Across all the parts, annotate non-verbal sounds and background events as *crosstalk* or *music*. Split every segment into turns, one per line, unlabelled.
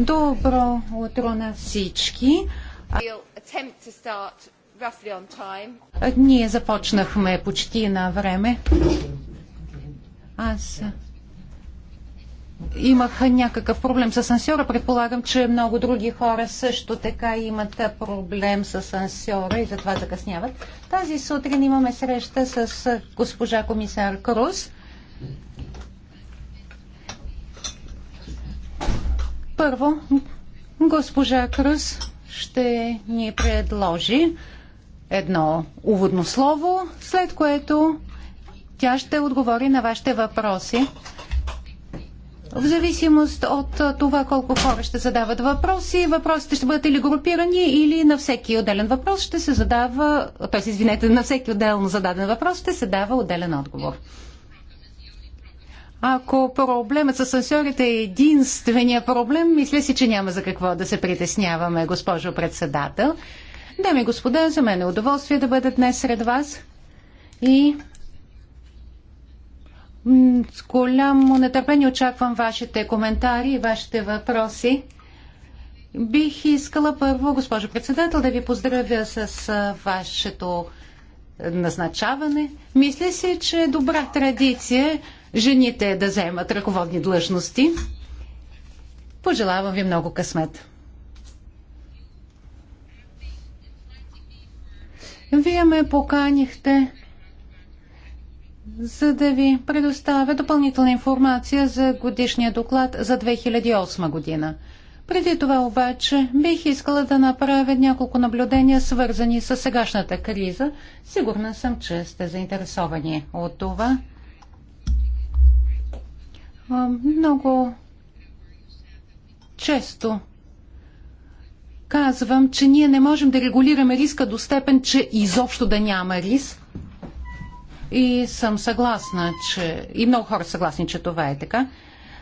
Добро утро на всички. Ние започнахме почти на време. Аз имах някакъв проблем с асансьора. Предполагам, че много други хора също така имат проблем с асансьора и затова закъсняват. Тази сутрин имаме среща с госпожа комисар Крус Първо, госпожа Кръс ще ни предложи едно уводно слово, след което тя ще отговори на вашите въпроси. В зависимост от това колко хора ще задават въпроси, въпросите ще бъдат или групирани, или на всеки отделен въпрос ще се задава, т.е. извинете, на всеки отделно зададен въпрос ще се дава отделен отговор. Ако проблемът с асансьорите е единствения проблем, мисля си, че няма за какво да се притесняваме, госпожо председател. Дами и господа, за мен е удоволствие да бъда днес сред вас и с голямо нетърпение очаквам вашите коментари и вашите въпроси. Бих искала първо, госпожо председател, да ви поздравя с вашето назначаване. Мисля си, че е добра традиция жените да вземат ръководни длъжности. Пожелавам ви много късмет. Вие ме поканихте, за да ви предоставя допълнителна информация за годишния доклад за 2008 година. Преди това обаче бих искала да направя няколко наблюдения, свързани с сегашната криза. Сигурна съм, че сте заинтересовани от това. Много често казвам, че ние не можем да регулираме риска до степен, че изобщо да няма риск. И съм съгласна, че и много хора са съгласни, че това е така.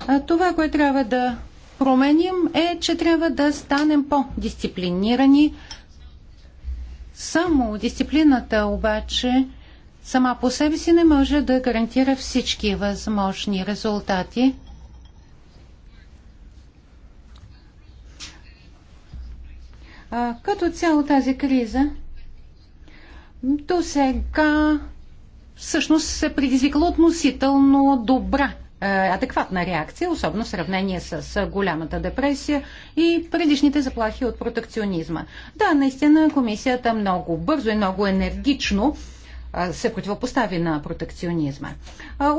А това, което трябва да променим е, че трябва да станем по-дисциплинирани. Само дисциплината обаче сама по себе си не може да гарантира всички възможни резултати. А, като цяло тази криза до сега всъщност се предизвикала относително добра адекватна реакция, особено в сравнение с голямата депресия и предишните заплахи от протекционизма. Да, наистина комисията много бързо и много енергично се противопостави на протекционизма.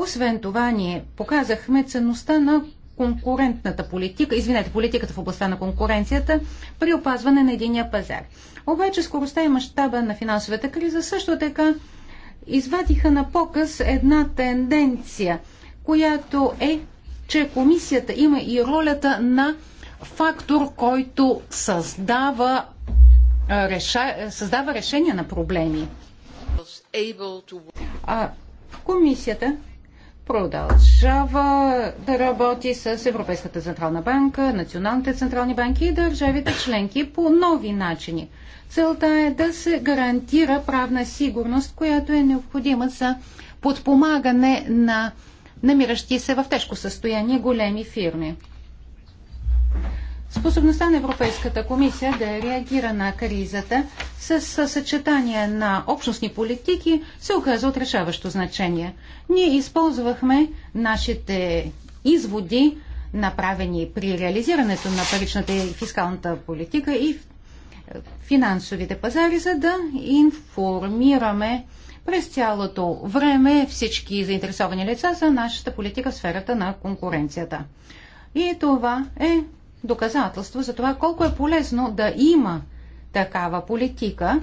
Освен това, ние показахме ценността на конкурентната политика, извинете, политиката в областта на конкуренцията при опазване на единия пазар. Обаче скоростта и мащаба на финансовата криза също така извадиха на показ една тенденция, която е, че комисията има и ролята на фактор, който създава, реша, създава решение на проблеми. А комисията продължава да работи с Европейската централна банка, националните централни банки и държавите членки по нови начини. Целта е да се гарантира правна сигурност, която е необходима за подпомагане на намиращи се в тежко състояние големи фирми. Способността на Европейската комисия да реагира на кризата с съчетание на общностни политики се оказа от решаващо значение. Ние използвахме нашите изводи, направени при реализирането на паричната и фискалната политика и финансовите пазари, за да информираме през цялото време всички заинтересовани лица за нашата политика в сферата на конкуренцията. И това е доказателство за това колко е полезно да има такава политика,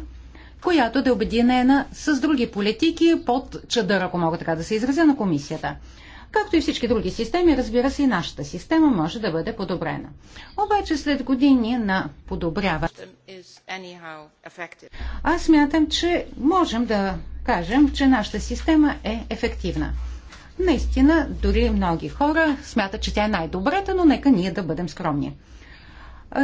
която да е обединена с други политики под чадър, ако мога така да се изразя, на комисията. Както и всички други системи, разбира се, и нашата система може да бъде подобрена. Обаче след години на подобряване, аз мятам, че можем да кажем, че нашата система е ефективна. Наистина, дори много хора смятат, че тя е най-добрата, но нека ние да бъдем скромни.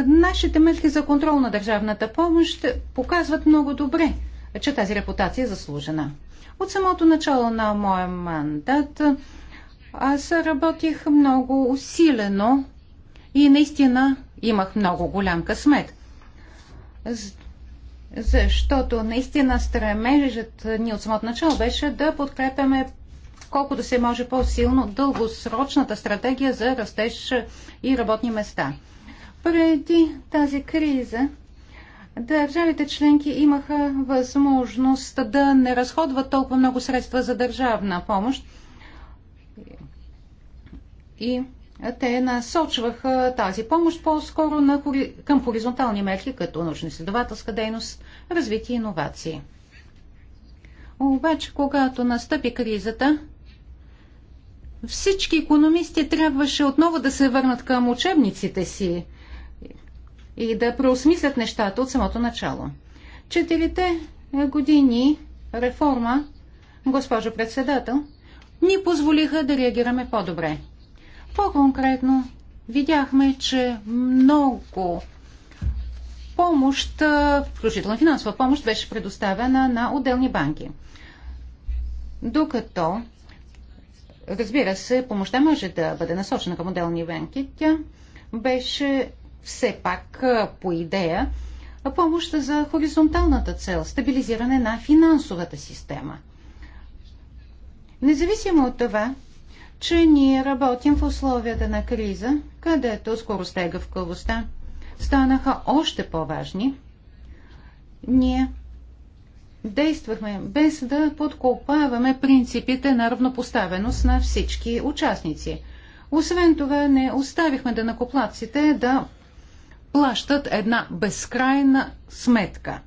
Нашите мерки за контрол на държавната помощ показват много добре, че тази репутация е заслужена. От самото начало на моя мандат аз работих много усилено и наистина имах много голям късмет. Защото наистина стремежът ни от самото начало беше да подкрепяме колкото да се може по-силно дългосрочната стратегия за растеж и работни места. Преди тази криза държавите членки имаха възможност да не разходват толкова много средства за държавна помощ и те насочваха тази помощ по-скоро на, към хоризонтални мерки, като научно-изследователска дейност, развитие и иновации. Обаче, когато настъпи кризата, всички економисти трябваше отново да се върнат към учебниците си и да преосмислят нещата от самото начало. Четирите години реформа, госпожо председател, ни позволиха да реагираме по-добре. По-конкретно, видяхме, че много помощ, включително финансова помощ, беше предоставена на отделни банки. Докато Разбира се, помощта може да бъде насочена към отделни венки. Тя беше все пак по идея помощ за хоризонталната цел – стабилизиране на финансовата система. Независимо от това, че ние работим в условията на криза, където скоростта и гъвкавостта станаха още по-важни, ние действахме без да подкопаваме принципите на равнопоставеност на всички участници. Освен това, не оставихме да накоплаците да плащат една безкрайна сметка.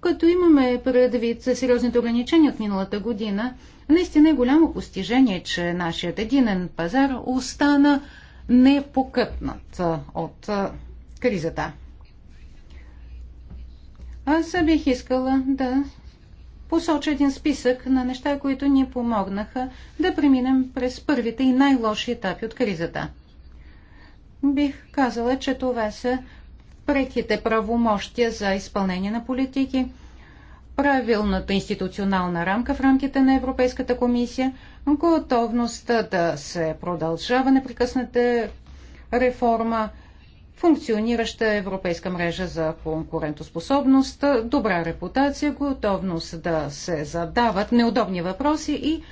Като имаме предвид сериозните ограничения от миналата година, наистина е голямо постижение, че нашият единен пазар остана непокътнат от кризата. Аз бих искала да посоча един списък на неща, които ни помогнаха да преминем през първите и най-лоши етапи от кризата. Бих казала, че това са преките правомощия за изпълнение на политики, правилната институционална рамка в рамките на Европейската комисия, готовността да се продължава непрекъсната реформа, функционираща европейска мрежа за конкурентоспособност, добра репутация, готовност да се задават неудобни въпроси и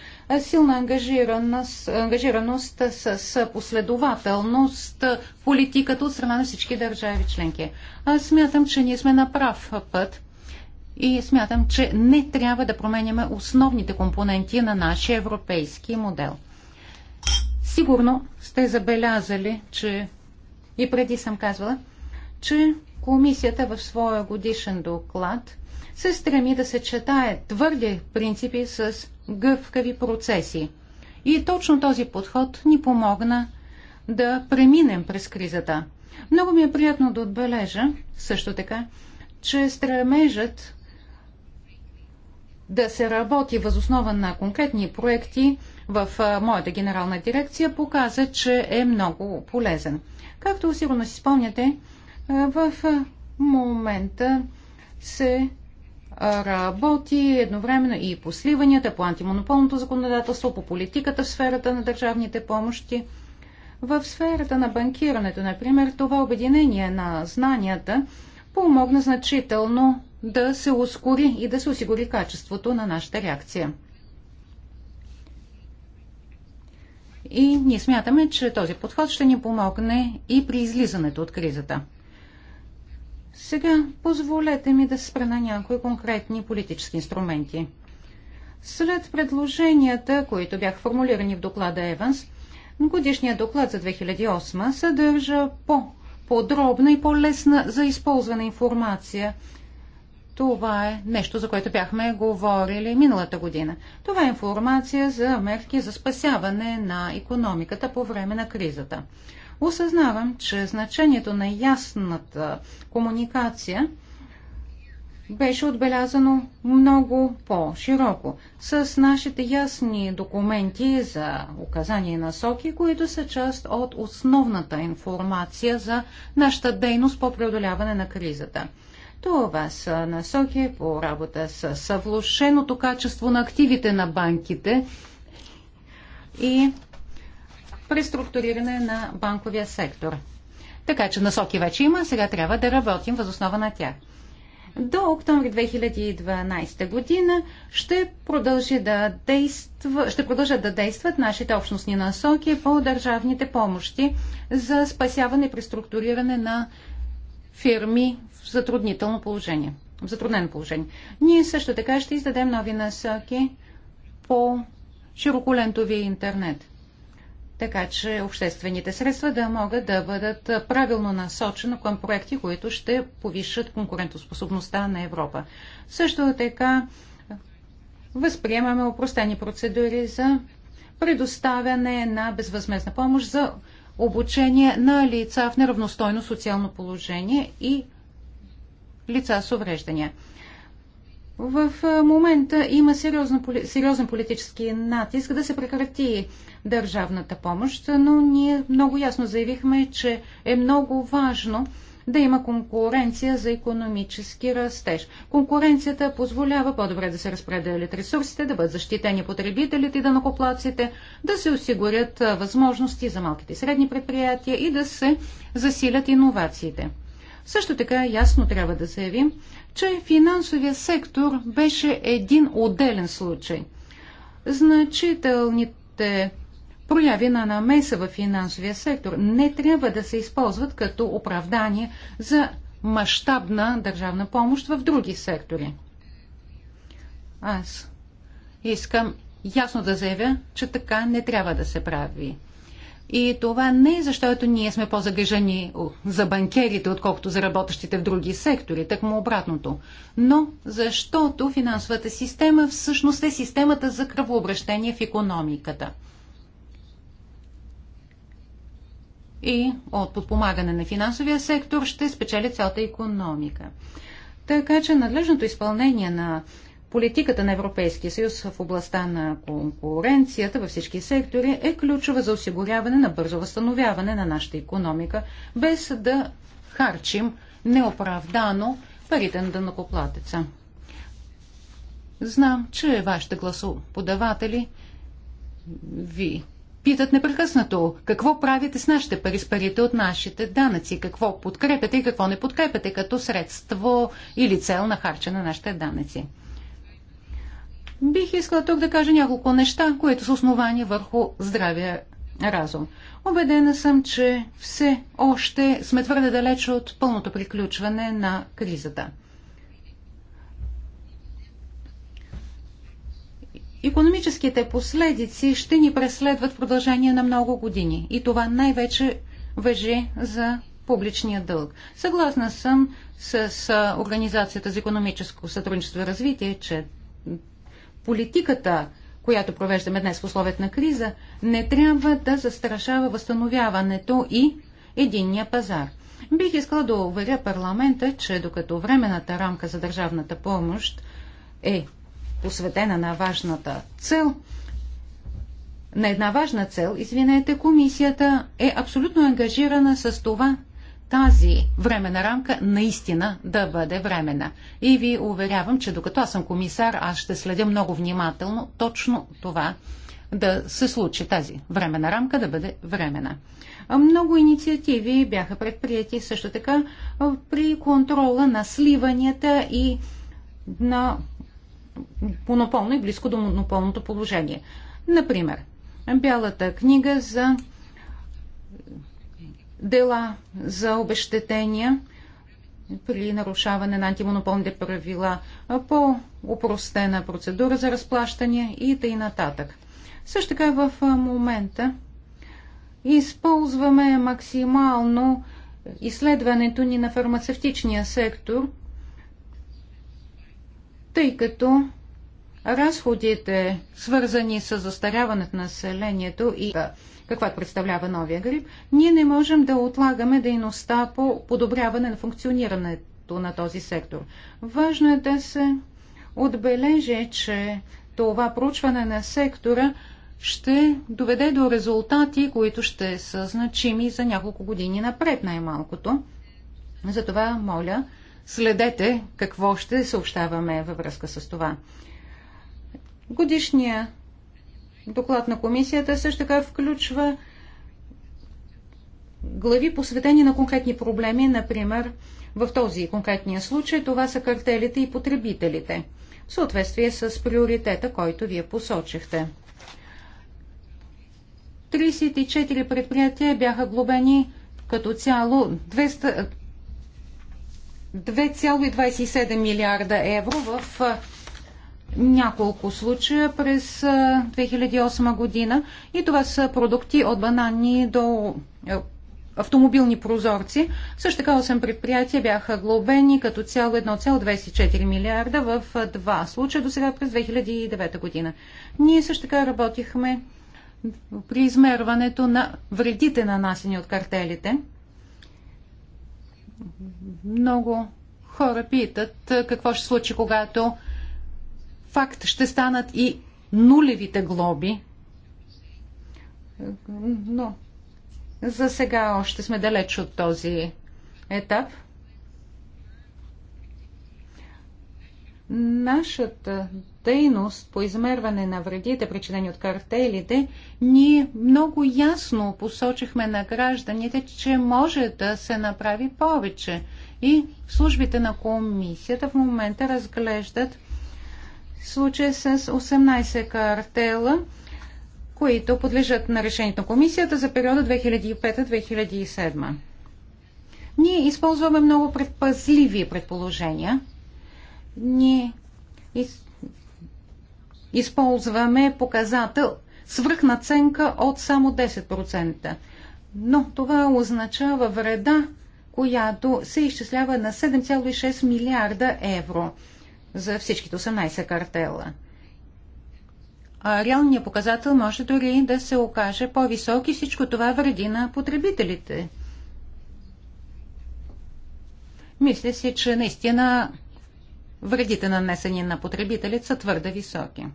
силна ангажираност, ангажираност с последователност в политиката от страна на всички държави членки. Аз смятам, че ние сме на прав път и смятам, че не трябва да променяме основните компоненти на нашия европейски модел. Сигурно сте забелязали, че и преди съм казвала, че комисията в своя годишен доклад се стреми да се четае твърди принципи с гъвкави процеси. И точно този подход ни помогна да преминем през кризата. Много ми е приятно да отбележа също така, че стремежът да се работи възоснова на конкретни проекти в моята генерална дирекция показа, че е много полезен. Както сигурно си спомняте, в момента се работи едновременно и по сливанията, по антимонополното законодателство, по политиката в сферата на държавните помощи. В сферата на банкирането, например, това обединение на знанията помогна значително да се ускори и да се осигури качеството на нашата реакция. И ние смятаме, че този подход ще ни помогне и при излизането от кризата. Сега позволете ми да спра на някои конкретни политически инструменти. След предложенията, които бяха формулирани в доклада Еванс, годишният доклад за 2008 съдържа по-подробна и по-лесна за използване информация – това е нещо, за което бяхме говорили миналата година. Това е информация за мерки за спасяване на економиката по време на кризата. Осъзнавам, че значението на ясната комуникация беше отбелязано много по-широко, с нашите ясни документи за указания и насоки, които са част от основната информация за нашата дейност по преодоляване на кризата. Това са насоки по работа с съвлошеното качество на активите на банките и преструктуриране на банковия сектор. Така че насоки вече има, сега трябва да работим възоснова на тях. До октомври 2012 година ще, продължи да действа, ще продължат да действат нашите общностни насоки по държавните помощи за спасяване и преструктуриране на фирми затруднително положение, в затруднено положение. Ние също така ще издадем нови насоки по широколентовия интернет, така че обществените средства да могат да бъдат правилно насочени към проекти, които ще повишат конкурентоспособността на Европа. Също така възприемаме упростени процедури за предоставяне на безвъзмезна помощ за обучение на лица в неравностойно социално положение и лица с увреждания. В момента има сериозно, сериозен политически натиск да се прекрати държавната помощ, но ние много ясно заявихме, че е много важно да има конкуренция за економически растеж. Конкуренцията позволява по-добре да се разпределят ресурсите, да бъдат защитени потребителите и да данокоплаците, да се осигурят възможности за малките и средни предприятия и да се засилят иновациите. Също така ясно трябва да заявим, че финансовия сектор беше един отделен случай. Значителните прояви на намеса в финансовия сектор не трябва да се използват като оправдание за мащабна държавна помощ в други сектори. Аз искам ясно да заявя, че така не трябва да се прави. И това не е защото ние сме по загрежени за банкерите, отколкото за работещите в други сектори, так му обратното. Но защото финансовата система всъщност е системата за кръвообращение в економиката. И от подпомагане на финансовия сектор ще спечели цялата економика. Така че надлежното изпълнение на Политиката на Европейския съюз в областта на конкуренцията във всички сектори е ключова за осигуряване на бързо възстановяване на нашата економика, без да харчим неоправдано парите на дънакоплатеца. Знам, че вашите гласоподаватели ви питат непрекъснато какво правите с нашите пари, с парите от нашите данъци, какво подкрепяте и какво не подкрепяте като средство или цел на харча на нашите данъци. Бих искала тук да кажа няколко неща, които са основани върху здравия разум. Обедена съм, че все още сме твърде далеч от пълното приключване на кризата. Економическите последици ще ни преследват в продължение на много години и това най-вече въжи за публичния дълг. Съгласна съм с Организацията за економическо сътрудничество и развитие, че политиката, която провеждаме днес в условията на криза, не трябва да застрашава възстановяването и единния пазар. Бих искала да уверя парламента, че докато времената рамка за държавната помощ е посветена на важната цел, на една важна цел, извинете, комисията е абсолютно ангажирана с това тази времена рамка наистина да бъде времена. И ви уверявам, че докато аз съм комисар, аз ще следя много внимателно точно това да се случи тази времена рамка да бъде времена. Много инициативи бяха предприяти също така при контрола на сливанията и на монополно и близко до монополното положение. Например, Бялата книга за дела за обещетения при нарушаване на антимонополните правила по упростена процедура за разплащане и т.н. нататък. Също така в момента използваме максимално изследването ни на фармацевтичния сектор, тъй като разходите, свързани с застаряването на населението и каквато представлява новия грип, ние не можем да отлагаме дейността по подобряване на функционирането на този сектор. Важно е да се отбележи, че това проучване на сектора ще доведе до резултати, които ще са значими за няколко години напред най-малкото. Затова, моля, следете какво ще съобщаваме във връзка с това. Годишния доклад на комисията също така включва глави посветени на конкретни проблеми, например в този конкретния случай това са картелите и потребителите, в съответствие с приоритета, който вие посочихте. 34 предприятия бяха глобени като цяло 200, 2,27 милиарда евро в няколко случая през 2008 година и това са продукти от банани до е, автомобилни прозорци. Също така 8 предприятия бяха глобени като цяло 1,24 милиарда в два случая до сега през 2009 година. Ние също така работихме при измерването на вредите нанасени от картелите. Много хора питат какво ще случи, когато факт ще станат и нулевите глоби. Но за сега още сме далеч от този етап. Нашата дейност по измерване на вредите, причинени от картелите, ние много ясно посочихме на гражданите, че може да се направи повече. И службите на комисията в момента разглеждат случая с 18 картела, които подлежат на решението на комисията за периода 2005-2007. Ние използваме много предпазливи предположения. Ние из... използваме показател свръхнаценка от само 10%. Но това означава вреда, която се изчислява на 7,6 милиарда евро – за всичките 18 картела. А реалният показател може дори да се окаже по-висок и всичко това вреди на потребителите. Мисля си, че наистина вредите нанесени на потребителите са твърде високи.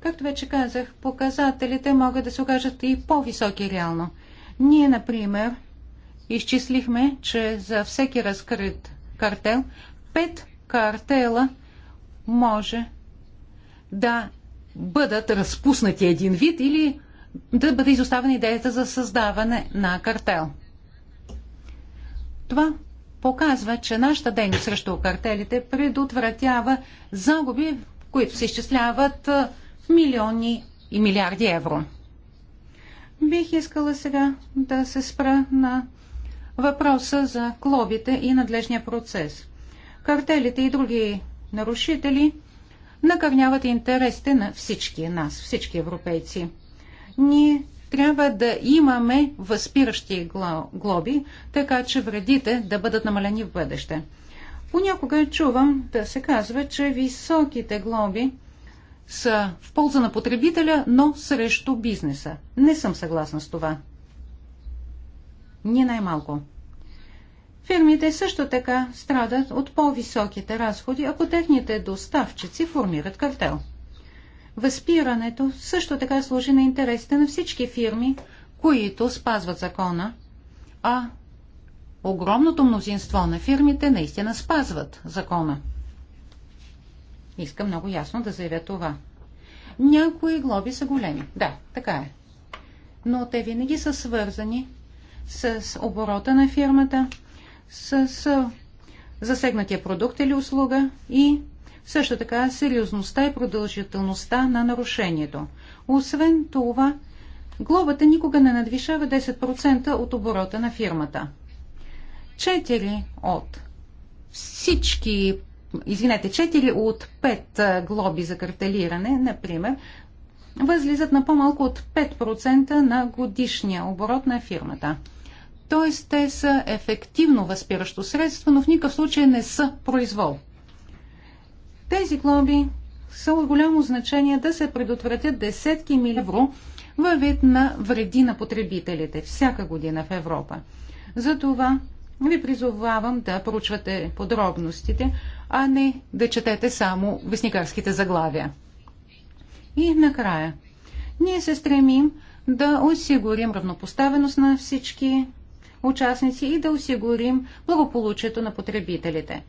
Както вече казах, показателите могат да се окажат и по-високи реално. Ние, например, изчислихме, че за всеки разкрит картел 5 картела може да бъдат разпуснати един вид или да бъде изоставена идеята за създаване на картел. Това показва, че нашата дейност срещу картелите предотвратява загуби, които се изчисляват в милиони и милиарди евро. Бих искала сега да се спра на въпроса за клобите и надлежния процес картелите и други нарушители накърняват интересите на всички нас, всички европейци. Ние трябва да имаме възпиращи глоби, така че вредите да бъдат намалени в бъдеще. Понякога чувам да се казва, че високите глоби са в полза на потребителя, но срещу бизнеса. Не съм съгласна с това. Ни най-малко. Фирмите също така страдат от по-високите разходи, ако техните доставчици формират картел. Възпирането също така служи на интересите на всички фирми, които спазват закона, а огромното мнозинство на фирмите наистина спазват закона. Искам много ясно да заявя това. Някои глоби са големи. Да, така е. Но те винаги са свързани с оборота на фирмата, с засегнатия продукт или услуга и също така сериозността и продължителността на нарушението. Освен това, глобата никога не надвишава 10% от оборота на фирмата. Четири от всички, извинете, 4 от 5 глоби за картелиране, например, възлизат на по-малко от 5% на годишния оборот на фирмата т.е. те са ефективно възпиращо средство, но в никакъв случай не са произвол. Тези глоби са от голямо значение да се предотвратят десетки мили евро във вид на вреди на потребителите всяка година в Европа. Затова ви призовавам да проучвате подробностите, а не да четете само вестникарските заглавия. И накрая. Ние се стремим да осигурим равнопоставеност на всички участници и да осигурим благополучието на потребителите.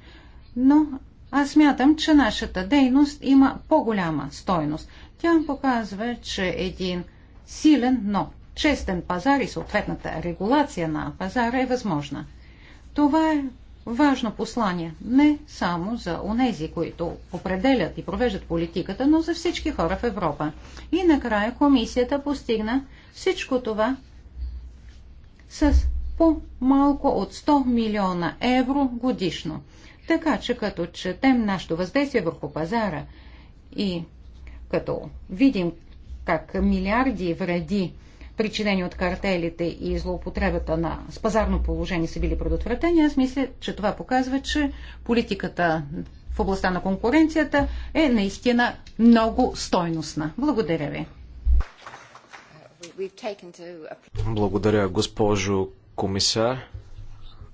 Но аз смятам, че нашата дейност има по-голяма стойност. Тя показва, че един силен, но честен пазар и съответната регулация на пазара е възможна. Това е важно послание не само за онези, които определят и провеждат политиката, но за всички хора в Европа. И накрая комисията постигна всичко това с по-малко от 100 милиона евро годишно. Така че като четем нашето въздействие върху пазара и като видим как милиарди вреди, причинени от картелите и злоупотребата на с пазарно положение са били предотвратени, аз мисля, че това показва, че политиката в областта на конкуренцията е наистина много стойностна. Благодаря ви.
Благодаря, госпожо комисар.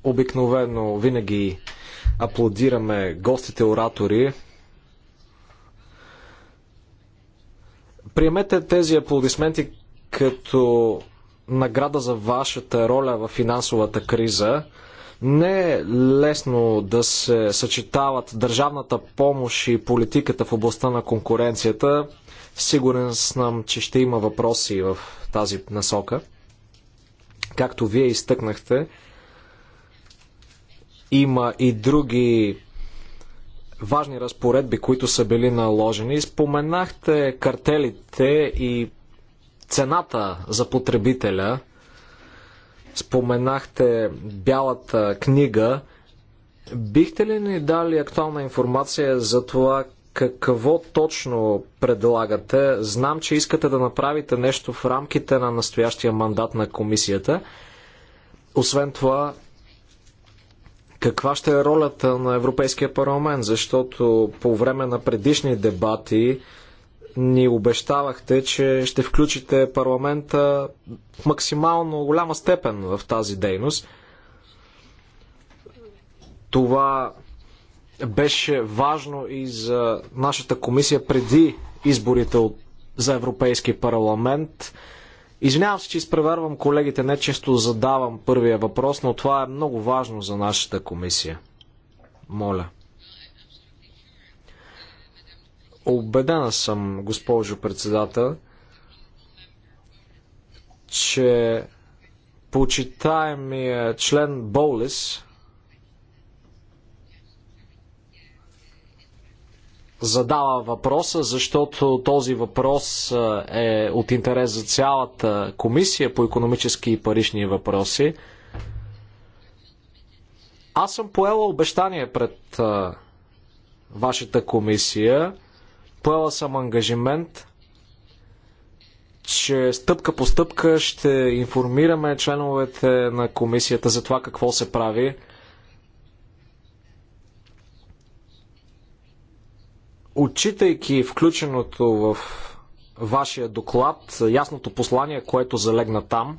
Обикновено винаги аплодираме гостите оратори. Приемете тези аплодисменти като награда за вашата роля в финансовата криза. Не е лесно да се съчетават държавната помощ и политиката в областта на конкуренцията. Сигурен съм, че ще има въпроси в тази насока. Както вие изтъкнахте, има и други важни разпоредби, които са били наложени. Споменахте картелите и цената за потребителя. Споменахте бялата книга. Бихте ли ни дали актуална информация за това какво точно предлагате. Знам, че искате да направите нещо в рамките на настоящия мандат на комисията. Освен това, каква ще е ролята на Европейския парламент? Защото по време на предишни дебати ни обещавахте, че ще включите парламента в максимално голяма степен в тази дейност. Това беше важно и за нашата комисия преди изборите за Европейски парламент. Извинявам се, че изпреварвам колегите, не често задавам първия въпрос, но това е много важно за нашата комисия. Моля. Обедена съм, госпожо председател, че почитаемия член болис. задава въпроса, защото този въпрос е от интерес за цялата комисия по економически и парични въпроси. Аз съм поела обещание пред вашата комисия. Поела съм ангажимент, че стъпка по стъпка ще информираме членовете на комисията за това какво се прави. Отчитайки включеното в вашия доклад, ясното послание, което залегна там,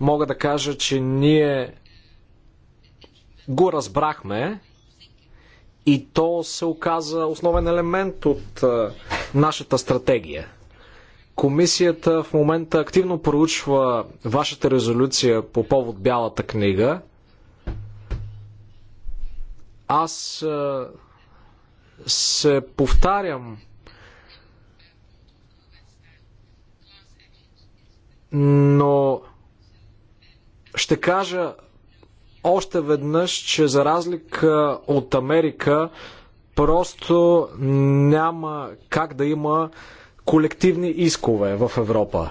мога да кажа, че ние го разбрахме и то се оказа основен елемент от нашата стратегия. Комисията в момента активно проучва вашата резолюция по повод Бялата книга. Аз се повтарям. Но ще кажа още веднъж, че за разлика от Америка, просто няма как да има колективни искове в Европа.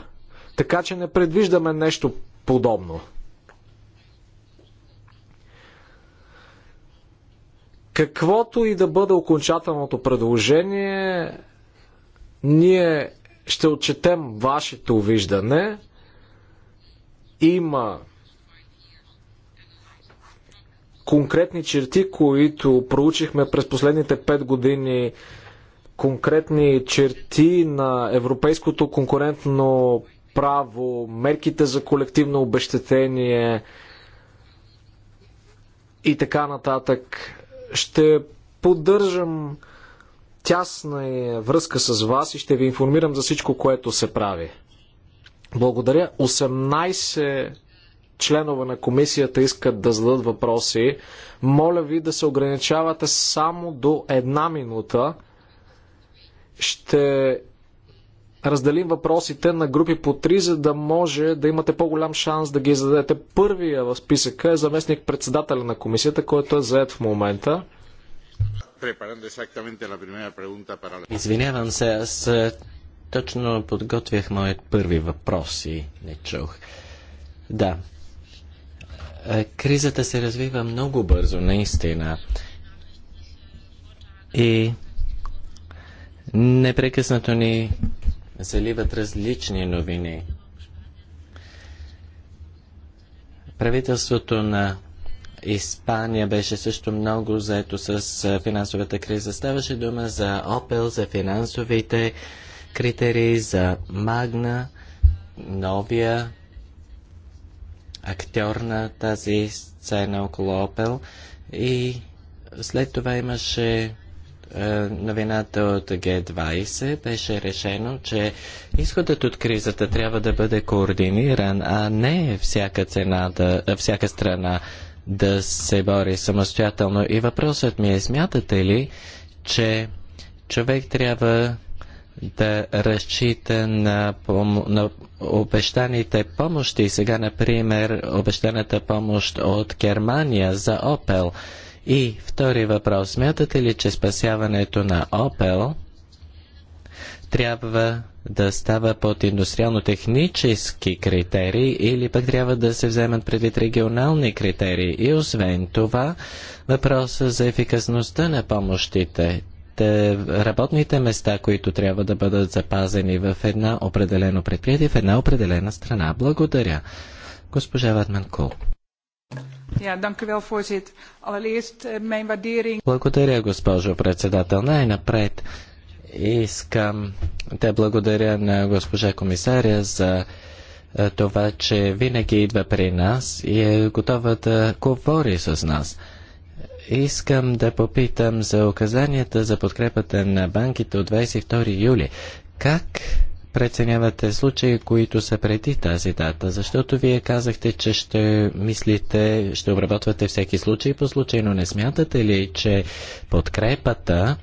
Така че не предвиждаме нещо подобно. Каквото и да бъде окончателното предложение, ние ще отчетем вашето виждане. Има конкретни черти, които проучихме през последните 5 години, конкретни черти на европейското конкурентно право, мерките за колективно обещетение и така нататък. Ще поддържам тясна е връзка с вас и ще ви информирам за всичко, което се прави. Благодаря. 18 членове на комисията искат да зададат въпроси. Моля ви да се ограничавате само до една минута. Ще разделим въпросите на групи по три, за да може да имате по-голям шанс да ги зададете. Първия в списъка е заместник председателя на комисията, който е заед в момента.
Извинявам се, аз е, точно подготвях моят първи въпрос и не чух. Да. Е, кризата се развива много бързо, наистина. И непрекъснато ни заливат различни новини. Правителството на Испания беше също много заето с финансовата криза. Ставаше дума за Опел, за финансовите критерии, за Магна, новия актьор на тази сцена около Опел. И след това имаше е, новината от Г20 беше решено, че изходът от кризата трябва да бъде координиран, а не всяка, цена да, е, всяка страна да се бори самостоятелно. И въпросът ми е, смятате ли, че човек трябва да разчита на, пом- на обещаните помощи. Сега, например, обещаната помощ от Германия за Опел – и втори въпрос. Смятате ли, че спасяването на Опел трябва да става под индустриално-технически критерии или пък трябва да се вземат предвид регионални критерии? И освен това, въпроса за ефикасността на помощите работните места, които трябва да бъдат запазени в една определено предприятие, в една определена страна. Благодаря. Госпожа Ватманко. Eh, благодаря, госпожо председател. Най-напред искам да благодаря на госпожа комисаря за е, това, че винаги идва при нас и е готова да говори с нас. Искам да попитам за указанията за подкрепата на банките от 22 юли. Как преценявате случаи, които са преди тази дата? Защото вие казахте, че ще мислите, ще обработвате всеки случай по случай, но не смятате ли, че подкрепата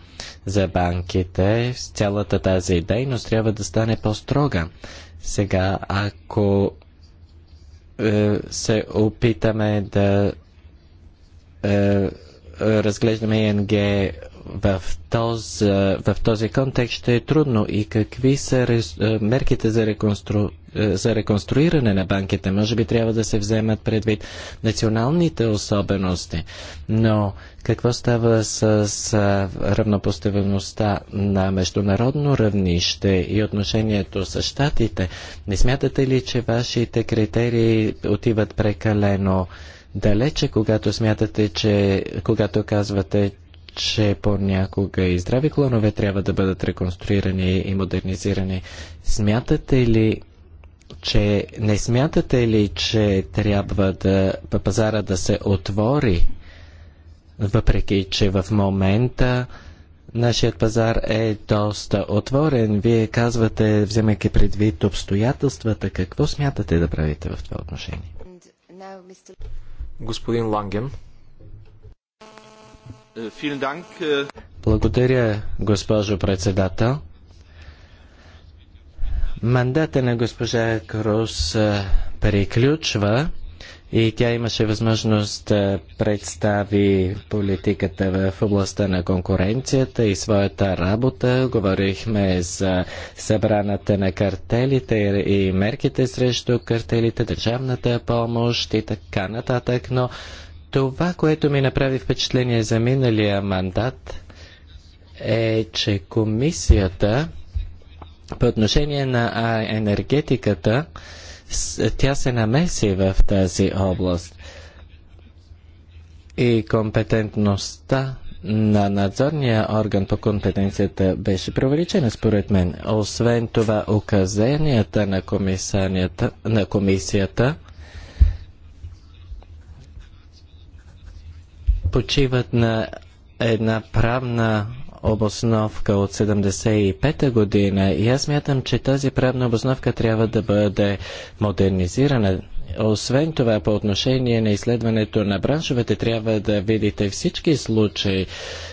за банките, цялата тази дейност трябва да стане по-строга? Сега, ако е, се опитаме да е, разглеждаме ИНГ в този, в този контекст ще е трудно и какви са е, мерките за, реконстру, е, за реконструиране на банките. Може би трябва да се вземат предвид националните особености, но какво става с, с равнопоставеността на международно равнище и отношението с щатите? Не смятате ли, че вашите критерии отиват прекалено далече, когато смятате, че когато казвате, че понякога и здрави клонове трябва да бъдат реконструирани и модернизирани. Смятате ли, че не смятате ли, че трябва да пазара да се отвори, въпреки че в момента нашият пазар е доста отворен. Вие казвате, вземайки предвид обстоятелствата, какво смятате да правите в това отношение? Господин Ланген. Äh, Благодаря, госпожо председател. Мандата на госпожа Крус приключва и тя имаше възможност да представи политиката в областта на конкуренцията и своята работа. Говорихме за събраната на картелите и мерките срещу картелите, държавната помощ и така нататък, но това, което ми направи впечатление за миналия мандат, е, че комисията по отношение на енергетиката, тя се намеси в тази област. И компетентността на надзорния орган по компетенцията беше преувеличена, според мен. Освен това, указанията на на комисията почиват на една правна обосновка от 75-та година и аз мятам, че тази правна обосновка трябва да бъде модернизирана. Освен това, по отношение на изследването на браншовете, трябва да видите всички случаи.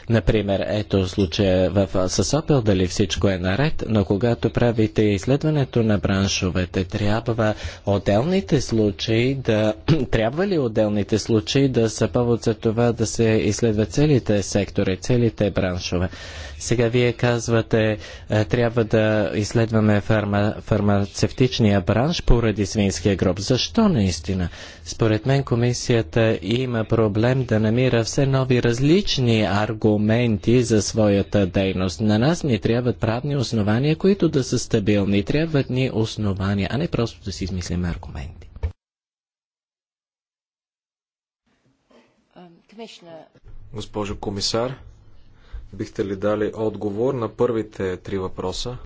Например, ето случая в, с дали всичко е наред, но когато правите изследването на браншовете, трябва отделните случаи да... *clears throat* трябва ли отделните случаи да са повод за това да се изследват целите сектори, целите браншове? Сега вие казвате, е, трябва да изследваме фарма, фармацевтичния бранш поради свинския гроб. Защо? Защо наистина? Според мен комисията има проблем да намира все нови различни аргументи за своята дейност. На нас ни трябват правни основания, които да са стабилни. Трябват ни основания, а не просто да си измислим аргументи.
Госпожо комисар, бихте ли дали отговор на първите три въпроса?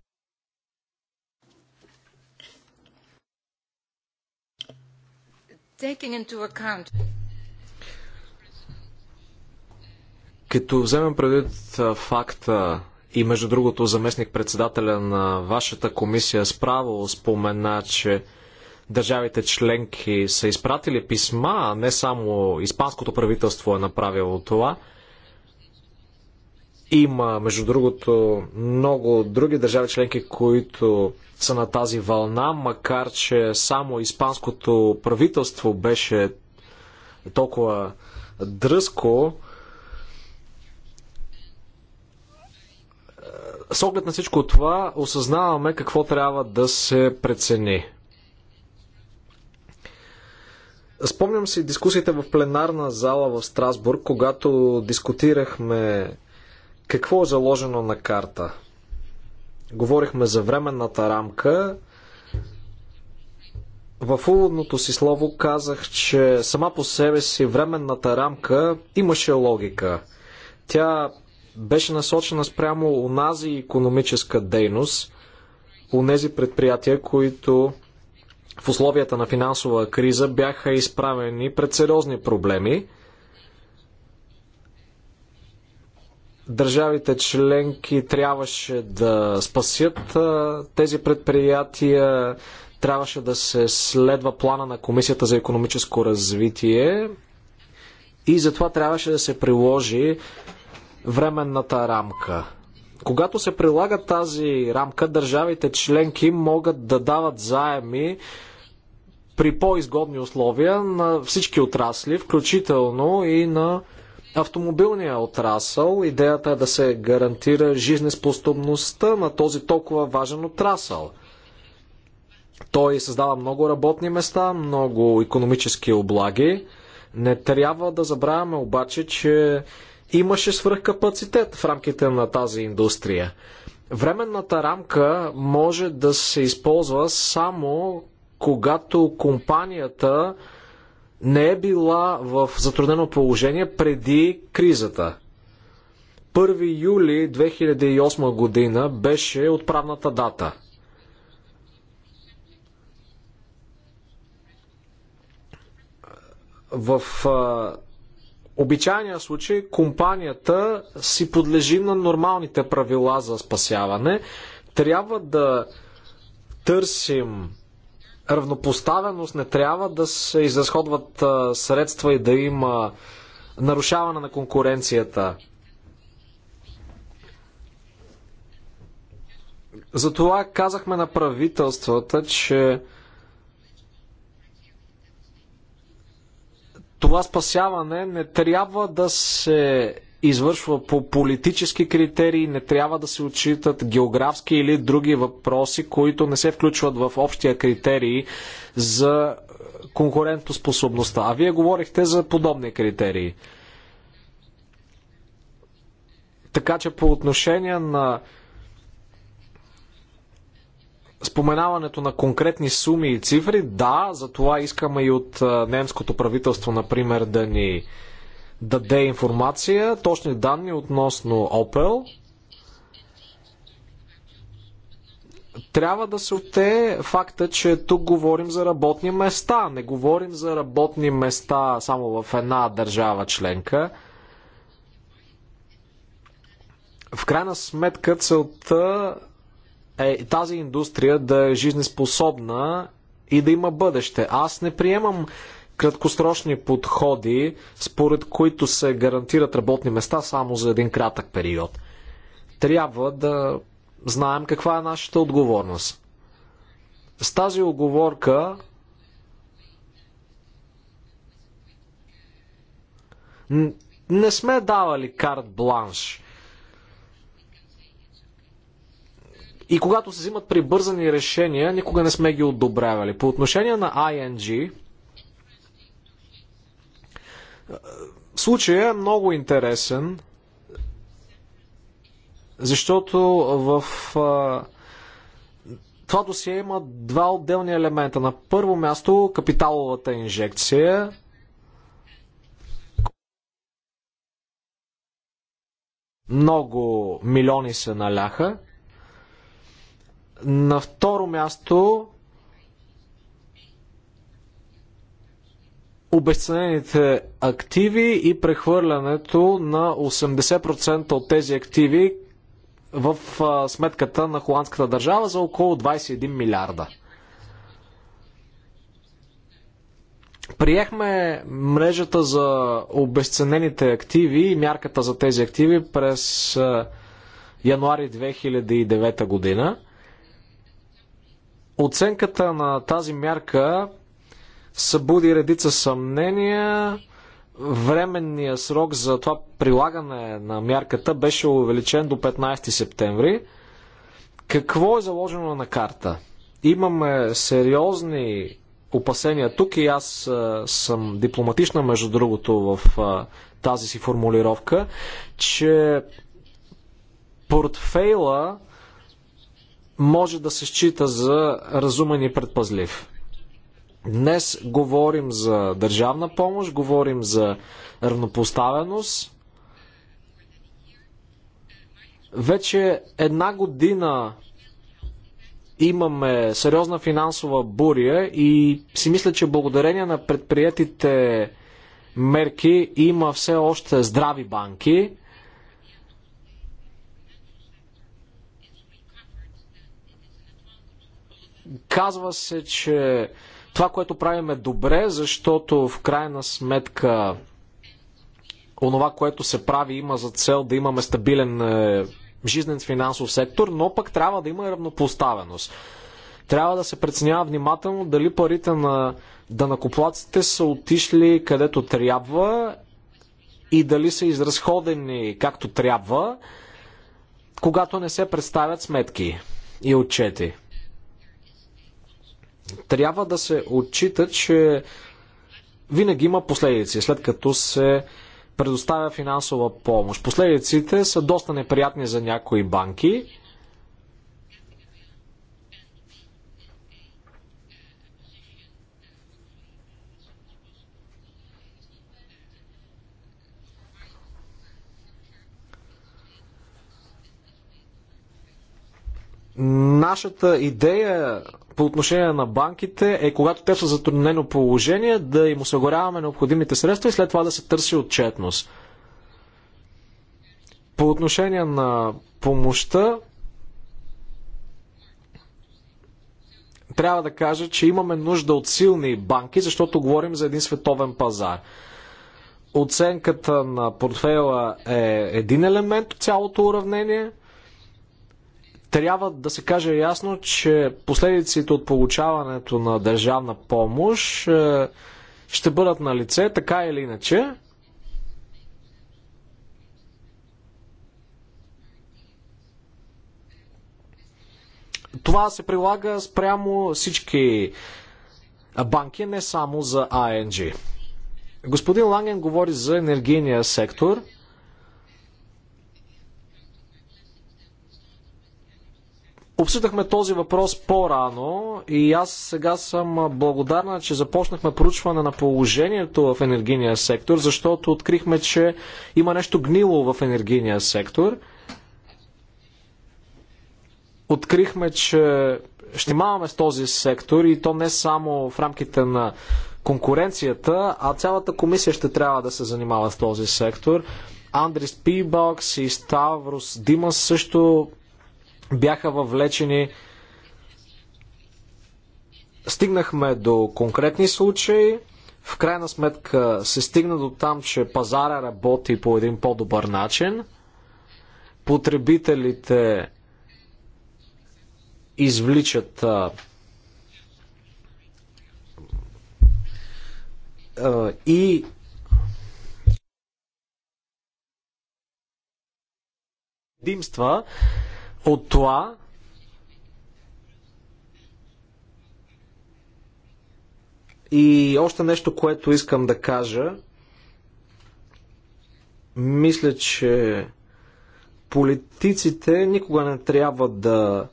Като вземем предвид факта и между другото заместник председателя на вашата комисия справо спомена, че държавите членки са изпратили писма, а не само испанското правителство е направило това – има, между другото, много други държави членки, които са на тази вълна, макар че само испанското правителство беше толкова дръско. С оглед на всичко това, осъзнаваме какво трябва да се прецени. Спомням си дискусиите в пленарна зала в Страсбург, когато дискутирахме какво е заложено на карта? Говорихме за временната рамка. В уводното си слово казах, че сама по себе си временната рамка имаше логика. Тя беше насочена спрямо унази економическа дейност, унези предприятия, които в условията на финансова криза бяха изправени пред сериозни проблеми. държавите членки трябваше да спасят тези предприятия, трябваше да се следва плана на Комисията за економическо развитие и затова трябваше да се приложи временната рамка. Когато се прилага тази рамка, държавите членки могат да дават заеми при по-изгодни условия на всички отрасли, включително и на автомобилния отрасъл. Идеята е да се гарантира жизнеспособността на този толкова важен отрасъл. Той създава много работни места, много економически облаги. Не трябва да забравяме обаче, че имаше свръхкапацитет в рамките на тази индустрия. Временната рамка може да се използва само когато компанията не е била в затруднено положение преди кризата. 1 юли 2008 година беше отправната дата. В а, обичайния случай компанията си подлежи на нормалните правила за спасяване. Трябва да търсим равнопоставеност не трябва да се изразходват средства и да има нарушаване на конкуренцията. Затова казахме на правителствата, че това спасяване не трябва да се извършва по политически критерии, не трябва да се отчитат географски или други въпроси, които не се включват в общия критерий за конкурентоспособността. А вие говорихте за подобни критерии. Така че по отношение на споменаването на конкретни суми и цифри, да, за това искаме и от немското правителство, например, да ни даде информация, точни данни относно Opel. Трябва да се оте факта, че тук говорим за работни места. Не говорим за работни места само в една държава членка. В крайна сметка целта е тази индустрия да е жизнеспособна и да има бъдеще. Аз не приемам краткосрочни подходи, според които се гарантират работни места само за един кратък период. Трябва да знаем каква е нашата отговорност. С тази оговорка не сме давали карт бланш. И когато се взимат прибързани решения, никога не сме ги одобрявали. По отношение на ING, е, случая е много интересен, защото в това досие има два отделни елемента. На първо място капиталовата инжекция. Много милиони се наляха. На второ място обесценените активи и прехвърлянето на 80% от тези активи в сметката на холандската държава за около 21 милиарда. Приехме мрежата за обесценените активи и мярката за тези активи през януари 2009 година. Оценката на тази мярка събуди редица съмнения. Временния срок за това прилагане на мярката беше увеличен до 15 септември. Какво е заложено на карта? Имаме сериозни опасения тук и аз съм дипломатична, между другото, в тази си формулировка, че портфейла може да се счита за разумен и предпазлив. Днес говорим за държавна помощ, говорим за равнопоставеност. Вече една година имаме сериозна финансова буря и си мисля, че благодарение на предприятите мерки има все още здрави банки. Казва се, че това, което правим е добре, защото в крайна сметка онова, което се прави, има за цел да имаме стабилен е, жизнен финансов сектор, но пък трябва да има равнопоставеност. Трябва да се преценява внимателно дали парите на данакоплаците са отишли където трябва и дали са изразходени както трябва, когато не се представят сметки и отчети. Трябва да се отчита, че винаги има последици, след като се предоставя финансова помощ. Последиците са доста неприятни за някои банки. Нашата идея по отношение на банките е когато те са в затруднено положение да им осигуряваме необходимите средства и след това да се търси отчетност. По отношение на помощта, трябва да кажа, че имаме нужда от силни банки, защото говорим за един световен пазар. Оценката на портфела е един елемент от цялото уравнение – трябва да се каже ясно, че последиците от получаването на държавна помощ е, ще бъдат на лице, така или иначе. Това се прилага спрямо всички банки, не само за АНГ. Господин Ланген говори за енергийния сектор – Обсъдахме този въпрос по-рано и аз сега съм благодарна, че започнахме проучване на положението в енергийния сектор, защото открихме, че има нещо гнило в енергийния сектор. Открихме, че ще имаме с този сектор и то не само в рамките на конкуренцията, а цялата комисия ще трябва да се занимава с този сектор. Андрис Пибокс и Ставрос Димас също бяха въвлечени. Стигнахме до конкретни случаи. В крайна сметка се стигна до там, че пазара работи по един по-добър начин. Потребителите извличат а,
а, и
предимства от това и още нещо, което искам да кажа. Мисля, че политиците никога не трябва да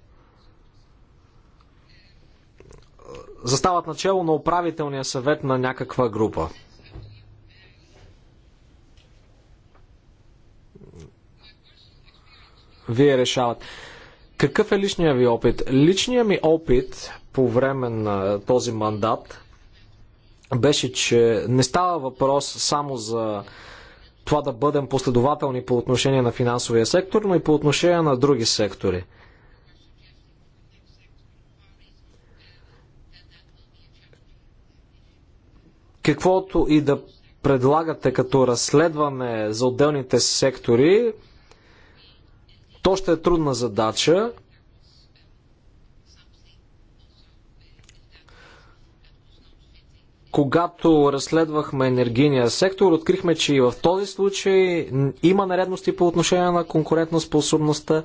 застават начало на управителния съвет на някаква група. вие решават. Какъв е личният ви опит? Личният ми опит по време на този мандат беше, че не става въпрос само за това да бъдем последователни по отношение на финансовия сектор, но и по отношение на други сектори. Каквото и да предлагате като разследване за отделните сектори, то ще е трудна задача. Когато разследвахме енергийния сектор, открихме, че и в този случай има наредности по отношение на конкурентна способността.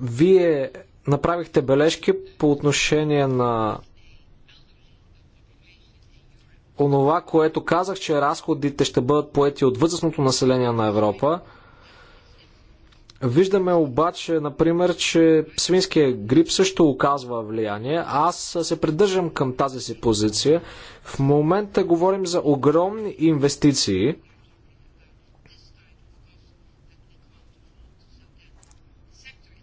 Вие направихте бележки по отношение на онова, което казах, че разходите ще бъдат поети от възрастното население на Европа. Виждаме обаче, например, че свинския грип също оказва влияние. Аз се придържам към тази си позиция. В момента говорим за огромни инвестиции.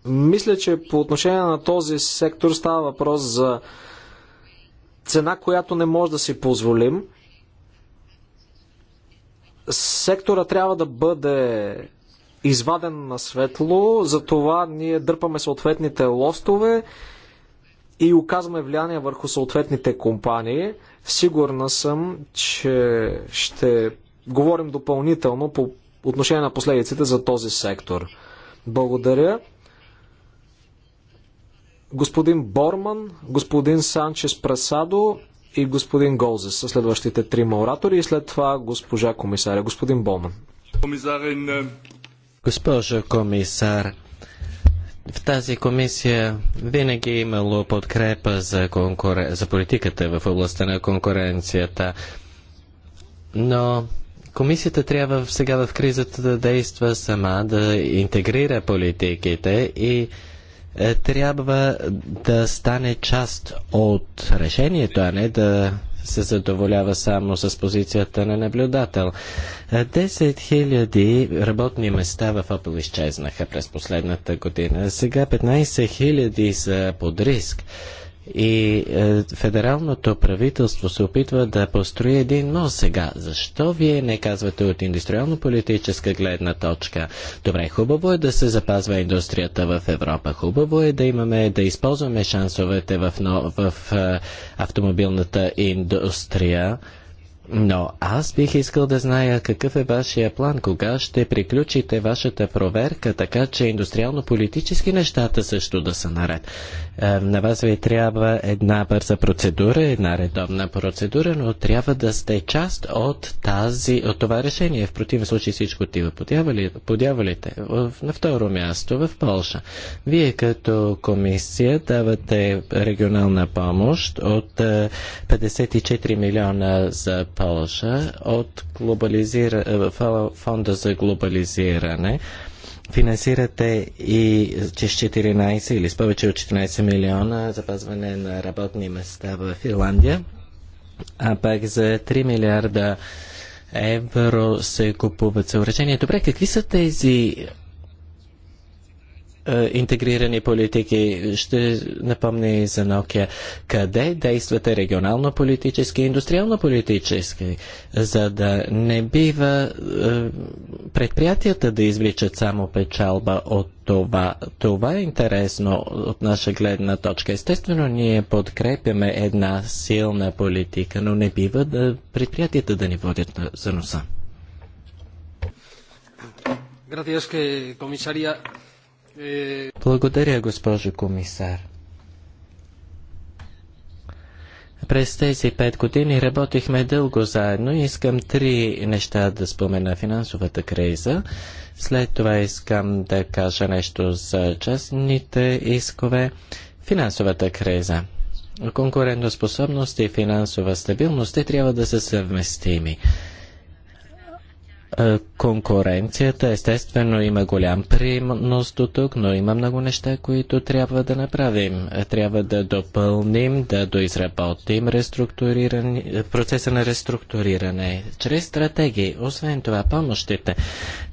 Мисля, че по отношение на този сектор става въпрос за цена, която не може да си позволим. Сектора трябва да бъде изваден на светло, затова ние дърпаме съответните лостове и оказваме влияние върху съответните компании. Сигурна съм, че ще говорим допълнително по отношение на последиците за този сектор. Благодаря. Господин Борман, господин Санчес Пресадо и господин Голзес са следващите трима оратори
и след това госпожа комисаря. Господин Борман.
Комисарин,
Госпожо комисар, в тази комисия винаги е имало подкрепа за, за политиката в областта на конкуренцията, но комисията трябва сега в кризата да действа сама, да интегрира политиките и е, трябва да стане част от решението, а не да се задоволява само с позицията на наблюдател. 10 е, 000 работни места в Opel изчезнаха през последната година. Сега 15 000 са под риск. И е, федералното правителство се опитва да построи един мост сега. Защо вие не казвате от индустриално-политическа гледна точка? Добре, хубаво е да се запазва индустрията в Европа. Хубаво е да имаме, да използваме шансовете в, но, в е, автомобилната индустрия. Но аз бих искал да зная какъв е вашия план, кога ще приключите вашата проверка, така че индустриално-политически нещата също да са наред. Е, на вас ви трябва една бърза процедура, една редовна процедура, но трябва да сте част от, тази, от това решение. В противен случай всичко отива подявалите. На второ място в Полша. Вие като комисия давате регионална помощ от 54 е, милиона за Полша от глобализира... Е, фонда за глобализиране финансирате и че 14 или с повече от 14 милиона запазване на работни места в Ирландия, а пък за 3 милиарда евро се купуват съоръжения. Добре, какви са тези е, интегрирани политики. Ще напомня и за Nokia. Къде действате регионално-политически и индустриално-политически, за да не бива е, предприятията да извличат само печалба от това? Това е интересно от наша гледна точка. Естествено, ние подкрепяме една силна политика, но не бива да предприятията да ни водят за носа.
Gracias, que, е,
Благодаря, госпожо комисар. През тези пет години работихме дълго заедно и искам три неща да спомена. Финансовата криза, след това искам да кажа нещо за частните искове, финансовата криза. Конкурентоспособност и финансова стабилност те трябва да са съвместими. Е, конкуренцията. Естествено има голям принос до тук, но има много неща, които трябва да направим. Е, трябва да допълним, да доизработим е, процеса на реструктуриране чрез стратегии. Освен това, помощите.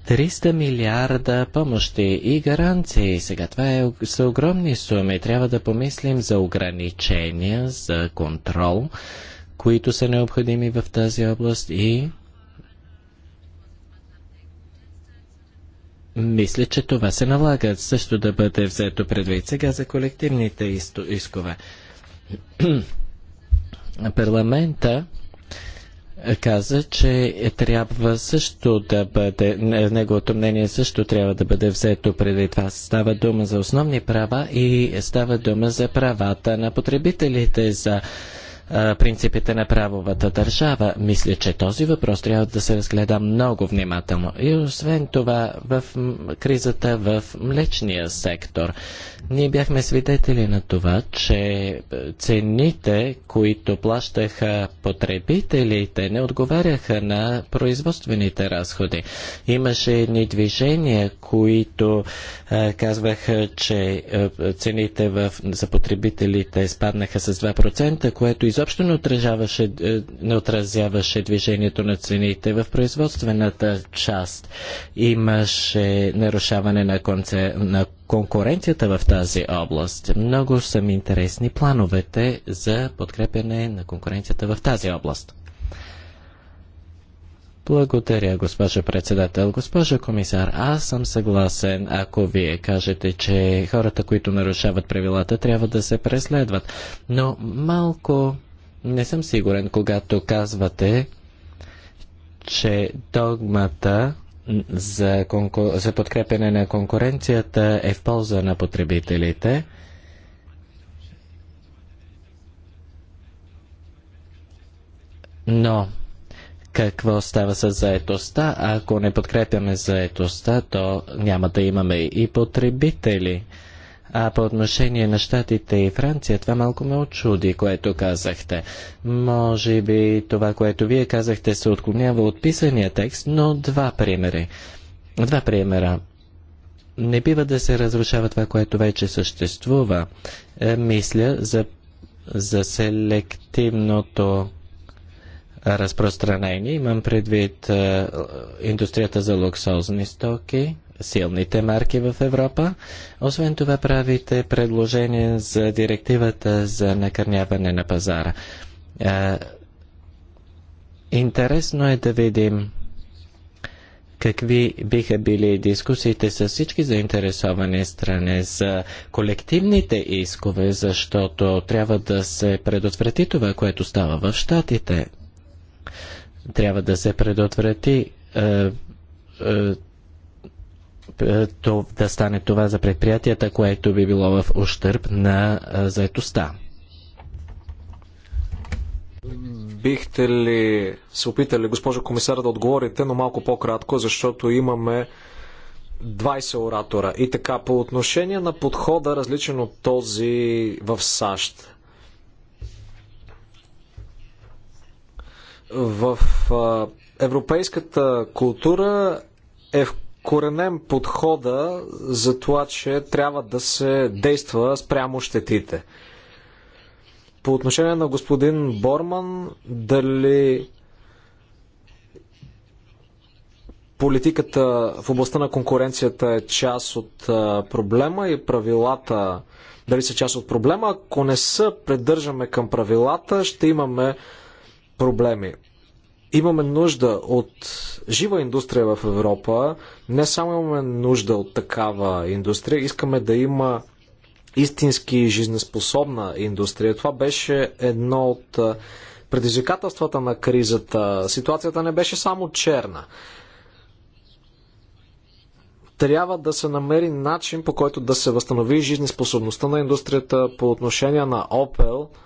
300 милиарда помощи и гаранции. Сега това е, са огромни суми. Трябва да помислим за ограничения, за контрол, които са необходими в тази област и мисля, че това се налага също да бъде взето предвид. Сега за колективните искове. *clears throat* Парламента е, каза, че е, трябва също да бъде, неговото мнение също трябва да бъде взето преди това. Става дума за основни права и става дума за правата на потребителите, за принципите на правовата държава. Мисля, че този въпрос трябва да се разгледа много внимателно. И освен това, в кризата в млечния сектор, ние бяхме свидетели на това, че е, цените, които плащаха потребителите, не отговаряха на производствените разходи. Имаше едни движения, които а, е, казваха, че а, е, цените в, за потребителите спаднаха с 2%, което изобщо не, отразяваше, е, не отразяваше движението на цените. В производствената част имаше нарушаване на, конце, на конкуренцията в тази област. Много са ми интересни плановете за подкрепяне на конкуренцията в тази област. Благодаря, госпожо председател. Госпожо комисар, аз съм съгласен, ако вие кажете, че хората, които нарушават правилата, трябва да се преследват. Но малко не съм сигурен, когато казвате, че догмата за, конкур... за подкрепене на конкуренцията е в полза на потребителите. Но какво става с заетостта? Ако не подкрепяме заетостта, то няма да имаме и потребители. А по отношение на Штатите и Франция, това малко ме очуди, което казахте. Може би това, което вие казахте, се отклонява от писания текст, но два примери. Два примера. Не бива да се разрушава това, което вече съществува. Е, мисля за, за селективното разпространение. Имам предвид е, индустрията за луксозни стоки силните марки в Европа. Освен това правите предложение за директивата за накърняване на пазара. А, е, интересно е да видим какви биха били дискусиите с всички заинтересовани страни за колективните искове, защото трябва да се предотврати това, което става в Штатите. Трябва да се предотврати е, е, е, да стане това за предприятията, което би било в ущърп на е, заетостта.
Бихте ли се опитали, госпожо комисар, да отговорите, но малко по-кратко, защото имаме 20 оратора. И така, по отношение на подхода, различен от този в САЩ. В е, европейската култура е в коренем подхода за това, че трябва да се действа спрямо щетите. По отношение на господин Борман, дали политиката в областта на конкуренцията е част от проблема и правилата дали са част от проблема. Ако не се придържаме към правилата, ще имаме проблеми. Имаме нужда от жива индустрия в Европа, не само имаме нужда от такава индустрия, искаме да има истински жизнеспособна индустрия. Това беше едно от предизвикателствата на кризата. Ситуацията не беше само черна. Трябва да се намери начин по който да се възстанови жизнеспособността на индустрията по отношение на Opel –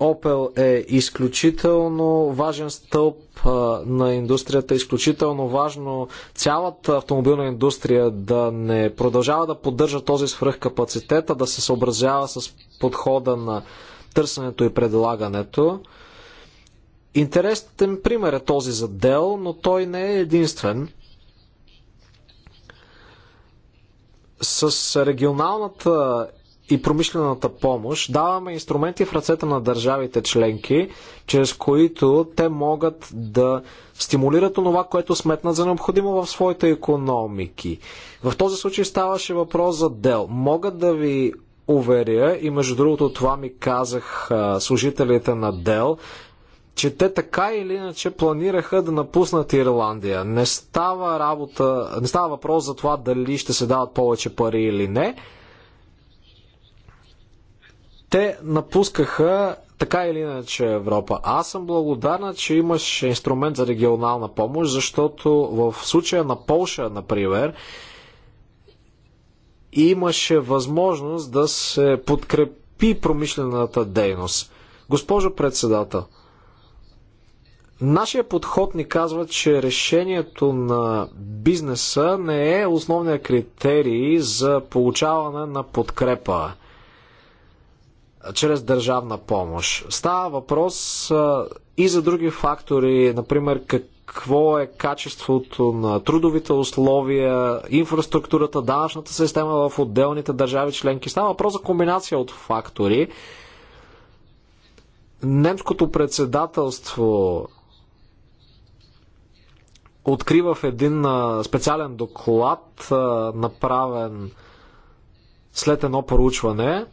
Опел е изключително важен стълб на индустрията. Изключително важно цялата автомобилна индустрия да не продължава да поддържа този свръхкапацитет, а да се съобразява с подхода на търсенето и предлагането. Интересен пример е този за Дел, но той не е единствен. С регионалната и промишлената помощ, даваме инструменти в ръцете на държавите членки, чрез които те могат да стимулират онова, което сметнат за необходимо в своите економики. В този случай ставаше въпрос за дел. Могат да ви уверя, и между другото това ми казах служителите на дел, че те така или иначе планираха да напуснат Ирландия. Не става работа, не става въпрос за това дали ще се дават повече пари или не. Те напускаха така или иначе Европа. Аз съм благодарна, че имаш инструмент за регионална помощ, защото в случая на Полша, например, имаше възможност да се подкрепи промишлената дейност. Госпожо председател, нашия подход ни казва, че решението на бизнеса не е основния критерий за получаване на подкрепа чрез държавна помощ. Става въпрос и за други фактори, например какво е качеството на трудовите условия, инфраструктурата, данъчната система в отделните държави членки. Става въпрос за комбинация от фактори. Немското председателство открива в един специален доклад, направен след едно проучване,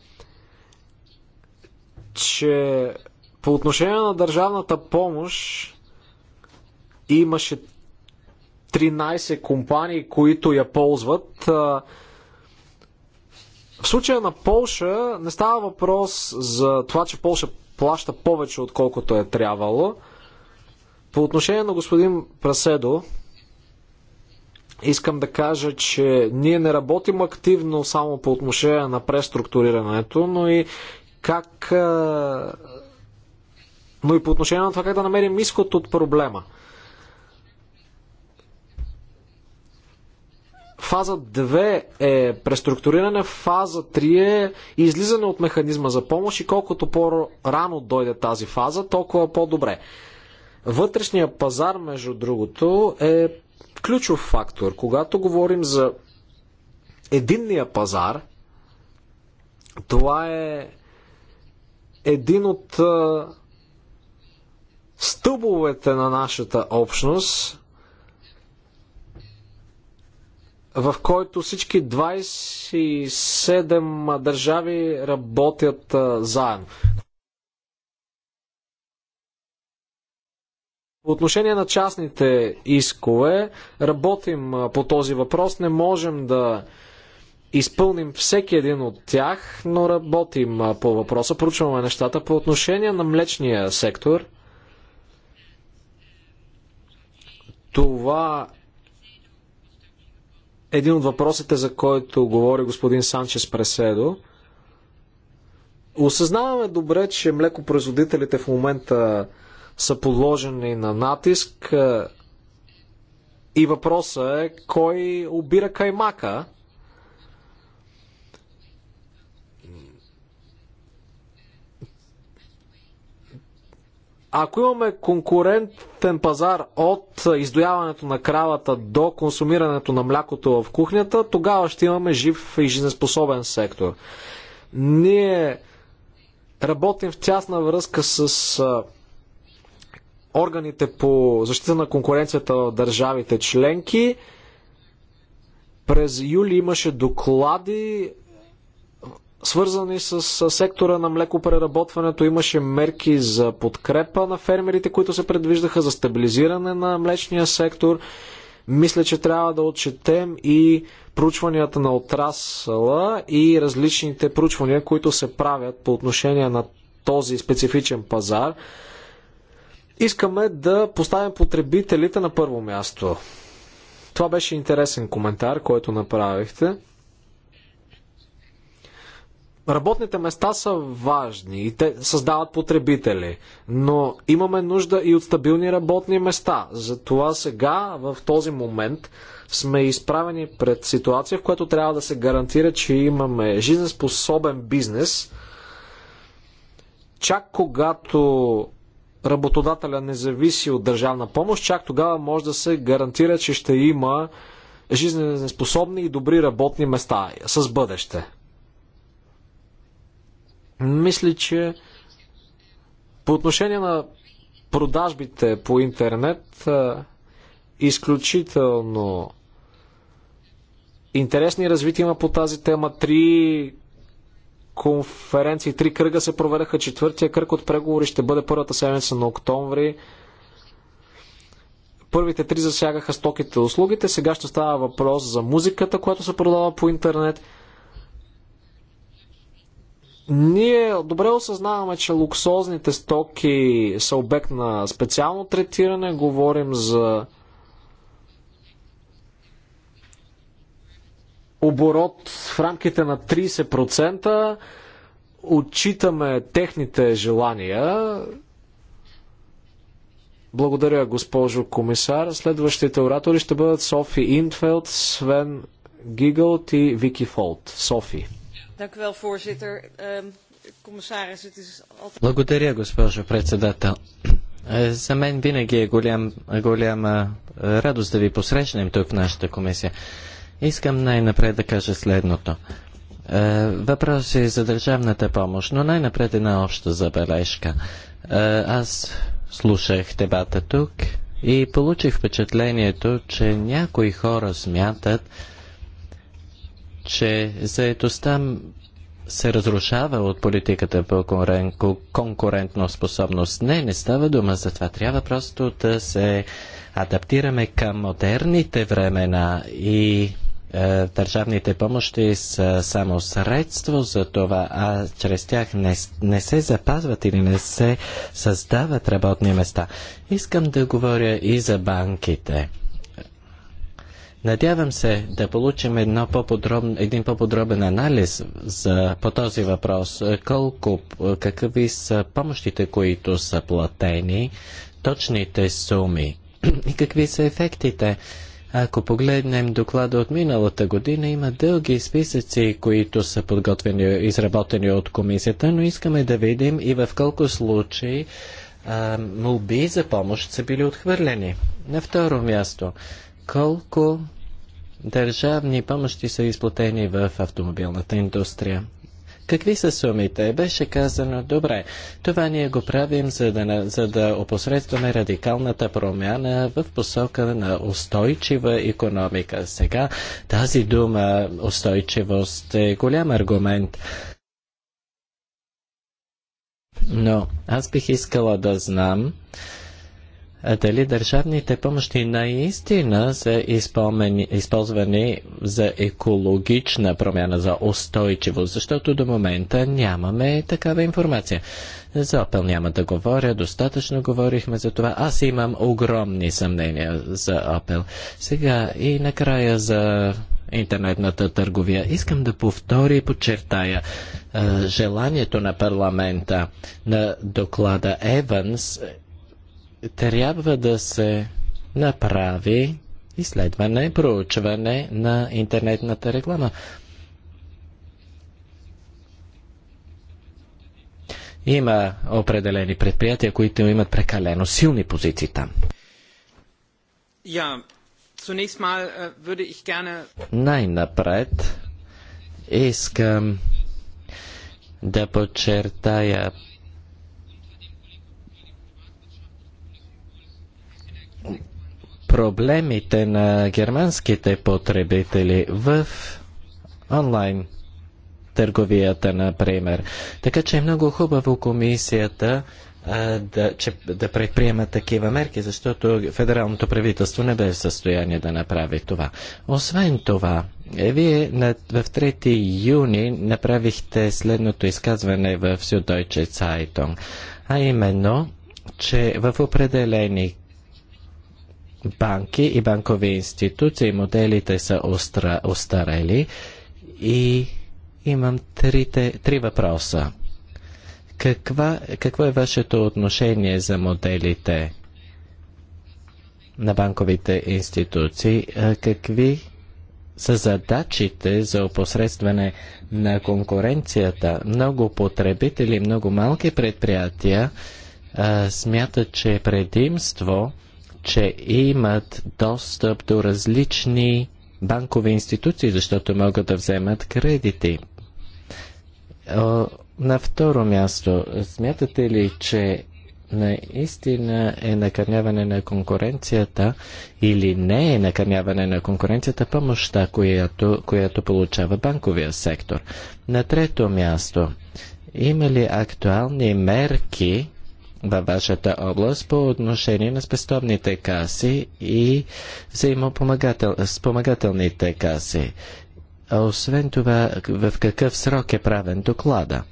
че по отношение на държавната помощ имаше 13 компании, които я ползват. В случая на Полша не става въпрос за това, че Полша плаща повече, отколкото е трябвало. По отношение на господин Праседо, искам да кажа, че ние не работим активно само по отношение на преструктурирането, но и как. Но и по отношение на това как да намерим изход от проблема. Фаза 2 е преструктуриране, фаза 3 е излизане от механизма за помощ и колкото по-рано дойде тази фаза, толкова по-добре. Вътрешния пазар, между другото, е ключов фактор. Когато говорим за единния пазар, това е един от стълбовете на нашата общност, в който всички 27 държави работят заедно. По отношение на частните искове, работим по този въпрос. Не можем да изпълним всеки един от тях, но работим по въпроса, проучваме нещата. По отношение на млечния сектор, това е един от въпросите, за който говори господин Санчес Преседо. Осъзнаваме добре, че млекопроизводителите в момента са подложени на натиск и въпросът е кой обира каймака Ако имаме конкурентен пазар от издояването на кравата до консумирането на млякото в кухнята, тогава ще имаме жив и жизнеспособен сектор. Ние работим в тясна връзка с органите по защита на конкуренцията в държавите членки. През юли имаше доклади свързани с сектора на млекопреработването. Имаше мерки за подкрепа на фермерите, които се предвиждаха за стабилизиране на млечния сектор. Мисля, че трябва да отчетем и проучванията на отрасъла и различните проучвания, които се правят по отношение на този специфичен пазар. Искаме да поставим потребителите на първо място. Това беше интересен коментар, който направихте. Работните места са важни и те създават потребители, но имаме нужда и от стабилни работни места. Затова сега, в този момент, сме изправени пред ситуация, в която трябва да се гарантира, че имаме жизнеспособен бизнес, чак когато работодателя не зависи от държавна помощ, чак тогава може да се гарантира, че ще има жизнеспособни и добри работни места с бъдеще. Мисля, че по отношение на продажбите по интернет, изключително интересни развития има по тази тема. Три конференции, три кръга се проведаха. Четвъртия кръг от преговори ще бъде първата седмица на октомври. Първите три засягаха стоките и услугите. Сега ще става въпрос за музиката, която се продава по интернет – ние добре осъзнаваме, че луксозните стоки са обект на специално третиране. Говорим за оборот в рамките на 30%. Отчитаме техните желания. Благодаря, госпожо комисар. Следващите оратори ще бъдат Софи Инфелд, Свен
Гигълт и Вики Фолт. Софи.
Ehm,
Благодаря, госпожо председател. Е, за мен винаги е голям, голяма е, радост да ви посрещнем тук в нашата комисия. Искам най-напред да кажа следното. Е, въпрос е за държавната помощ, но най-напред една обща забележка. Аз слушах дебата тук и получих впечатлението, че някои хора смятат, че заедостта се разрушава от политиката по конкурентно способност. Не, не става дума за това. Трябва просто да се адаптираме към модерните времена и е, държавните помощи са само средство за това, а чрез тях не, не се запазват или не се създават работни места. Искам да говоря и за банките. Надявам се да получим едно по-подробно, един по-подробен анализ за, по този въпрос. Колко, какви са помощите, които са платени, точните суми и какви са ефектите. Ако погледнем доклада от миналата година, има дълги списъци, които са подготвени, изработени от комисията, но искаме да видим и в колко случаи молби за помощ са били отхвърлени. На второ място, колко държавни помощи са изплатени в автомобилната индустрия. Какви са сумите? Беше казано, добре, това ние го правим, за да, за да опосредстваме радикалната промяна в посока на устойчива економика. Сега тази дума устойчивост е голям аргумент. Но аз бих искала да знам, дали държавните помощи наистина са използвани за екологична промяна, за устойчивост, защото до момента нямаме такава информация. За Опел няма да говоря, достатъчно говорихме за това. Аз имам огромни съмнения за Опел. Сега и накрая за интернетната търговия. Искам да повторя и подчертая е, желанието на парламента на доклада Еванс трябва да се направи изследване, проучване на интернетната реклама. Има определени предприятия, които имат прекалено силни позиции там. Äh, gerne... Най-напред искам да подчертая проблемите на германските потребители в онлайн търговията, например. Така че е много хубаво комисията а, да, че, да предприема такива мерки, защото федералното правителство не бе в състояние да направи това. Освен това, е, вие на, в 3 юни направихте следното изказване в Сюдойче Цайтон, а именно, че в определени банки и банкови институции. Моделите са остра, остарели и имам трите, три въпроса. Каква, какво е вашето отношение за моделите на банковите институции? Какви са задачите за опосредстване на конкуренцията? Много потребители, много малки предприятия а, смятат, че предимство че имат достъп до различни банкови институции, защото могат да вземат кредити. На второ място, смятате ли, че наистина е накърняване на конкуренцията или не е накърняване на конкуренцията помощта, която, която получава банковия сектор. На трето място, има ли актуални мерки във вашата област по отношение на спестовните каси и взаимопомагателните каси. А освен това, в какъв срок е правен доклада?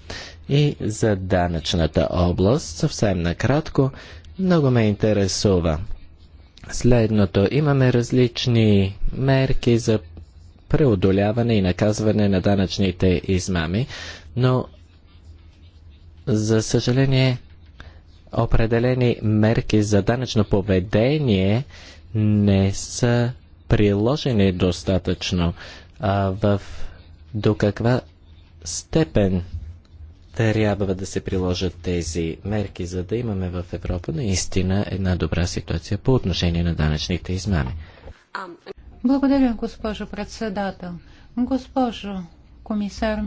И за данъчната област, съвсем накратко, много ме интересува. Следното, имаме различни мерки за преодоляване и наказване на данъчните измами, но за съжаление определени мерки за данъчно поведение не са приложени достатъчно. А в до каква степен трябва да се приложат тези мерки, за да имаме в Европа наистина една добра ситуация по отношение на данъчните измами.
Благодаря, госпожо председател. Госпожо комисар,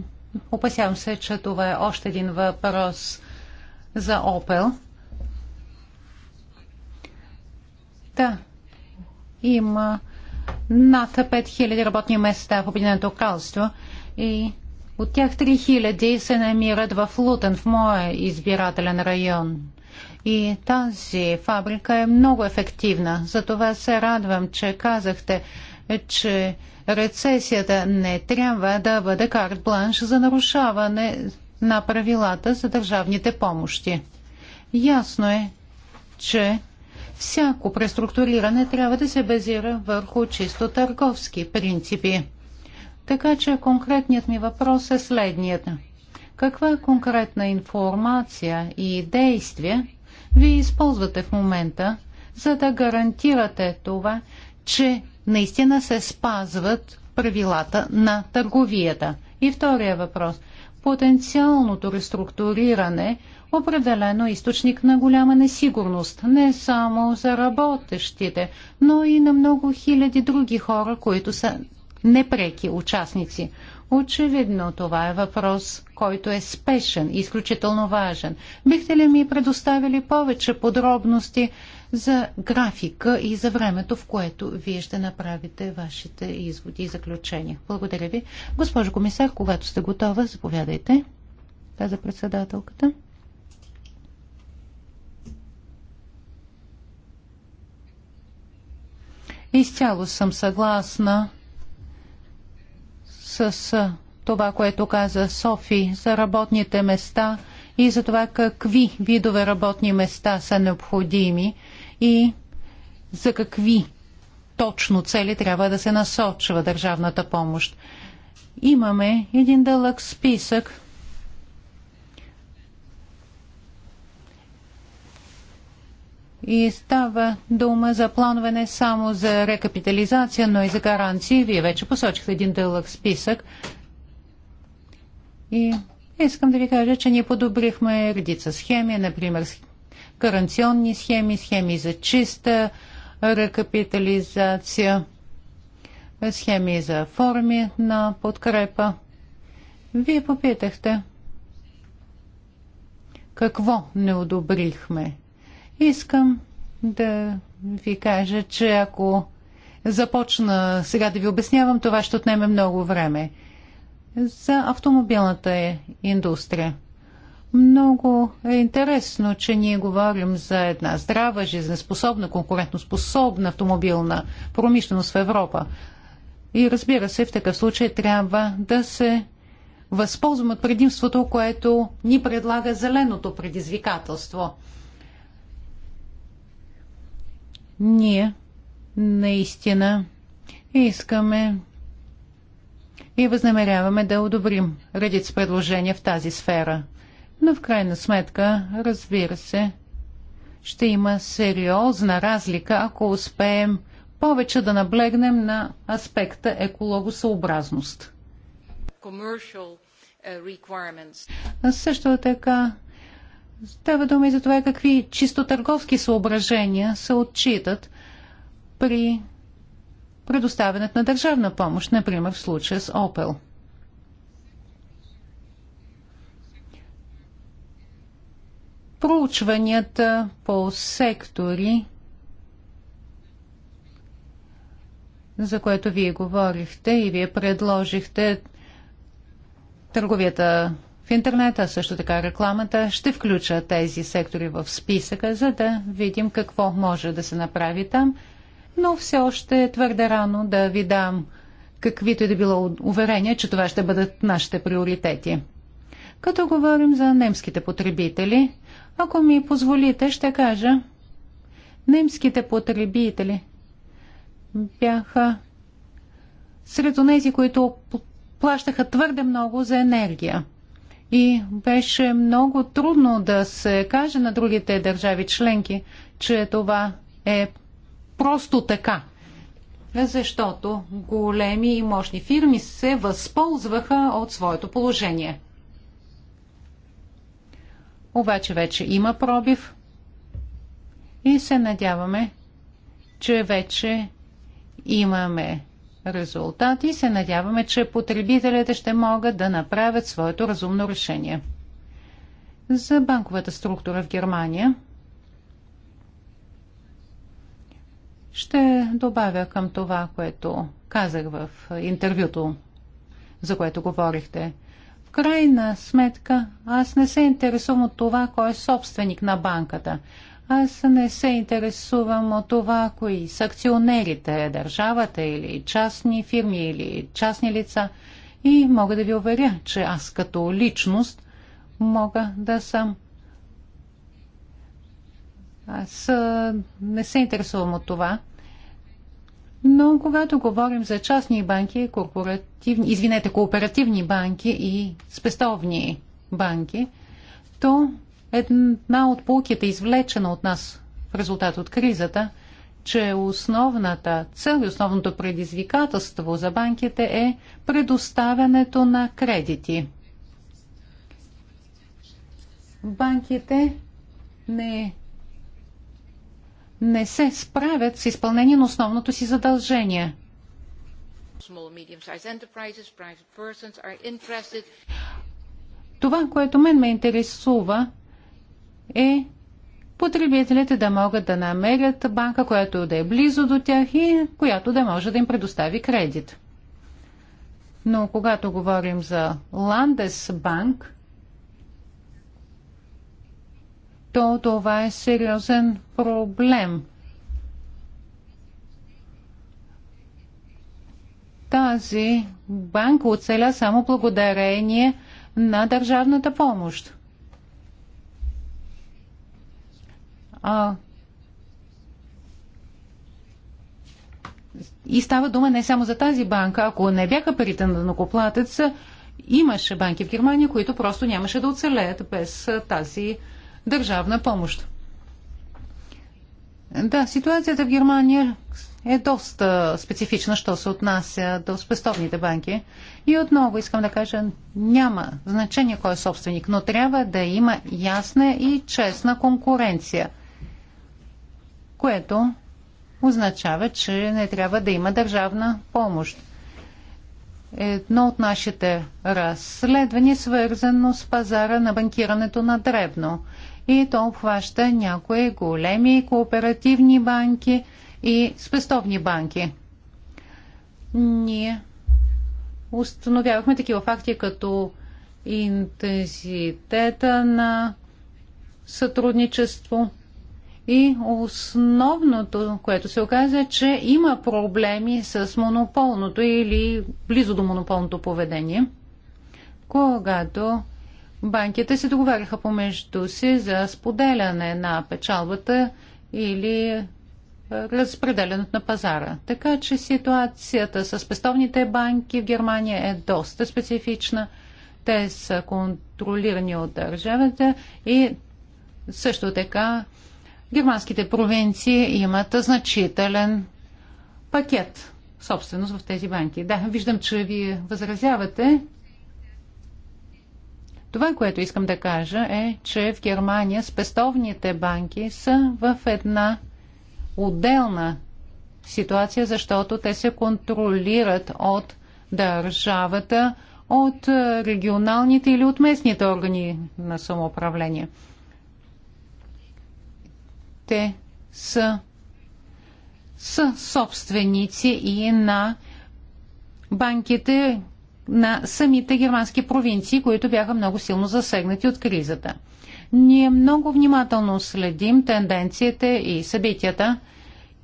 опасявам се, че това е още един въпрос за Опел. света. има над 5000 работни места в Обединеното кралство и от тях 3000 се намират в Лутен, в моя избирателен район. И тази фабрика е много ефективна. Затова се радвам, че казахте, че рецесията не трябва да бъде карт бланш за нарушаване на правилата за държавните помощи. Ясно е, че Всяко преструктуриране трябва да се базира върху чисто търговски принципи. Така че конкретният ми въпрос е следният. Каква конкретна информация и действия вие използвате в момента, за да гарантирате това, че наистина се спазват правилата на търговията? И втория въпрос. Потенциалното реструктуриране – определено източник на голяма несигурност, не само за работещите, но и на много хиляди други хора, които са непреки участници. Очевидно това е въпрос, който е спешен и изключително важен. Бихте ли ми предоставили повече подробности за графика и за времето, в което вие ще направите вашите изводи и заключения? Благодаря ви. Госпожо комисар, когато сте готова, заповядайте. Каза председателката. Изцяло съм съгласна с това, което каза Софи за работните места и за това какви видове работни места са необходими и за какви точно цели трябва да се насочва държавната помощ. Имаме един дълъг списък И става дума за планове не само за рекапитализация, но и за гаранции. Вие вече посочихте един дълъг списък. И искам да ви кажа, че ние подобрихме редица схеми, например гаранционни схеми, схеми за чиста рекапитализация, схеми за форми на подкрепа. Вие попитахте какво не одобрихме. Искам да ви кажа, че ако започна сега да ви обяснявам, това ще отнеме много време. За автомобилната е индустрия. Много е интересно, че ние говорим за една здрава, жизнеспособна, конкурентоспособна автомобилна промишленост в Европа. И разбира се, в такъв случай трябва да се възползваме от предимството, което ни предлага зеленото предизвикателство – ние наистина искаме и възнамеряваме да одобрим редица предложения в тази сфера. Но в крайна сметка, разбира се, ще има сериозна разлика, ако успеем повече да наблегнем на аспекта екологосъобразност. Uh, също така Става дума и за това какви чисто търговски съображения се отчитат при предоставянето на държавна помощ, например в случая с Опел. Проучванията по сектори, за което вие говорихте и вие предложихте търговията в интернет, а също така рекламата. Ще включа тези сектори в списъка, за да видим какво може да се направи там. Но все още е твърде рано да ви дам каквито и е да било уверения, че това ще бъдат нашите приоритети. Като говорим за немските потребители, ако ми позволите, ще кажа, немските потребители бяха сред тези, които плащаха твърде много за енергия. И беше много трудно да се каже на другите държави членки, че това е просто така. Защото големи и мощни фирми се възползваха от своето положение. Обаче вече има пробив и се надяваме, че вече имаме резултат и се надяваме, че потребителите ще могат да направят своето разумно решение. За банковата структура в Германия ще добавя към това, което казах в интервюто, за което говорихте. В крайна сметка аз не се интересувам от това, кой е собственик на банката. Аз не се интересувам от това, кои са акционерите, държавата или частни фирми или частни лица. И мога да ви уверя, че аз като личност мога да съм. Аз не се интересувам от това. Но когато говорим за частни банки, корпоративни, извинете, кооперативни банки и спестовни банки, то Една от полките, извлечена от нас в резултат от кризата, че основната цел и основното предизвикателство за банките е предоставянето на кредити. Банките не, не се справят с изпълнение на основното си задължение. Това, което мен ме интересува, е потребителите да могат да намерят банка, която да е близо до тях и която да може да им предостави кредит. Но когато говорим за Ландесбанк, то това е сериозен проблем. Тази банка оцеля само благодарение на държавната помощ. А, и става дума не само за тази банка. Ако не бяха парите на данокоплатеца, имаше банки в Германия, които просто нямаше да оцелеят без тази държавна помощ. Да, ситуацията в Германия е доста специфична, що се отнася до спестовните банки. И отново искам да кажа, няма значение кой е собственик, но трябва да има ясна и честна конкуренция – което означава, че не трябва да има държавна помощ. Едно от нашите разследвания е свързано с пазара на банкирането на дребно и то обхваща някои големи кооперативни банки и спестовни банки. Ние установявахме такива факти като интензитета на сътрудничество – и основното, което се оказа, е, че има проблеми с монополното или близо до монополното поведение, когато банките се договаряха помежду си за споделяне на печалбата или е, разпределянето на пазара. Така че ситуацията с пестовните банки в Германия е доста специфична. Те са контролирани от държавата и също така германските провинции имат значителен пакет собственост в тези банки. Да, виждам, че вие възразявате. Това, което искам да кажа е, че в Германия спестовните банки са в една отделна ситуация, защото те се контролират от държавата, от регионалните или от местните органи на самоуправление те са, са собственици и е на банките на самите германски провинции, които бяха много силно засегнати от кризата. Ние много внимателно следим тенденциите и събитията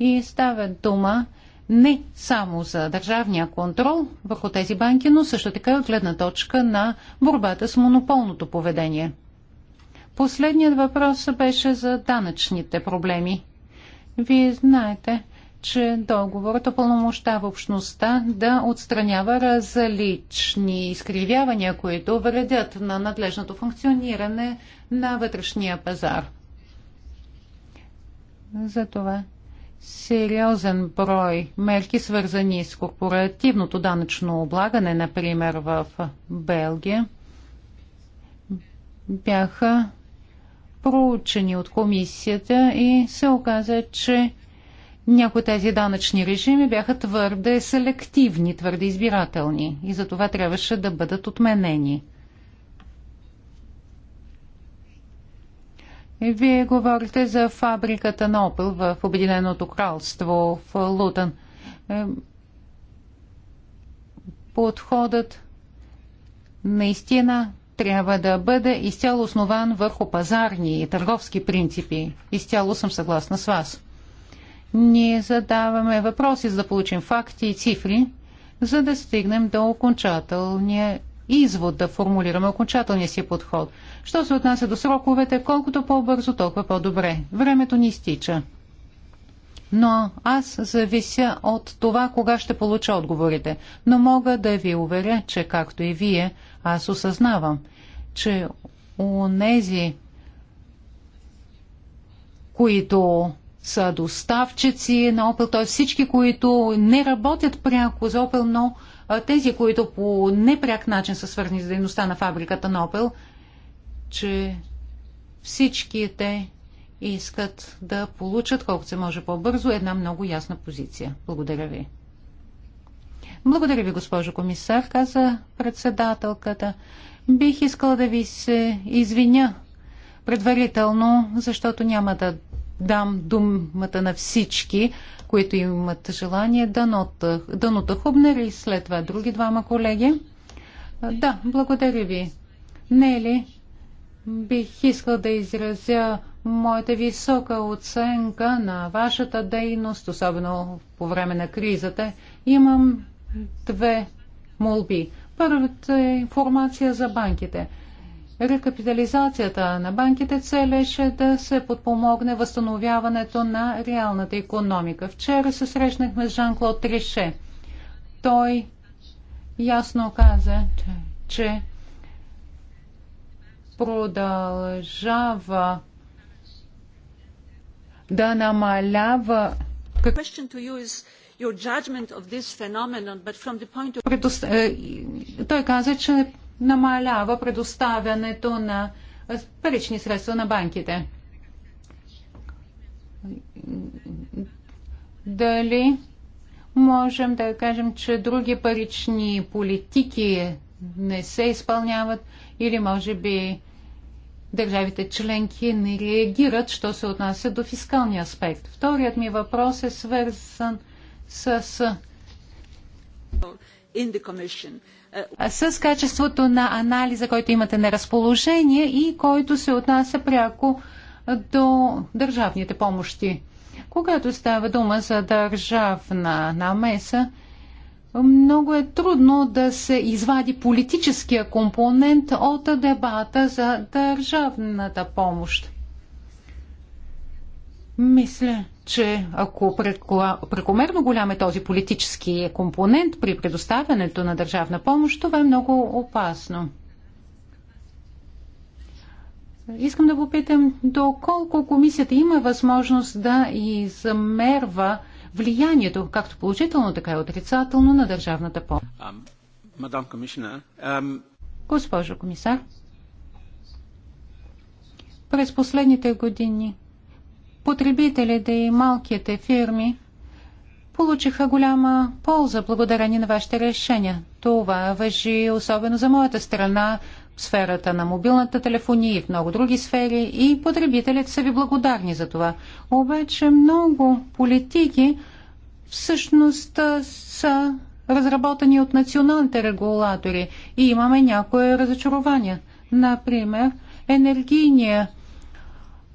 и става дума не само за държавния контрол върху тези банки, но също така от гледна точка на борбата с монополното поведение. Последният въпрос беше за данъчните проблеми. Вие знаете, че договорът опълномощава общността да отстранява различни изкривявания, които вредят на надлежното функциониране на вътрешния пазар. Затова сериозен брой мерки, свързани с корпоративното данъчно облагане, например в Белгия, бяха проучени от комисията и се оказа, че някои тези данъчни режими бяха твърде селективни, твърде избирателни и за това трябваше да бъдат отменени. Вие говорите за фабриката на Опел в Обединеното кралство в Лутън. Е, подходът наистина трябва да бъде изцяло основан върху пазарни и търговски принципи. Изцяло съм съгласна с вас. Ние задаваме въпроси, за да получим факти и цифри, за да стигнем до окончателния извод, да формулираме окончателния си подход. Що се отнася до сроковете, колкото по-бързо, толкова по-добре. Времето ни изтича но аз завися от това, кога ще получа отговорите. Но мога да ви уверя, че както и вие, аз осъзнавам, че у нези, които са доставчици на Opel, т.е. всички, които не работят пряко за Opel, но тези, които по непряк начин са свързани с дейността на фабриката на Opel, че всички те искат да получат колкото се може по-бързо една много ясна позиция. Благодаря ви. Благодаря ви, госпожо комисар, каза председателката. Бих искала да ви се извиня предварително, защото няма да дам думата на всички, които имат желание. да Данота Хубнер и след това други двама колеги. Да, благодаря ви. Нели, е бих искал да изразя моята висока оценка на вашата дейност, особено по време на кризата. Имам две молби. Първата е информация за банките. Рекапитализацията на банките целеше да се подпомогне възстановяването на реалната економика. Вчера се срещнахме с Жан-Клод Трише. Той ясно каза, че продължава да намалява Той каза, че намалява предоставянето на е, парични средства на банките. Дали можем да кажем, че други парични политики не се изпълняват или може би държавите членки не реагират, що се отнася до фискалния аспект. Вторият ми въпрос е свързан с с качеството на анализа, който имате на разположение и който се отнася пряко до държавните помощи. Когато става дума за държавна намеса, много е трудно да се извади политическия компонент от дебата за държавната помощ. Мисля, че ако прекомерно голям е този политически компонент при предоставянето на държавна помощ, това е много опасно. Искам да попитам доколко комисията има възможност да измерва влиянието, както положително, така и отрицателно на държавната помощ. Госпожо комисар, през последните години потребителите и малките фирми получиха голяма полза благодарение на вашите решения. Това въжи особено за моята страна, в сферата на мобилната телефония и в много други сфери и потребителите са ви благодарни за това. Обаче много политики всъщност са разработени от националните регулатори и имаме някои разочарования. Например, енергийния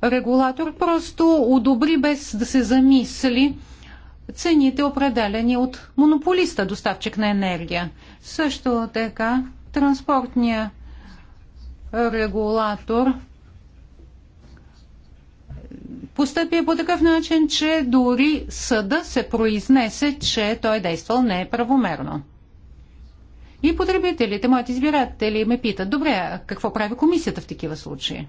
регулатор просто одобри без да се замисли цените определени от монополиста доставчик на енергия. Също така транспортния регулатор постъпи по такъв начин, че дори съда се произнесе, че той е действал неправомерно. И потребителите, моите избиратели, ме питат, добре, а какво прави комисията в такива случаи?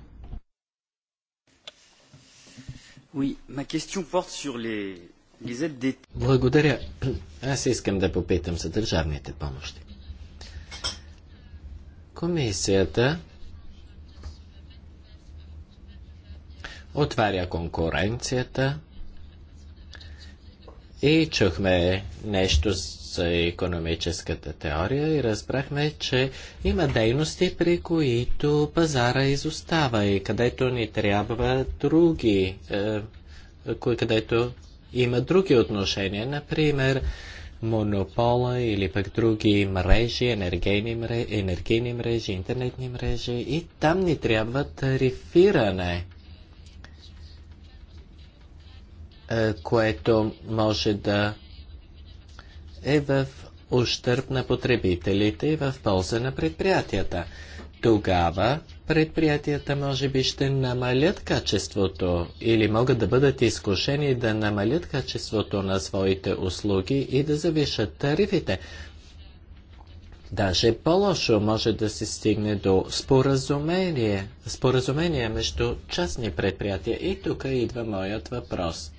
Благодаря. Аз искам да попитам за държавните помощи. Комисията отваря конкуренцията и чухме нещо за економическата теория и разбрахме, че има дейности, при които пазара изостава и където ни трябва други, е, където има други отношения, например монопола или пък други мрежи, енергийни мрежи, енергийни мрежи интернетни мрежи и там ни трябва тарифиране – Е, което може да е в ущърп на потребителите и в полза на предприятията. Тогава предприятията може би ще намалят качеството или могат да бъдат изкушени да намалят качеството на своите услуги и да завишат тарифите. Даже по-лошо може да се стигне до споразумение, споразумение между частни предприятия. И тук идва моят въпрос.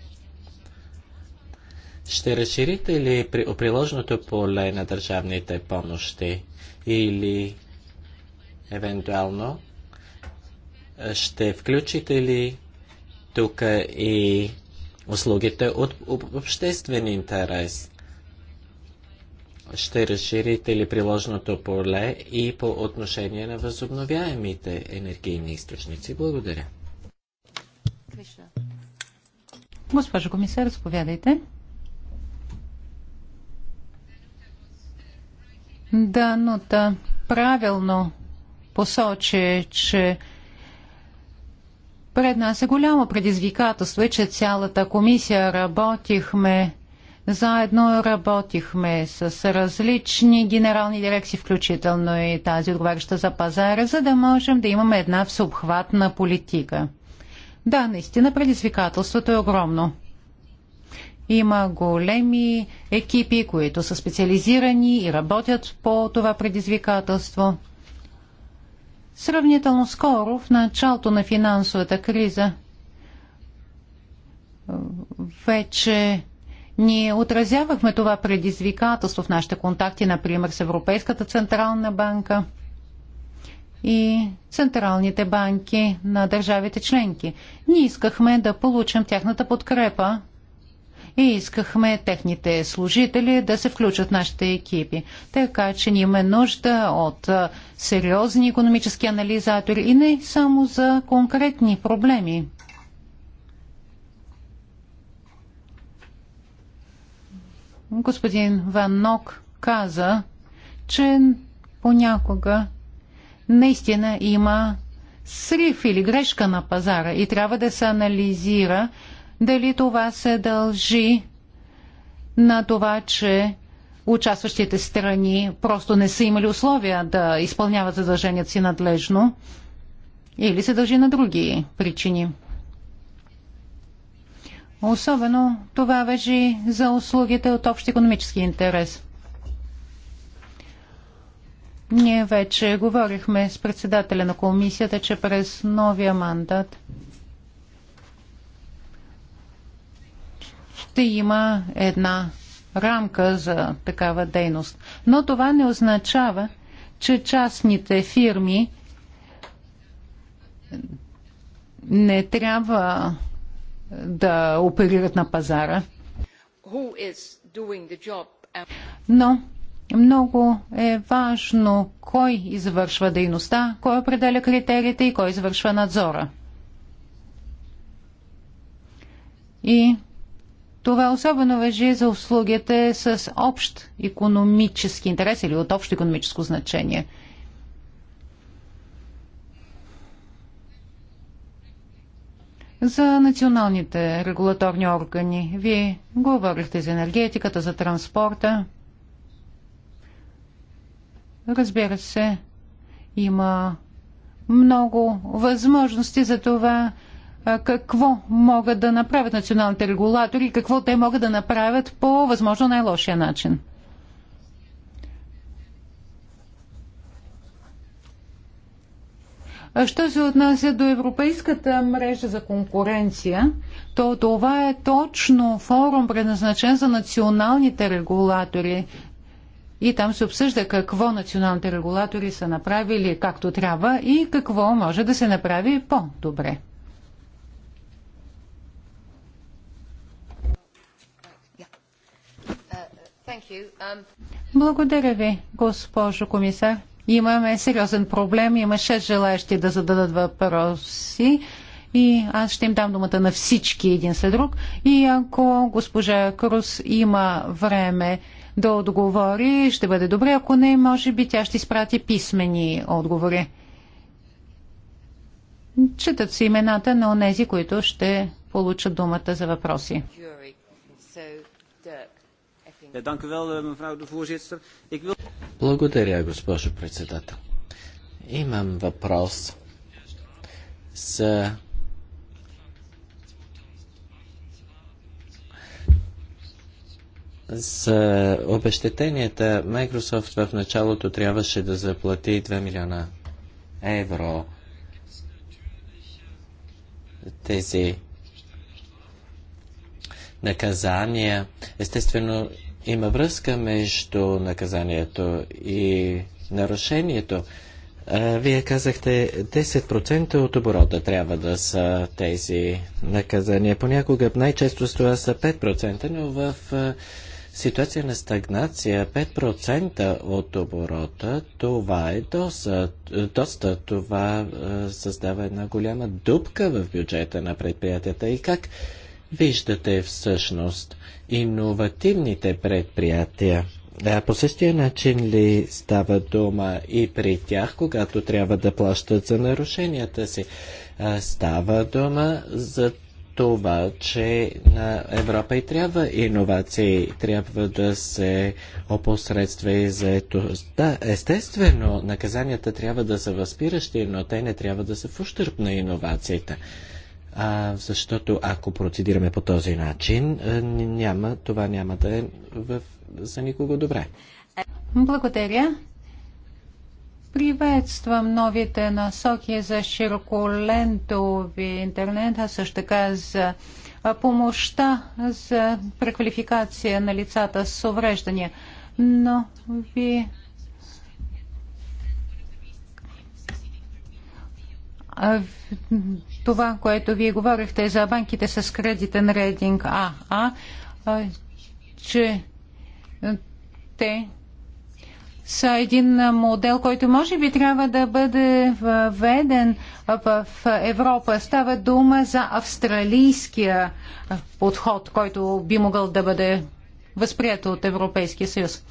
Ще разширите ли при, приложното поле на държавните помощи или евентуално ще включите ли тук и услугите от обществен интерес? Ще разширите ли приложното поле и по отношение на възобновяемите енергийни източници? Благодаря.
Госпожо комисар, заповядайте. Да, но да, правилно посочи, че пред нас е голямо предизвикателство, че цялата комисия работихме заедно работихме с различни генерални дирекции, включително и тази отговаряща за пазара, за да можем да имаме една всеобхватна политика. Да, наистина предизвикателството е огромно. Има големи екипи, които са специализирани и работят по това предизвикателство. Сравнително скоро, в началото на финансовата криза, вече ние отразявахме това предизвикателство в нашите контакти, например, с Европейската централна банка и централните банки на държавите членки. Ние искахме да получим тяхната подкрепа и искахме техните служители да се включат в нашите екипи. Така че ние имаме нужда от сериозни економически анализатори и не само за конкретни проблеми. Господин Ван Нок каза, че понякога наистина има срив или грешка на пазара и трябва да се анализира дали това се дължи на това, че участващите страни просто не са имали условия да изпълняват задълженията си надлежно или се дължи на други причини. Особено това вежи за услугите от общ економически интерес. Ние вече говорихме с председателя на комисията, че през новия мандат – ще има една рамка за такава дейност. Но това не означава, че частните фирми не трябва да оперират на пазара. Но много е важно кой извършва дейността, кой определя критериите и кой извършва надзора. И това особено въжи за услугите с общ економически интерес или от общо економическо значение. За националните регулаторни органи. Вие говорихте за енергетиката, за транспорта. Разбира се, има много възможности за това какво могат да направят националните регулатори и какво те могат да направят по възможно най-лошия начин. Що се отнася до Европейската мрежа за конкуренция, то това е точно форум, предназначен за националните регулатори. И там се обсъжда какво националните регулатори са направили както трябва и какво може да се направи по-добре. Um, Благодаря ви, госпожо комисар. Имаме сериозен проблем. Има шест желаящи да зададат въпроси и аз ще им дам думата на всички един след друг. И ако госпожа Крус има време да отговори, ще бъде добре. Ако не, може би тя ще изпрати писмени отговори. Четат се имената на онези, които ще получат думата за въпроси.
Eh,
Благодаря, госпожо председател. Имам въпрос за За обещетенията Microsoft в началото трябваше да заплати 2 милиона евро. Тези наказания. Естествено, има връзка между наказанието и нарушението. Вие казахте, 10% от оборота трябва да са тези наказания. Понякога най-често с това са 5%, но в ситуация на стагнация 5% от оборота, това е доста. доста това създава една голяма дупка в бюджета на предприятията. И как виждате всъщност иновативните предприятия. По същия начин ли става дума и при тях, когато трябва да плащат за нарушенията си? Става дума за това, че на Европа и трябва иновации, трябва да се опосредства и заетостта. Да, естествено, наказанията трябва да са възпиращи, но те не трябва да са в ущърп на иновациите а, защото ако процедираме по този начин, няма, това няма да е в, за никого добре.
Благодаря. Приветствам новите насоки за широколентови интернет, а също така за помощта за преквалификация на лицата с увреждания. Но ви това, което вие говорихте за банките с кредитен рейтинг АА, че те са един модел, който може би трябва да бъде введен в Европа. Става дума за австралийския подход, който би могъл да бъде възприят от Европейския съюз.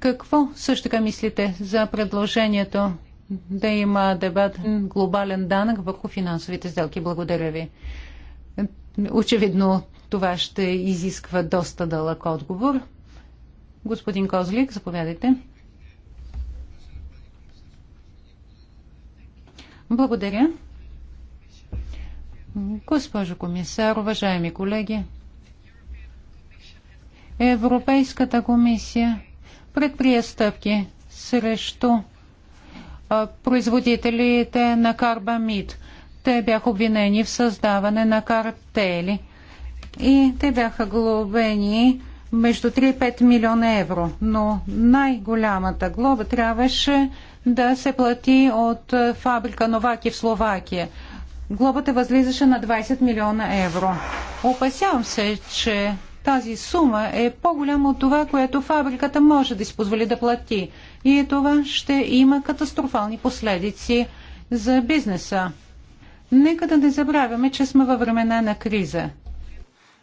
Какво също така мислите за предложението да има дебат глобален данък върху финансовите сделки. Благодаря ви. Очевидно това ще изисква доста дълъг отговор. Господин Козлик, заповядайте. Благодаря. Госпожо комисар, уважаеми колеги, Европейската комисия предприе стъпки срещу производителите на карбамид. Те бяха обвинени в създаване на картели и те бяха глобени между 3 и 5 милиона евро. Но най-голямата глоба трябваше да се плати от фабрика Новаки в Словакия. Глобата възлизаше на 20 милиона евро. Опасявам се, че тази сума е по-голяма от това, което фабриката може да си позволи да плати и това ще има катастрофални последици за бизнеса. Нека да не забравяме, че сме във времена на криза.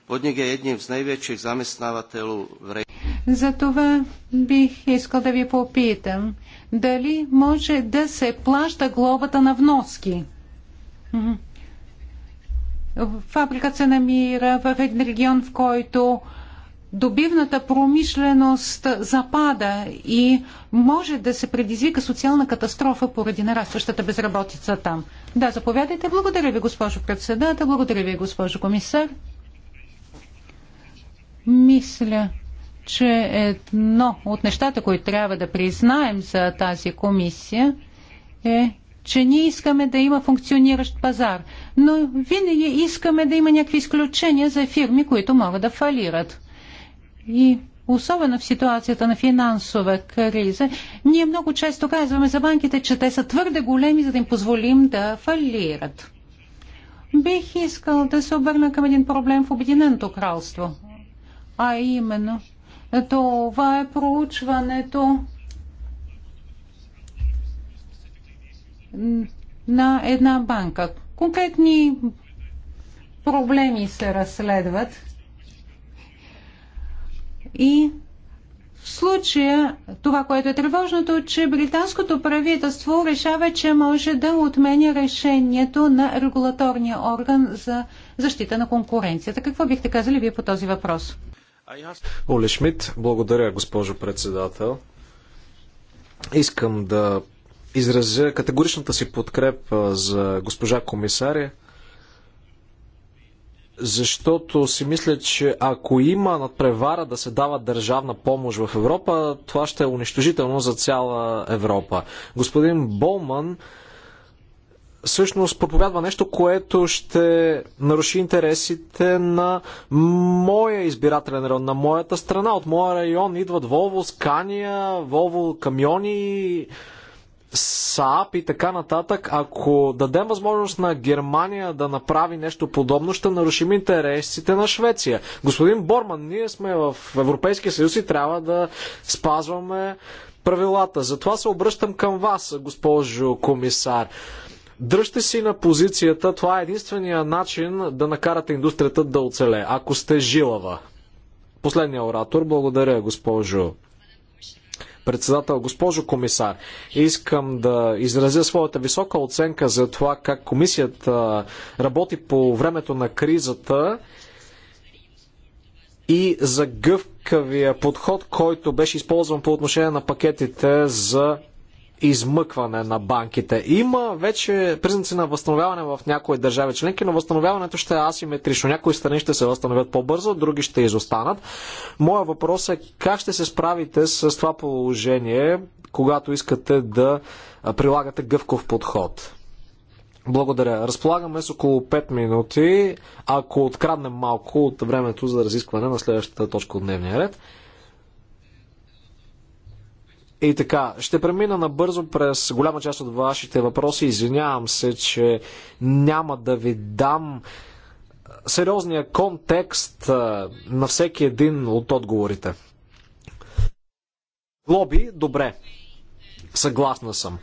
Podnik
je jedním z největších zaměstnavatelů v
Затова бих искал да ви попитам, дали може да се плаща глобата на вноски? Фабрика се намира в един регион, в който добивната промишленост запада и може да се предизвика социална катастрофа поради нарастващата безработица там. Да, заповядайте. Благодаря ви, госпожо председател. Благодаря ви, госпожо комисар. Мисля, че едно от нещата, които трябва да признаем за тази комисия е, че ние искаме да има функциониращ пазар, но винаги искаме да има някакви изключения за фирми, които могат да фалират и особено в ситуацията на финансова криза, ние много често казваме за банките, че те са твърде големи, за да им позволим да фалират. Бих искал да се обърна към един проблем в Обединеното кралство, а именно това е проучването на една банка. Конкретни проблеми се разследват и в случая това, което е тревожното, е, че британското правителство решава, че може да отмени решението на регулаторния орган за защита на конкуренцията. Какво бихте казали вие по този въпрос?
Оле Шмидт, благодаря, госпожо председател. Искам да изразя категоричната си подкрепа за госпожа комисаря защото си мисля, че ако има надпревара да се дава държавна помощ в Европа, това ще е унищожително за цяла Европа. Господин Болман всъщност проповядва нещо, което ще наруши интересите на моя избирателен район, на моята страна. От моя район идват Волво, Скания, Волво камиони, СААП и така нататък, ако дадем възможност на Германия да направи нещо подобно, ще нарушим интересите на Швеция. Господин Борман, ние сме в Европейския съюз и трябва да спазваме правилата. Затова се обръщам към вас, госпожо комисар. Дръжте си на позицията, това е единствения начин да накарате индустрията да оцеле, ако сте жилава. Последния оратор, благодаря, госпожо председател. Госпожо комисар, искам да изразя своята висока оценка за това как комисията работи по времето на кризата и за гъвкавия подход, който беше използван по отношение на пакетите за измъкване на банките. Има вече признаци на възстановяване в някои държави членки, но възстановяването ще е асиметрично. Някои страни ще се възстановят по-бързо, други ще изостанат. Моя въпрос е как ще се справите с това положение, когато искате да прилагате гъвков подход? Благодаря. Разполагаме с около 5 минути, ако откраднем малко от времето за разискване на следващата точка от дневния ред. И така, ще премина набързо през голяма част от вашите въпроси. Извинявам се, че няма да ви дам сериозния контекст на всеки един от отговорите. Лоби, добре. Съгласна съм.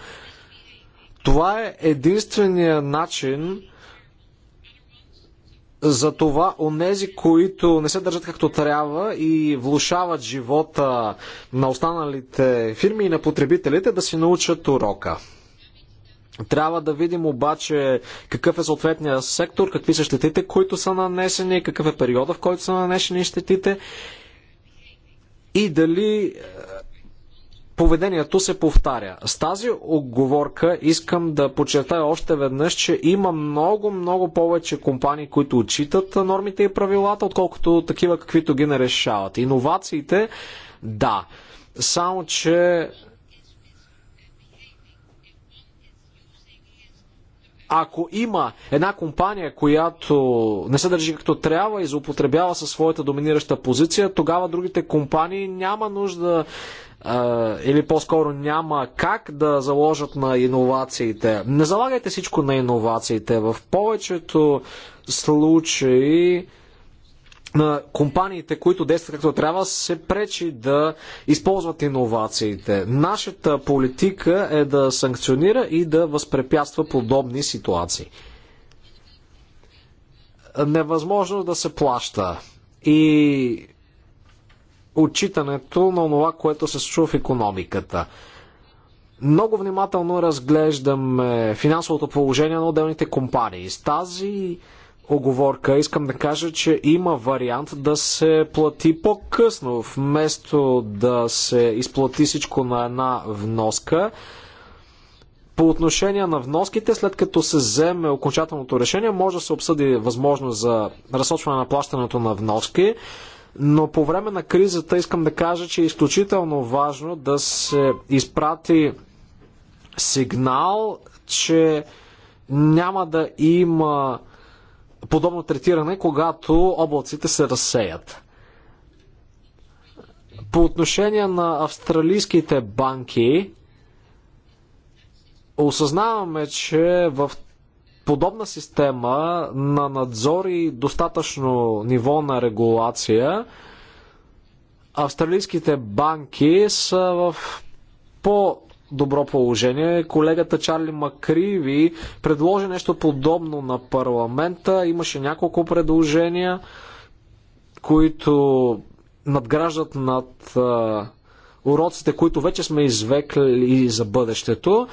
Това е единствения начин за това онези, които не се държат както трябва и влушават живота на останалите фирми и на потребителите да си научат урока. Трябва да видим обаче какъв е съответния сектор, какви са щетите, които са нанесени, какъв е периода, в който са нанесени щетите и дали поведението се повтаря. С тази оговорка искам да подчертая още веднъж, че има много, много повече компании, които отчитат нормите и правилата, отколкото такива, каквито ги нарешават. Иновациите, да. Само, че ако има една компания, която не се държи както трябва и заупотребява със своята доминираща позиция, тогава другите компании няма нужда или по-скоро няма как да заложат на иновациите. Не залагайте всичко на иновациите. В повечето случаи на компаниите, които действат както трябва, се пречи да използват иновациите. Нашата политика е да санкционира и да възпрепятства подобни ситуации. Невъзможно да се плаща. И отчитането на това, което се случва в економиката. Много внимателно разглеждаме финансовото положение на отделните компании. С тази оговорка искам да кажа, че има вариант да се плати по-късно, вместо да се изплати всичко на една вноска. По отношение на вноските, след като се вземе окончателното решение, може да се обсъди възможност за разсочване на плащането на вноски. Но по време на кризата искам да кажа, че е изключително важно да се изпрати сигнал, че няма да има подобно третиране, когато облаците се разсеят. По отношение на австралийските банки, осъзнаваме, че в подобна система на надзор и достатъчно ниво на регулация, австралийските банки са в по добро положение. Колегата Чарли Макриви предложи нещо подобно на парламента. Имаше няколко предложения, които надграждат над уроците, които вече сме извекли и за бъдещето.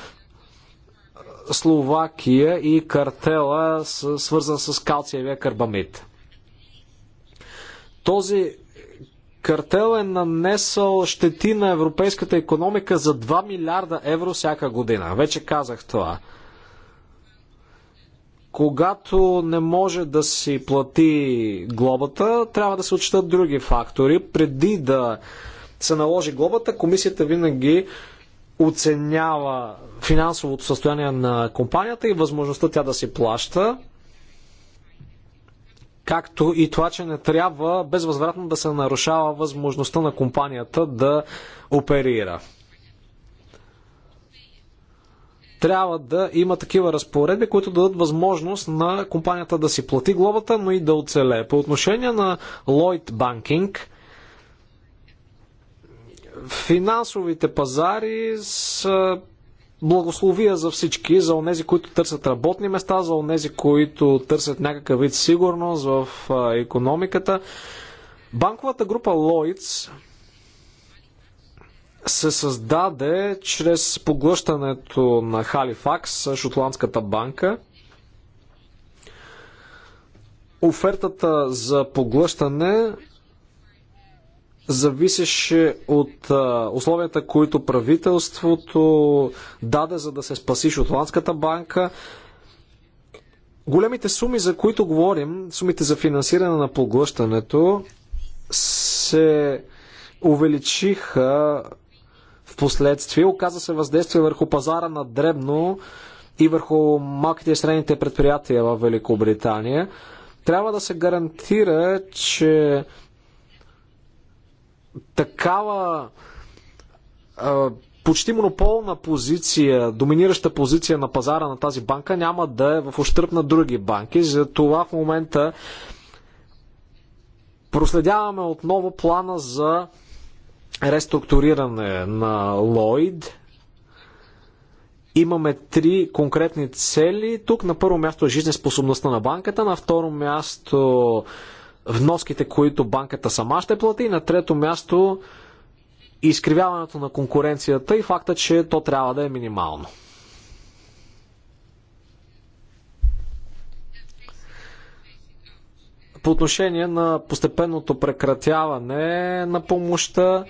Словакия и картела, свързан с калциевия карбамид. Този картел е нанесъл щети на европейската економика за 2 милиарда евро всяка година. Вече казах това. Когато не може да си плати глобата, трябва да се отчитат други фактори. Преди да се наложи глобата, комисията винаги оценява финансовото състояние на компанията и възможността тя да си плаща, както и това, че не трябва безвъзвратно да се нарушава възможността на компанията да оперира. Трябва да има такива разпоредби, които дадат възможност на компанията да си плати глобата, но и да оцелее. По отношение на Lloyd Banking – Финансовите пазари са благословия за всички, за онези, които търсят работни места, за онези, които търсят някакъв вид сигурност в економиката. Банковата група Lloyds се създаде чрез поглъщането на Халифакс, шотландската банка. Офертата за поглъщане зависеше от а, условията, които правителството даде, за да се спаси Шотландската банка. Големите суми, за които говорим, сумите за финансиране на поглъщането, се увеличиха в последствие. Оказа се въздействие върху пазара на дребно и върху малките и средните предприятия в Великобритания. Трябва да се гарантира, че такава а, почти монополна позиция, доминираща позиция на пазара на тази банка няма да е в ощърп на други банки. Затова в момента проследяваме отново плана за реструктуриране на Лойд. Имаме три конкретни цели. Тук на първо място е жизнеспособността на банката, на второ място вноските, които банката сама ще плати. на трето място изкривяването на конкуренцията и факта, че то трябва да е минимално. По отношение на постепенното прекратяване на помощта,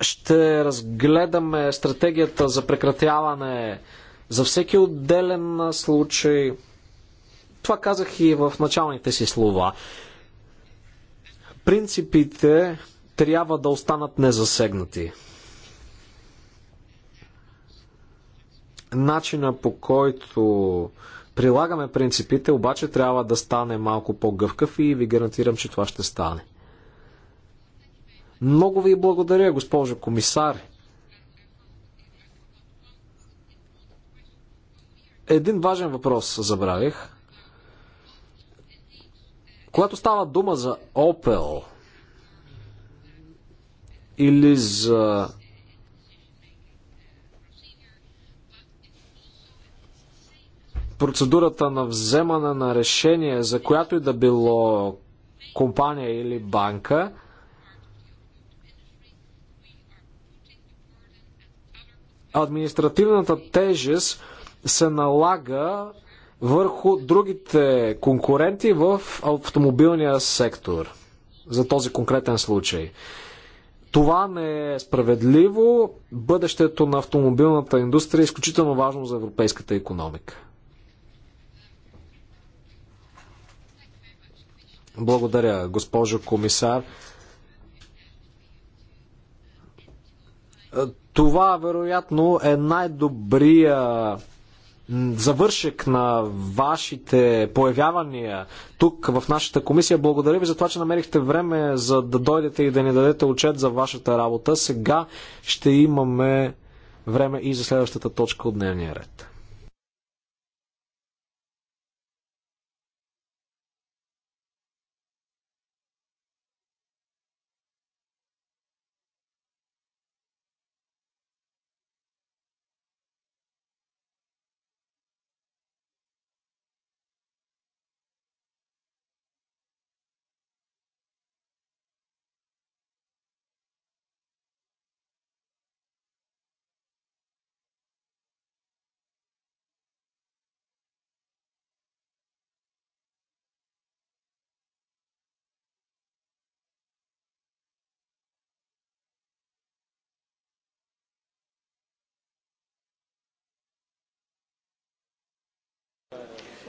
ще разгледаме стратегията за прекратяване за всеки отделен случай. Това казах и в началните си слова. Принципите трябва да останат незасегнати. Начина по който прилагаме принципите, обаче трябва да стане малко по-гъвкав и ви гарантирам, че това ще стане. Много ви благодаря, госпожо комисар. Един важен въпрос забравих. Когато става дума за Opel или за процедурата на вземане на решение за която и да било компания или банка, административната тежест се налага върху другите конкуренти в автомобилния сектор за този конкретен случай. Това не е справедливо. Бъдещето на автомобилната индустрия е изключително важно за европейската економика. Благодаря, госпожо комисар. Това, вероятно, е най-добрия завършек на вашите появявания тук в нашата комисия. Благодаря ви за това, че намерихте време за да дойдете и да ни дадете отчет за вашата работа. Сега ще имаме време и за следващата точка от дневния ред.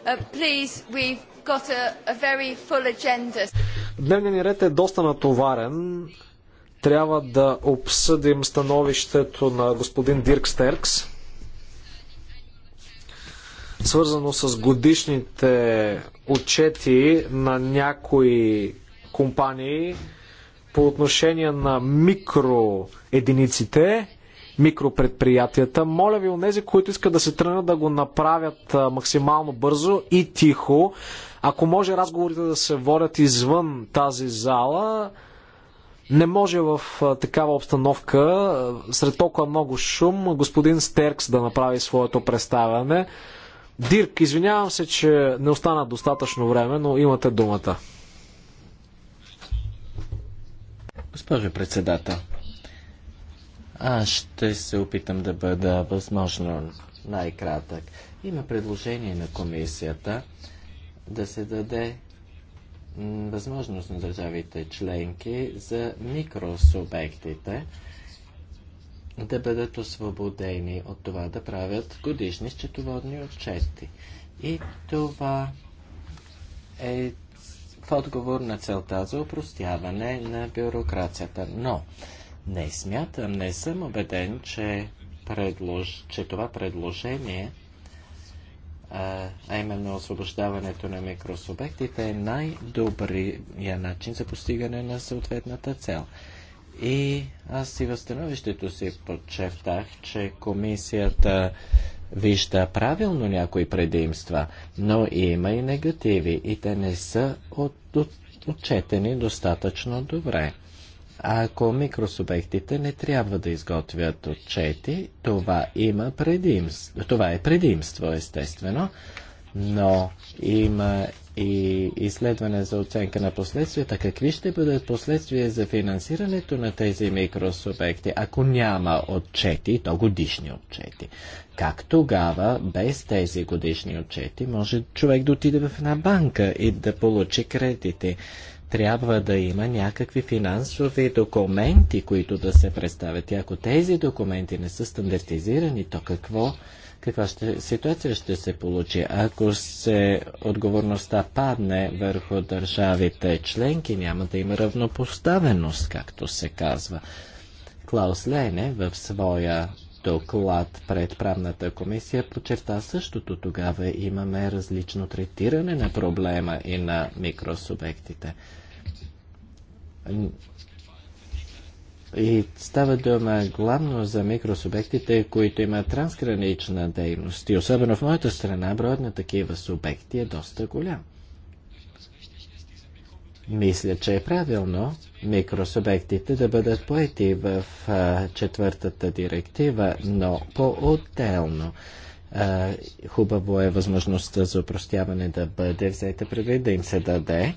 Uh,
Дневният ни ред е доста натоварен. Трябва да обсъдим становището на господин Дирк Стеркс, свързано с годишните отчети на някои компании по отношение на микроединиците микропредприятията. Моля ви, онези, които искат да се тръгнат да го направят максимално бързо и тихо. Ако може разговорите да се водят извън тази зала, не може в такава обстановка, сред толкова много шум, господин Стеркс да направи своето представяне. Дирк, извинявам се, че не остана достатъчно време, но имате думата.
Госпожо председател, аз ще се опитам да бъда възможно най-кратък. Има предложение на комисията да се даде възможност на държавите членки за микросубектите да бъдат освободени от това да правят годишни счетоводни отчети. И това е в отговор на целта за упростяване на бюрокрацията. Но не смятам, не съм убеден, че, предлож... че това предложение, а, именно освобождаването на микросубектите, е най-добрият начин за постигане на съответната цел. И аз и възстановището становището си подчертах, че комисията вижда правилно някои предимства, но има и негативи и те не са от, от, отчетени достатъчно добре ако микросубектите не трябва да изготвят отчети, това има предимство. Това е предимство, естествено, но има и изследване за оценка на последствията. Какви ще бъдат последствия за финансирането на тези микросубекти, ако няма отчети, то годишни отчети? Как тогава, без тези годишни отчети, може човек да отиде в една банка и да получи кредити? трябва да има някакви финансови документи, които да се представят. И ако тези документи не са стандартизирани, то какво, каква ще, ситуация ще се получи? Ако се отговорността падне върху държавите членки, няма да има равнопоставеност, както се казва. Клаус Лене в своя доклад пред правната комисия подчерта същото. Тогава имаме различно третиране на проблема и на микросубектите. И става дума главно за микросубектите, които имат трансгранична дейност. И особено в моята страна, броят на такива субекти е доста голям. Мисля, че е правилно микросубектите да бъдат поети в а, четвъртата директива, но по-отделно. хубаво е възможността за упростяване да бъде взета предвид, да им се даде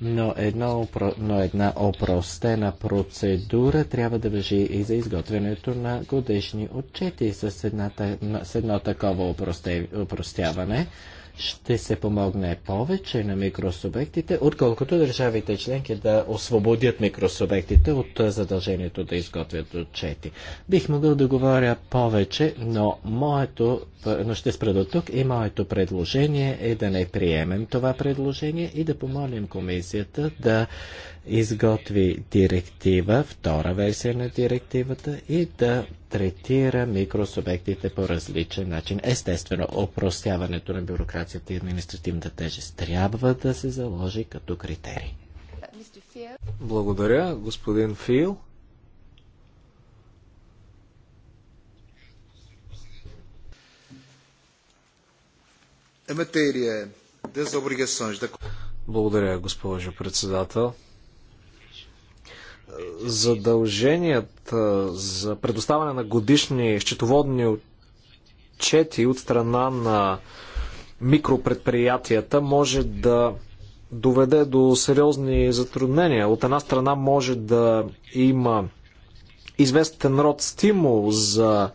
но, едно, но една опростена процедура трябва да въжи и за изготвянето на годишни отчети с, една, с едно такова опростяване ще се помогне повече на микросубектите, отколкото държавите членки да освободят микросубектите от задължението да изготвят отчети. Бих могъл да говоря повече, но, моето, но ще спра до тук и моето предложение е да не приемем това предложение и да помолим комисията да изготви директива, втора версия на директивата и да третира микросубектите по различен начин. Естествено, опростяването на бюрокрацията и административната тежест трябва да се заложи като критерий.
Благодаря, господин Фил. Благодаря, госпожо председател задълженията за предоставяне на годишни счетоводни отчети от страна на микропредприятията може да доведе до сериозни затруднения. От една страна може да има известен род стимул за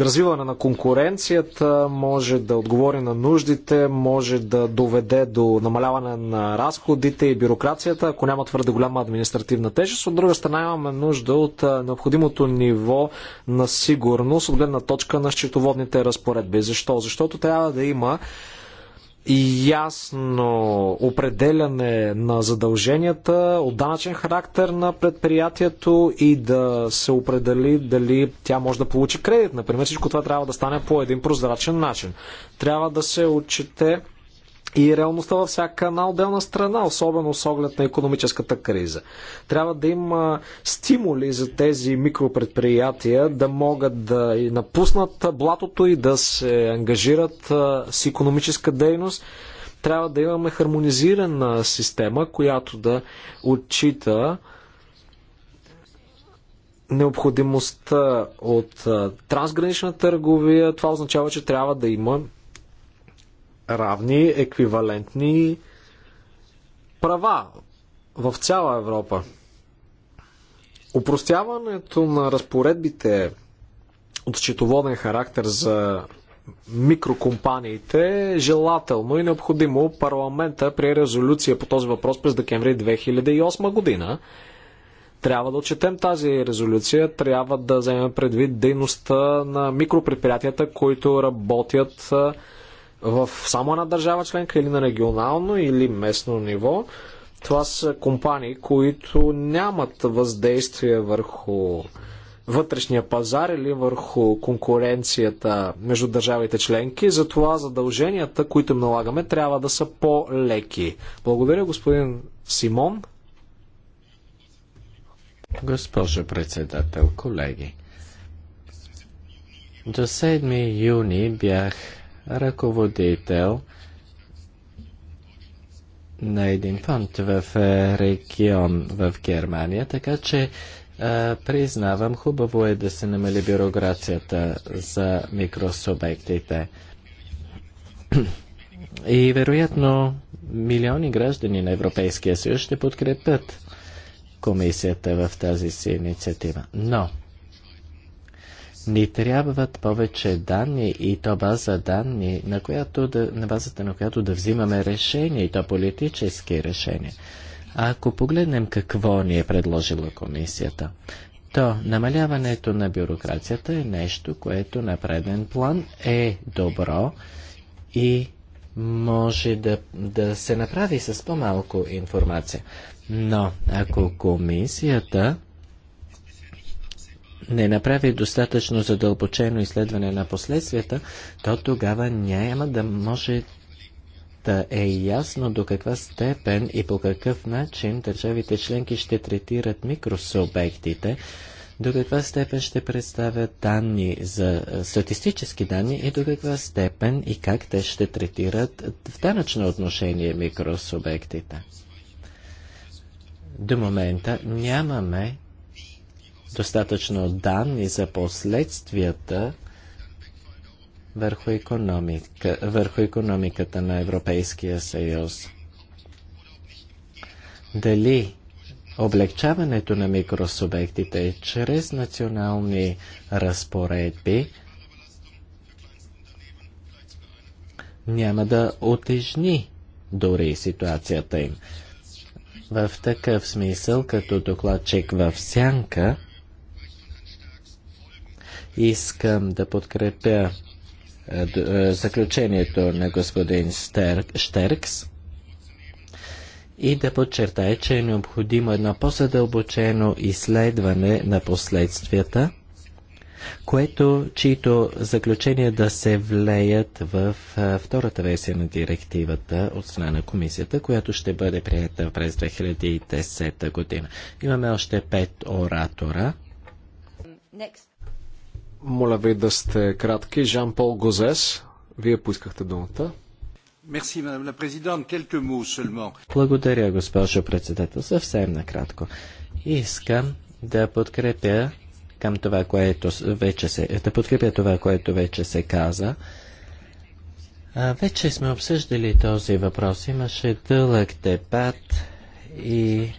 развиване на конкуренцията може да отговори на нуждите, може да доведе до намаляване на разходите и бюрокрацията, ако няма твърде голяма административна тежест. От друга страна имаме нужда от необходимото ниво на сигурност от гледна точка на счетоводните разпоредби. Защо? Защото трябва да има ясно определяне на задълженията от данъчен характер на предприятието и да се определи дали тя може да получи кредит. Например, всичко това трябва да стане по един прозрачен начин. Трябва да се отчете и реалността във всяка една отделна страна, особено с оглед на економическата криза. Трябва да има стимули за тези микропредприятия да могат да и напуснат блатото и да се ангажират с економическа дейност. Трябва да имаме хармонизирана система, която да отчита необходимостта от трансгранична търговия. Това означава, че трябва да има равни, еквивалентни права в цяла Европа. Опростяването на разпоредбите от счетоводен характер за микрокомпаниите е желателно и необходимо парламента при резолюция по този въпрос през декември 2008 година. Трябва да отчетем тази резолюция, трябва да вземем предвид дейността на микропредприятията, които работят в само една държава членка или на регионално или местно ниво. Това са компании, които нямат въздействие върху вътрешния пазар или върху конкуренцията между държавите членки. Затова задълженията, които им налагаме, трябва да са по-леки.
Благодаря, господин Симон. Госпожо председател, колеги, до 7 юни бях ръководител на един фонд в е, регион в Германия, така че а, е, признавам, хубаво е да се намали бюрокрацията за микросубектите. *clears throat* И вероятно милиони граждани на Европейския съюз ще подкрепят комисията в тази си инициатива. Но ни трябват повече данни и то база данни, на, която да, на базата на която да взимаме решения и то политически решения. А ако погледнем какво ни е предложила комисията, то намаляването на бюрокрацията е нещо, което на преден план е добро и може да, да се направи с по-малко информация. Но ако комисията не направи достатъчно задълбочено изследване на последствията, то тогава няма да може да е ясно до каква степен и по какъв начин държавите членки ще третират микросубектите, до каква степен ще представят данни за статистически данни и до каква степен и как те ще третират в данъчно отношение микросубектите. До момента нямаме достатъчно данни за последствията върху, економика, върху економиката на Европейския съюз. Дали облегчаването на микросубектите чрез национални разпоредби няма да отежни дори ситуацията им. В такъв смисъл, като докладчик в сянка, Искам да подкрепя е, е, заключението на господин Штеркс и да подчертая, че е необходимо едно по-задълбочено изследване на последствията, което, чието заключения да се влеят в е, втората версия на директивата от страна на комисията, която ще бъде прията през 2010 година. Имаме още пет оратора. Next моля ви да сте кратки. Жан-Пол Гозес, вие поискахте думата. Благодаря, госпожо председател. Съвсем накратко. Искам да подкрепя към това, което вече се, да подкрепя това, което вече се каза. А, вече сме обсъждали този въпрос. Имаше дълъг дебат и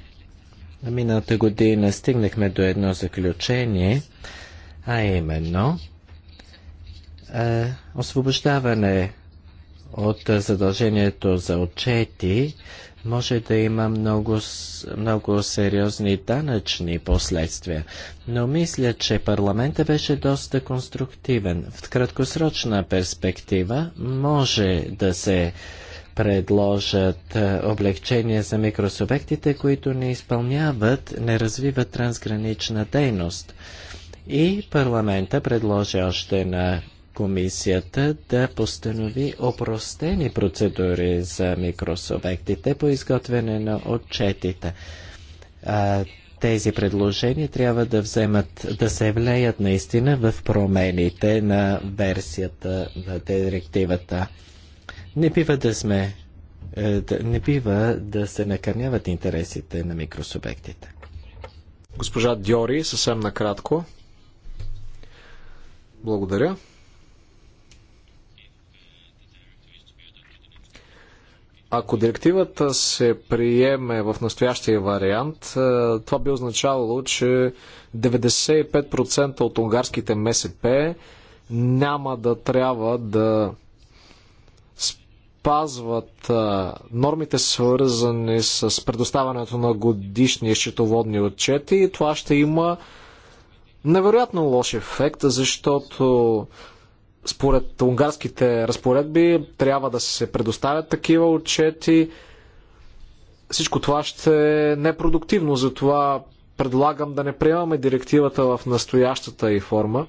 миналата година стигнахме до едно заключение – а именно е, освобождаване от задължението за отчети може да има много, много сериозни данъчни последствия. Но мисля, че парламентът беше доста конструктивен. В краткосрочна перспектива може да се предложат е, облегчения за микросубектите, които не изпълняват, не развиват трансгранична дейност. И парламента предложи още на комисията да постанови опростени процедури за микросубектите по изготвяне на отчетите. А, тези предложения трябва да вземат, да се влеят наистина в промените на версията на директивата. Не бива да сме, е, не бива да се накърняват интересите на микросубектите. Госпожа
Дьори, съвсем накратко. Благодаря. Ако директивата се приеме в настоящия вариант, е, това би означавало, че 95% от унгарските МСП няма да трябва да спазват е, нормите свързани с предоставянето на годишни счетоводни отчети и това ще има невероятно лош ефект, защото според унгарските разпоредби трябва да се предоставят такива отчети. Всичко това ще е непродуктивно, затова предлагам да не приемаме директивата в настоящата и форма.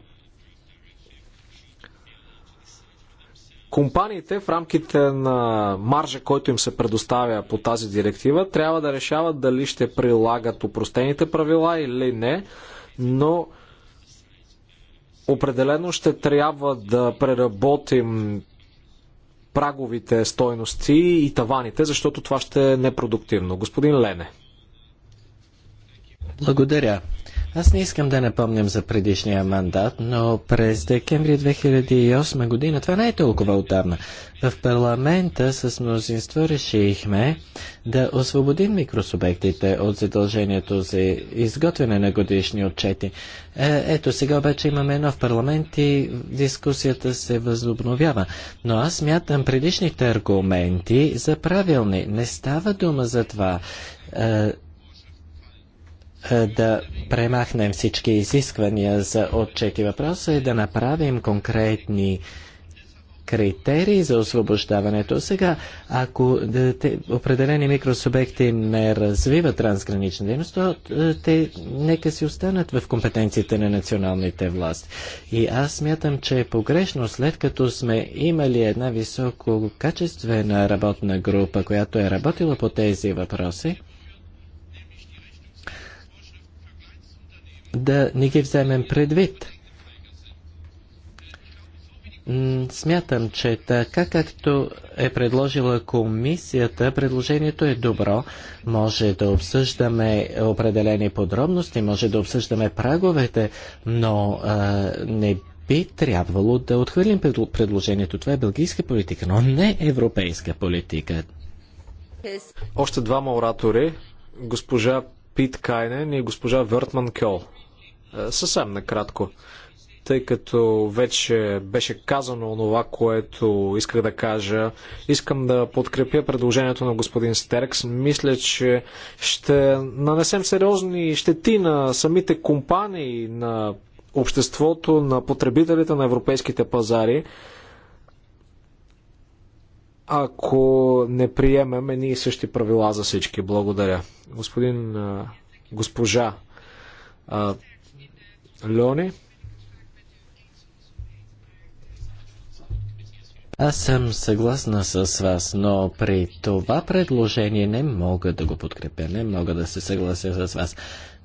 Компаниите в рамките на маржа, който им се предоставя по тази директива, трябва да решават дали ще прилагат упростените правила или не, но Определено ще трябва да преработим праговите стойности и таваните, защото това ще е непродуктивно. Господин Лене.
Благодаря. Аз не искам да напомням за предишния мандат, но през декември 2008 година, това не е толкова отдавна, в парламента с мнозинство решихме да освободим микросубектите от задължението за изготвяне на годишни отчети. Е, ето, сега обаче имаме нов парламент и дискусията се възобновява. Но аз мятам предишните аргументи за правилни. Не става дума за това. Е, е, да премахнем всички изисквания за отчети. въпроса е да направим конкретни критерии за освобождаването. Сега, ако те, определени микросубекти не развиват трансгранична дейност, то е, те нека си останат в компетенциите на националните власти. И аз смятам, че е погрешно, след като сме имали една висококачествена работна група, която е работила по тези въпроси, да не ги вземем предвид. Смятам, че така както е предложила комисията, предложението е добро. Може да обсъждаме определени подробности, може да обсъждаме праговете, но а, не би трябвало да отхвърлим предложението. Това е бългийска политика, но не европейска политика.
Още двама оратори, госпожа Пит Кайнен и госпожа Въртман Кьол. Е, съвсем накратко, тъй като вече беше казано това, което исках да кажа, искам да подкрепя предложението на господин Стеркс. Мисля, че ще нанесем сериозни щети на самите компании, на обществото, на потребителите на европейските пазари ако не приемем едни и същи правила за всички. Благодаря. Господин, е, госпожа е, Лони.
Аз съм съгласна с вас, но при това предложение не мога да го подкрепя, не мога да се съглася с вас.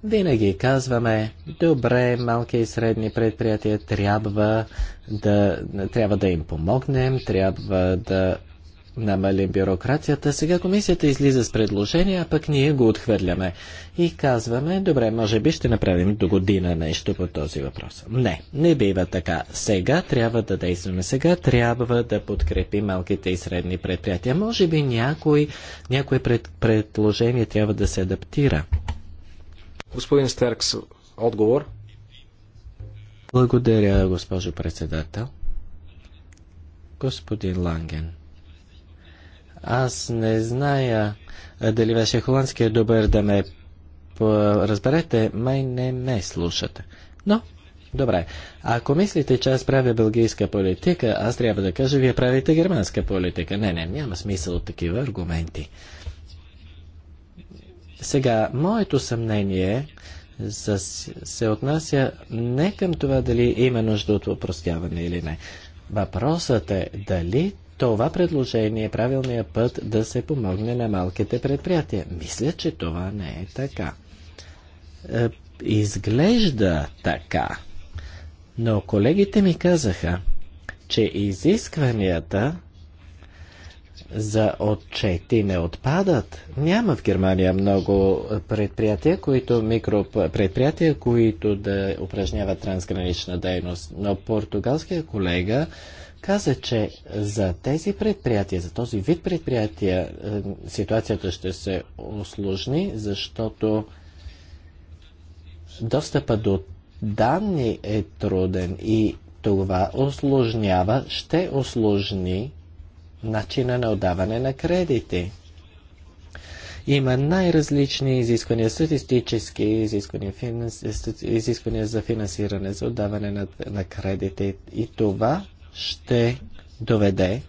Винаги казваме, добре, малки и средни предприятия трябва да, трябва да им помогнем, трябва да намалим бюрокрацията. Сега комисията излиза с предложение, а пък ние го отхвърляме. И казваме, добре, може би ще направим до година нещо по този въпрос. Не, не бива така. Сега трябва да действаме. Сега трябва да подкрепим малките и средни предприятия. Може би някой, някое пред, предложение трябва да се адаптира.
Господин Стеркс, отговор.
Благодаря, госпожо председател. Господин Ланген. Аз не зная дали беше холандския е добър да ме разберете, май не ме слушате. Но, добре, ако мислите, че аз правя бългийска политика, аз трябва да кажа, вие правите германска политика. Не, не, няма смисъл от такива аргументи. Сега, моето съмнение за, се отнася не към това дали има нужда от упростяване или не. Въпросът е дали това предложение е правилния път да се помогне на малките предприятия. Мисля, че това не е така. Е, изглежда така. Но колегите ми казаха, че изискванията за отчети не отпадат. Няма в Германия много предприятия, които, микропредприятия, които да упражняват трансгранична дейност. Но португалския колега каза, че за тези предприятия, за този вид предприятия, е, ситуацията ще се осложни, защото достъпа до данни е труден и това осложнява, ще осложни начина на отдаване на кредити. Има най-различни изисквания, статистически изисквания, финанс... изисквания за финансиране, за отдаване на, на кредити и това ще доведе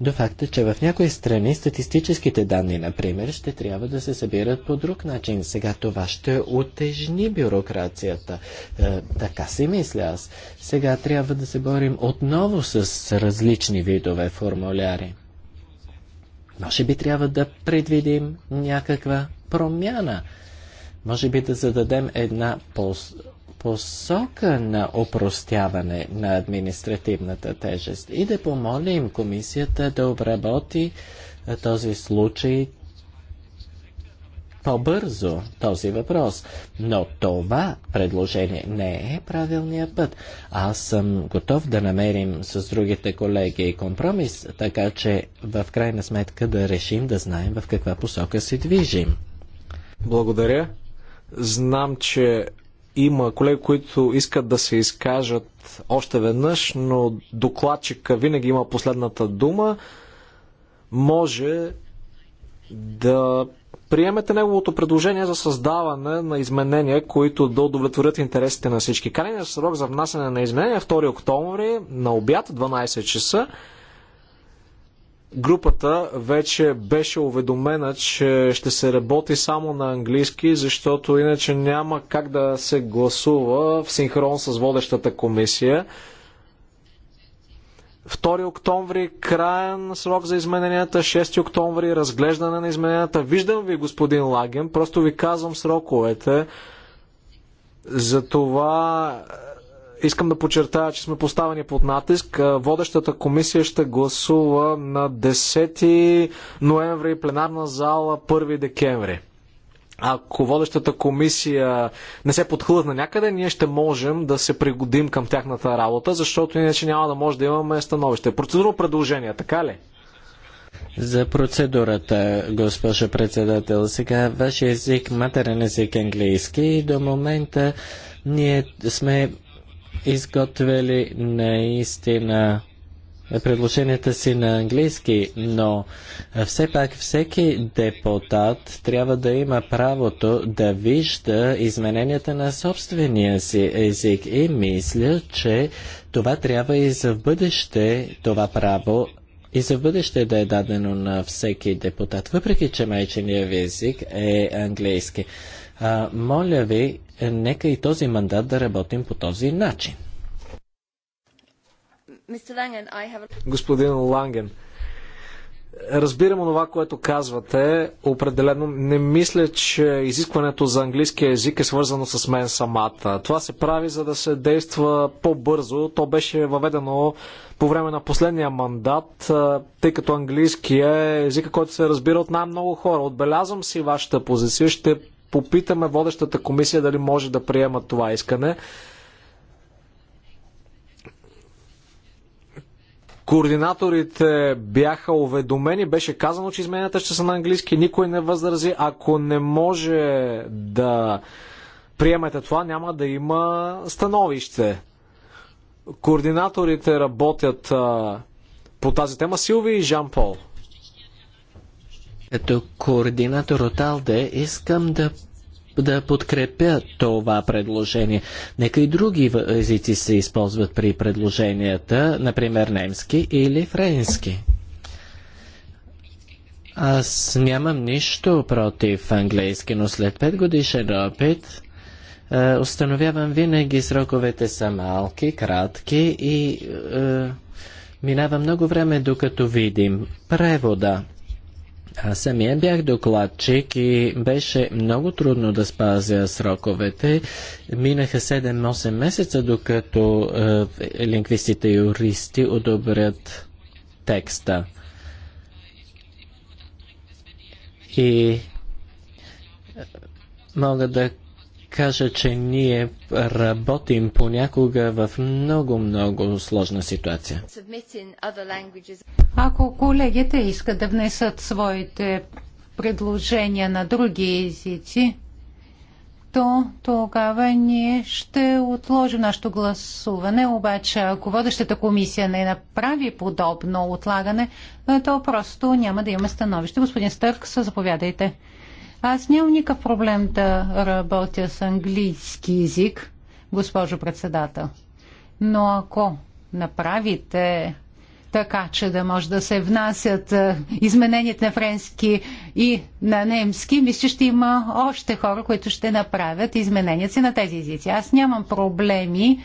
до факта, че в някои страни статистическите данни, например, ще трябва да се събират по друг начин. Сега това ще отежни бюрокрацията. Е, така си мисля аз. Сега трябва да се борим отново с различни видове формуляри. Може би трябва да предвидим някаква промяна. Може би да зададем една по посока на опростяване на административната тежест и да помолим комисията да обработи този случай по-бързо този въпрос. Но това предложение не е правилният път. Аз съм готов да намерим с другите колеги компромис, така че в крайна сметка да решим да знаем в каква посока се движим.
Благодаря. Знам, че има колеги, които искат да се изкажат още веднъж, но докладчика винаги има последната дума. Може да приемете неговото предложение за създаване на изменения, които да удовлетворят интересите на всички. Крайният срок за внасяне на изменения 2 е октомври на обяд 12 часа. Групата вече беше уведомена, че ще се работи само на английски, защото иначе няма как да се гласува в синхрон с водещата комисия. 2 октомври краен срок за измененията, 6 октомври разглеждане на измененията. Виждам ви, господин Лаген, просто ви казвам сроковете. Затова Искам да подчертая, че сме поставени под натиск. Водещата комисия ще гласува на 10 ноември, пленарна зала 1 декември. Ако водещата комисия не се подхлъзна някъде, ние ще можем да се пригодим към тяхната работа, защото иначе няма да може да имаме становище. Процедура предложение, така ли?
За процедурата, госпожо председател, сега вашия език, матерен език е английски и до момента ние сме изготвили наистина предложенията си на английски, но все пак всеки депутат трябва да има правото да вижда измененията на собствения си език и мисля, че това трябва и за бъдеще, това право и за бъдеще да е дадено на всеки депутат, въпреки че майчиният език е английски. А, моля ви, е, нека и този мандат да работим по този начин.
Господин Ланген, разбирам това, което казвате. Определено не мисля, че изискването за английския език е свързано с мен самата. Това се прави, за да се действа по-бързо. То беше въведено по време на последния мандат, тъй като английския е езика, който се разбира от най-много хора. Отбелязвам си вашата позиция, ще попитаме водещата комисия дали може да приема това искане. Координаторите бяха уведомени, беше казано, че измененията ще са на английски, никой не възрази. Ако не може да приемете това, няма да има становище. Координаторите работят а, по тази тема. Силви и Жан Пол.
Като координатор от АЛДЕ искам да да подкрепя това предложение. Нека и други езици се използват при предложенията, например немски или френски. Аз нямам нищо против английски, но след 5 годишен опит е, установявам винаги сроковете са малки, кратки и е, минава много време докато видим превода. Аз самия бях докладчик и беше много трудно да спазя сроковете. Минаха 7-8 месеца, докато е, лингвистите и юристи одобрят текста. И е, мога да кажа, че ние работим понякога в много-много сложна ситуация.
Ако колегите искат да внесат своите предложения на други езици, то тогава ние ще отложим нашето гласуване. Обаче, ако водещата комисия не направи подобно отлагане, то просто няма да имаме становище. Господин Стърк, заповядайте. Аз нямам никакъв проблем да работя с английски язик, госпожо председател. Но ако направите така, че да може да се внасят е, измененията на френски и на немски, мисля, ще има още хора, които ще направят изменения си на тези езици. Аз нямам проблеми.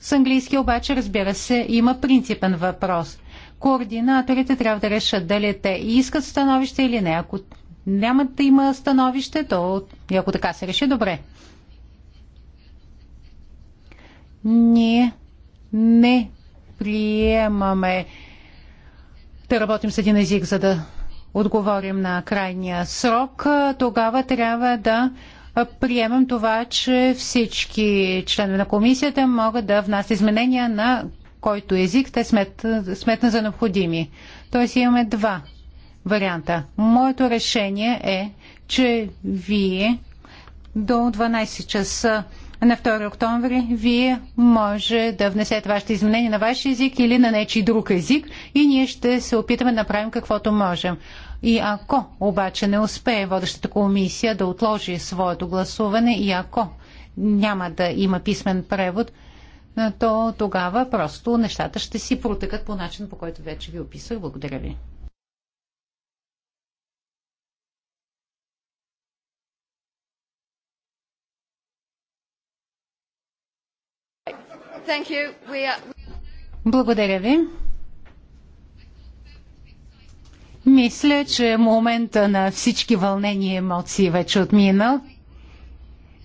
С английски обаче, разбира се, има принципен въпрос. Координаторите трябва да решат дали те искат становище или не. Ако няма да има становище, то ако така се реши, добре. Ние не приемаме да работим с един език, за да отговорим на крайния срок. Тогава трябва да приемем това, че всички членове на комисията могат да внасят изменения на който език те смет, сметна за необходими. Тоест имаме два варианта. Моето решение е, че вие до 12 часа на 2 октомври вие може да внесете вашите изменения на ваш език или на нечи друг език и ние ще се опитаме да направим каквото можем. И ако обаче не успее водещата комисия да отложи своето гласуване и ако няма да има писмен превод, то тогава просто нещата ще си протекат по начин, по който вече ви описах. Благодаря ви. Благодаря ви. Мисля, че момента на всички вълнения и емоции вече отминал.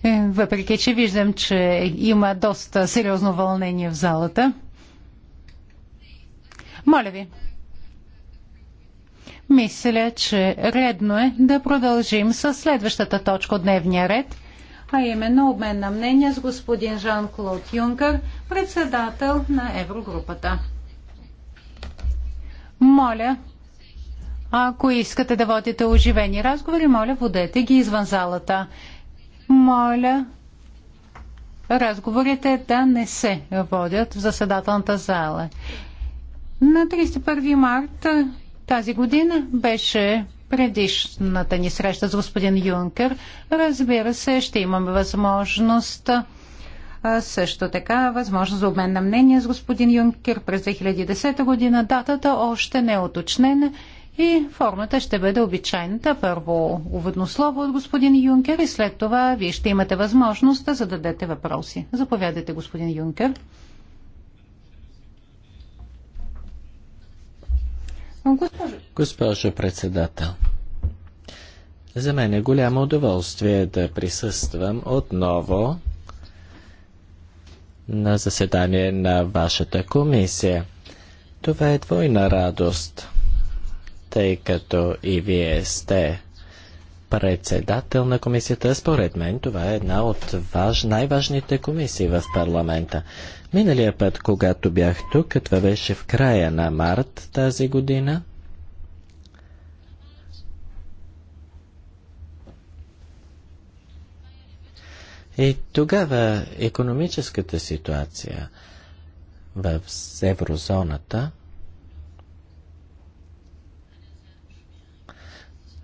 Е, въпреки, че виждам, че има доста сериозно вълнение в залата. Моля ви. Мисля, че редно е да продължим с следващата точка от дневния ред – а именно обмен на мнения с господин Жан-Клод Юнкър, председател на Еврогрупата. Моля, ако искате да водите оживени разговори, моля, водете ги извън залата. Моля, разговорите да не се водят в заседателната зала. На 31 март тази година беше предишната ни среща с господин Юнкер, разбира се, ще имаме възможност също така възможност за обмен на мнение с господин Юнкер през 2010 година. Датата още не е уточнена и формата ще бъде обичайната. Първо уводно слово от господин Юнкер и след това вие ще имате възможност да зададете въпроси. Заповядайте, господин Юнкер. Госпожо.
Госпожо председател, за мен е голямо удоволствие да присъствам отново на заседание на вашата комисия. Това е двойна радост, тъй като и вие сте председател на комисията. Според мен това е една от важ... най-важните комисии в парламента. Миналия път, когато бях тук, това беше в края на март тази година, И тогава економическата ситуация в еврозоната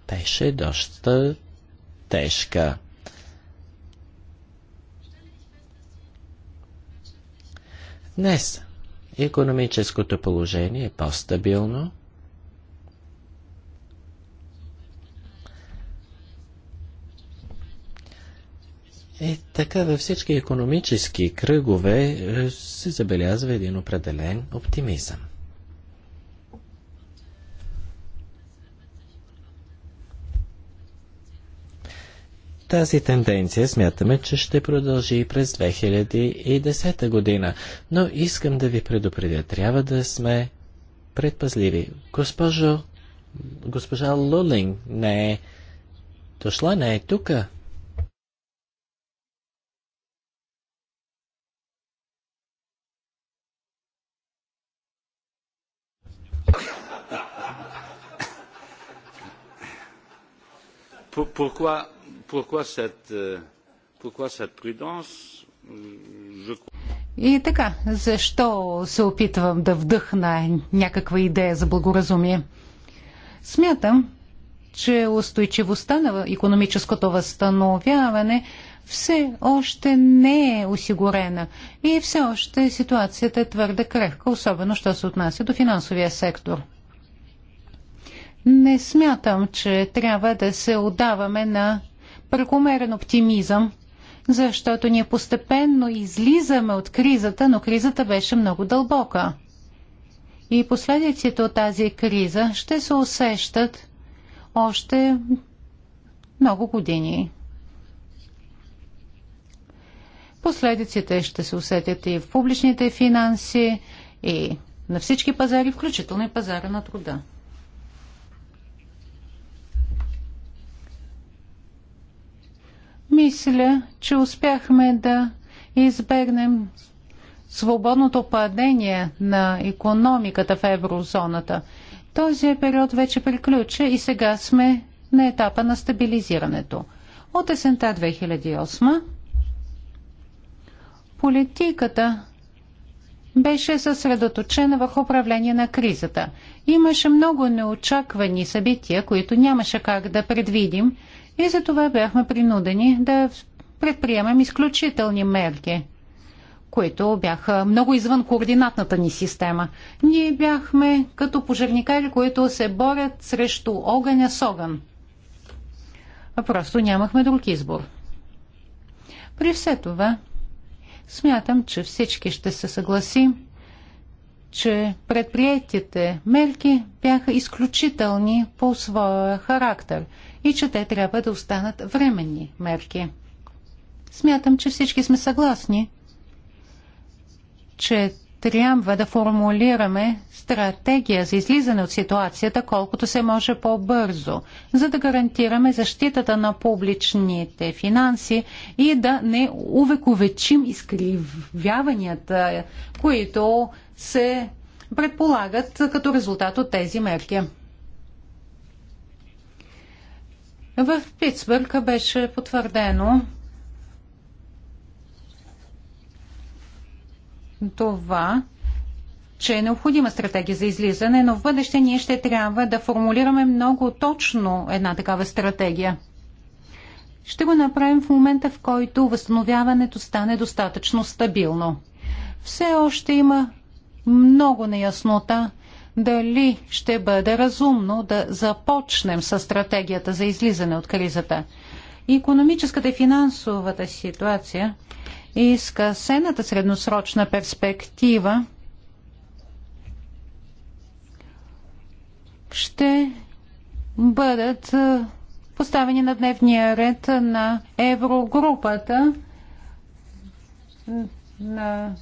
беше доста тежка. Днес економическото положение е по-стабилно.
И е, така
във всички економически кръгове е, се забелязва един определен оптимизъм. Тази тенденция смятаме, че ще продължи и през 2010 година, но искам да ви предупредя, трябва да сме предпазливи. Госпожо, госпожа Лулинг не е дошла, не е тука.
Pourquoi Euh,
и така, защо се опитвам да вдъхна някаква идея за благоразумие? Смятам, че устойчивостта на економическото възстановяване все още не е осигурена и все още ситуацията е твърде крехка, особено що се отнася до финансовия сектор. Не смятам, че трябва да се отдаваме на прекомерен оптимизъм, защото ние постепенно излизаме от кризата, но кризата беше много дълбока. И последиците от тази криза ще се усещат още много години. Последиците ще се усетят и в публичните финанси, и на всички пазари, включително и пазара на труда. Мисля, че успяхме да избегнем свободното падение на економиката в еврозоната. Този период вече приключи и сега сме на етапа на стабилизирането. От есента 2008 политиката беше съсредоточена върху управление на кризата. Имаше много неочаквани събития, които нямаше как да предвидим и за това бяхме принудени да предприемем изключителни мерки, които бяха много извън координатната ни система. Ние бяхме като пожарникари, които се борят срещу огъня с огън. А просто нямахме друг избор. При все това, смятам, че всички ще се съгласим, че предприятите мерки бяха изключителни по своя характер и че те трябва да останат временни мерки. Смятам, че всички сме съгласни, че трябва да формулираме стратегия за излизане от ситуацията колкото се може по-бързо, за да гарантираме защитата на публичните финанси и да не увековечим изкривяванията, които се предполагат като резултат от тези мерки. В Питсбърг беше потвърдено това, че е необходима стратегия за излизане, но в бъдеще ние ще трябва да формулираме много точно една такава стратегия. Ще го направим в момента, в който възстановяването стане достатъчно стабилно. Все още има много неяснота дали ще бъде разумно да започнем с стратегията за излизане от кризата. Економическата и финансовата ситуация и скъсената средносрочна перспектива ще бъдат е, поставени на дневния ред на Еврогрупата на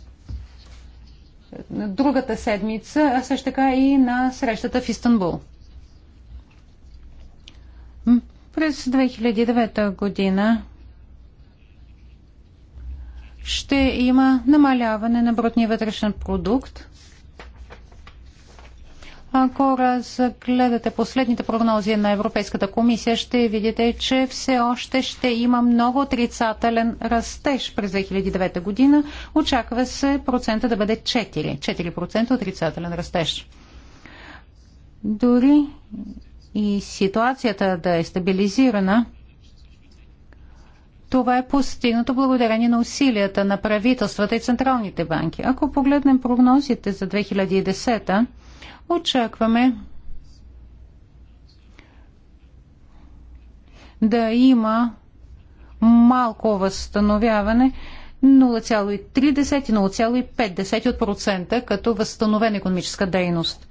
другата седмица, а също така и на срещата в Истанбул. През 2009 година ще има намаляване на брутния вътрешен продукт ако гледате последните прогнози на Европейската комисия, ще видите, че все още ще има много отрицателен растеж през 2009 година. Очаква се процента да бъде 4. 4% отрицателен растеж. Дори и ситуацията да е стабилизирана, това е постигнато благодарение на усилията на правителствата и централните банки. Ако погледнем прогнозите за 2010 Очакваме да има малко възстановяване 0,3-0,5% като възстановена економическа дейност.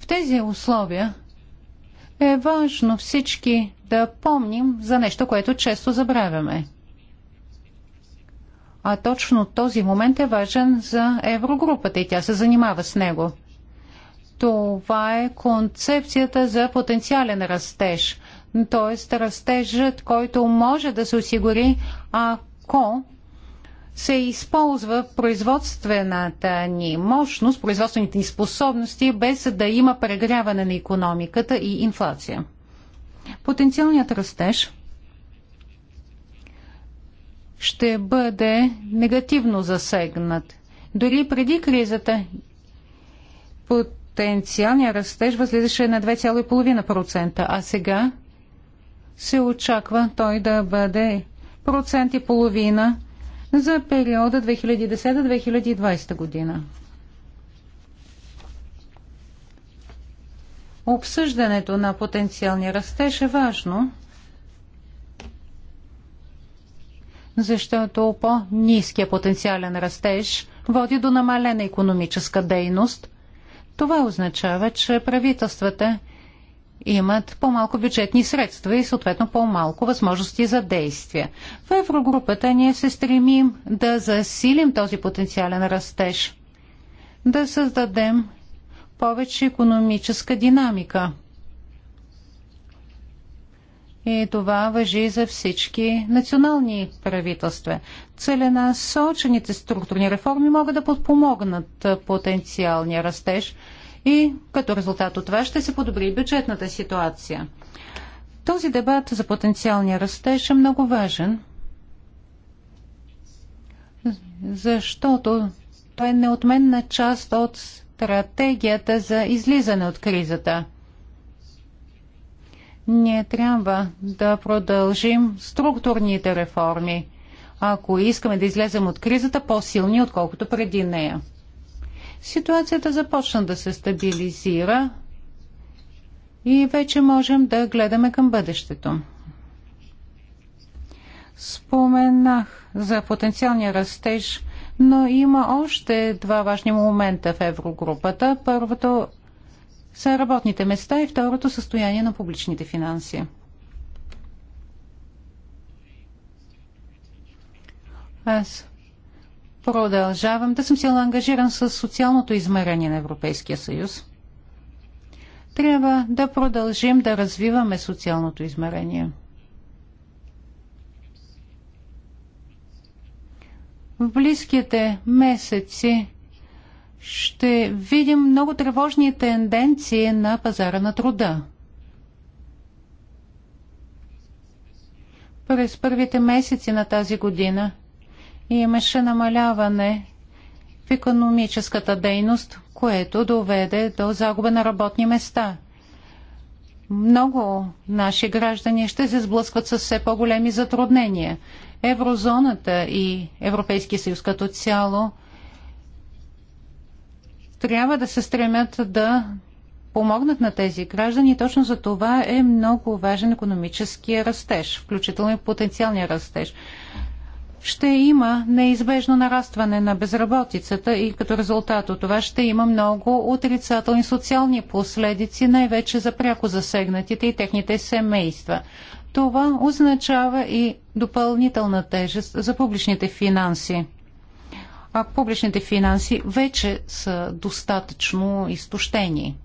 В тези условия е важно всички да помним за нещо, което често забравяме. А точно този момент е важен за Еврогрупата и тя се занимава с него – това е концепцията за потенциален растеж, т.е. растежът, който може да се осигури, ако се използва производствената ни мощност, производствените ни способности, без да има прегряване на економиката и инфлация. Потенциалният растеж ще бъде негативно засегнат. Дори преди кризата потенциалният растеж възлизаше на 2,5%, а сега се очаква той да бъде процент и половина за периода 2010-2020 година. Обсъждането на потенциалния растеж е важно, защото по-низкия потенциален растеж води до намалена економическа дейност – това означава, че правителствата имат по-малко бюджетни средства и съответно по-малко възможности за действия. В Еврогрупата ние се стремим да засилим този потенциален растеж, да създадем повече економическа динамика – и това въжи за всички национални правителства. Целенасочените структурни реформи могат да подпомогнат потенциалния растеж и като резултат от това ще се подобри бюджетната ситуация. Този дебат за потенциалния растеж е много важен, защото той е неотменна част от стратегията за излизане от кризата – ние трябва да продължим структурните реформи, ако искаме да излезем от кризата по-силни, отколкото преди нея. Ситуацията започна да се стабилизира и вече можем да гледаме към бъдещето. Споменах за потенциалния растеж, но има още два важни момента в еврогрупата. Първото са работните места и второто състояние на публичните финанси. Аз продължавам да съм силно ангажиран с социалното измерение на Европейския съюз. Трябва да продължим да развиваме социалното измерение. В близките месеци ще видим много тревожни тенденции на пазара на труда. През първите месеци на тази година имаше намаляване в економическата дейност, което доведе до загуба на работни места. Много наши граждани ще се сблъскват с все по-големи затруднения. Еврозоната и Европейския съюз като цяло – трябва да се стремят да помогнат на тези граждани. Точно за това е много важен економическия растеж, включително и потенциалния растеж. Ще има неизбежно нарастване на безработицата и като резултат от това ще има много отрицателни социални последици, най-вече за пряко засегнатите и техните семейства. Това означава и допълнителна тежест за публичните финанси а публичните финанси вече са достатъчно изтощени.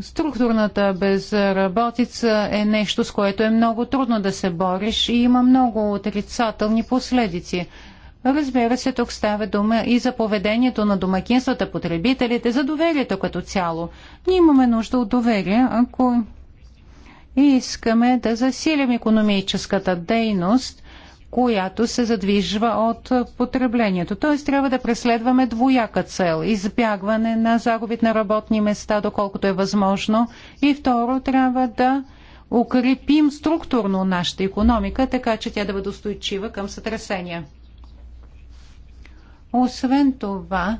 Структурната безработица е нещо, с което е много трудно да се бориш и има много отрицателни последици. Разбира се, тук става дума и за поведението на домакинствата, потребителите, за доверието като цяло. Ние имаме нужда от доверие, ако и искаме да засилим економическата дейност, която се задвижва от потреблението. Т.е. трябва да преследваме двояка цел – избягване на загубит на работни места, доколкото е възможно. И второ, трябва да укрепим структурно нашата економика, така че тя да бъде устойчива към сътресения. Освен това,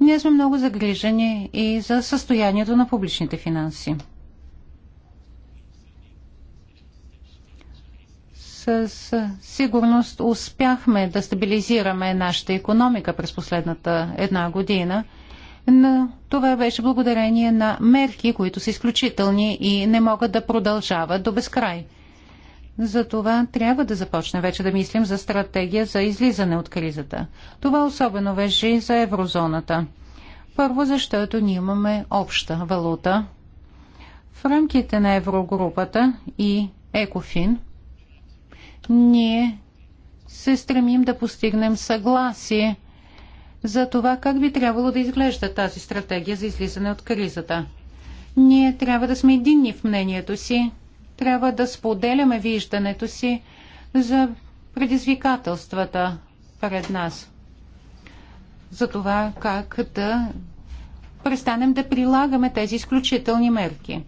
ние сме много загрижени и за състоянието на публичните финанси. със сигурност успяхме да стабилизираме нашата економика през последната една година, но това беше благодарение на мерки, които са изключителни и не могат да продължават до безкрай. Затова трябва да започнем вече да мислим за стратегия за излизане от кризата. Това особено вежи за еврозоната. Първо, защото ние имаме обща валута. В рамките на еврогрупата и Екофин – ние се стремим да постигнем съгласие за това как би трябвало да изглежда тази стратегия за излизане от кризата. Ние трябва да сме единни в мнението си, трябва да споделяме виждането си за предизвикателствата пред нас, за това как да престанем да прилагаме тези изключителни мерки.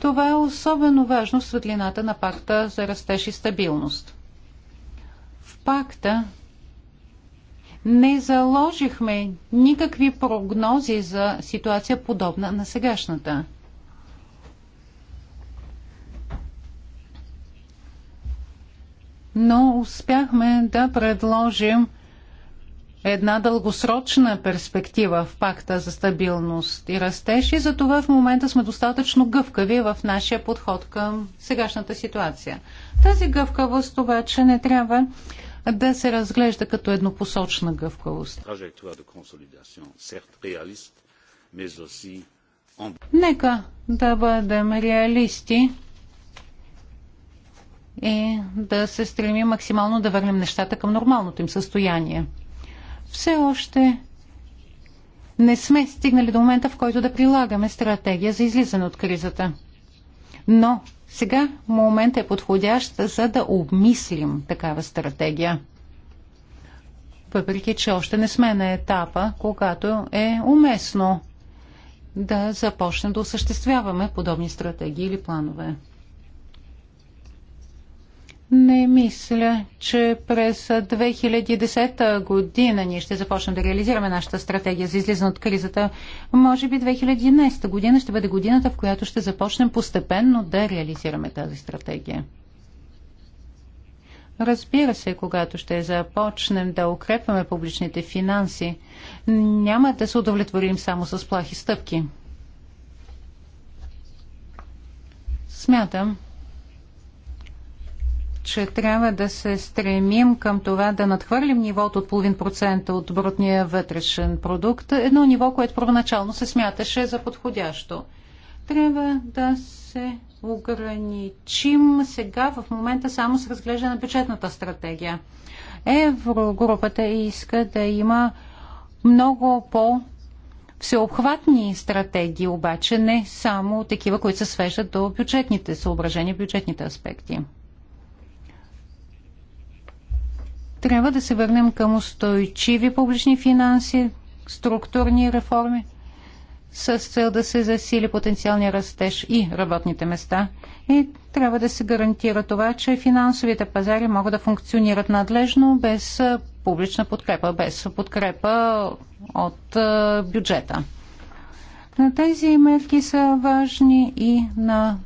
Това е особено важно в светлината на пакта за растеж и стабилност. В пакта не заложихме никакви прогнози за ситуация подобна на сегашната. Но успяхме да предложим една дългосрочна перспектива в пакта за стабилност и растеж и затова в момента сме достатъчно гъвкави в нашия подход към сегашната ситуация. Тази гъвкавост обаче не трябва да се разглежда като еднопосочна гъвкавост. Нека да бъдем реалисти и да се стремим максимално да върнем нещата към нормалното им състояние все още не сме стигнали до момента, в който да прилагаме стратегия за излизане от кризата. Но сега момент е подходящ, за да обмислим такава стратегия. Въпреки, че още не сме на етапа, когато е уместно да започнем да осъществяваме подобни стратегии или планове. Не мисля, че през 2010 година ние ще започнем да реализираме нашата стратегия за излизане от кризата. Може би 2011 година ще бъде годината, в която ще започнем постепенно да реализираме тази стратегия. Разбира се, когато ще започнем да укрепваме публичните финанси, няма да се удовлетворим само с плахи стъпки. Смятам, че трябва да се стремим към това да надхвърлим нивото от половин процента от брутния вътрешен продукт, едно ниво, което първоначално се смяташе за подходящо. Трябва да се ограничим сега в момента само с разглеждане на бюджетната стратегия. Еврогрупата иска да има много по- Всеобхватни стратегии обаче не само такива, които се свеждат до бюджетните съображения, бюджетните аспекти. Трябва да се върнем към устойчиви публични финанси, структурни реформи с цел да се засили потенциалния растеж и работните места. И трябва да се гарантира това, че финансовите пазари могат да функционират надлежно без публична подкрепа, без подкрепа от бюджета. На тези мерки са важни и на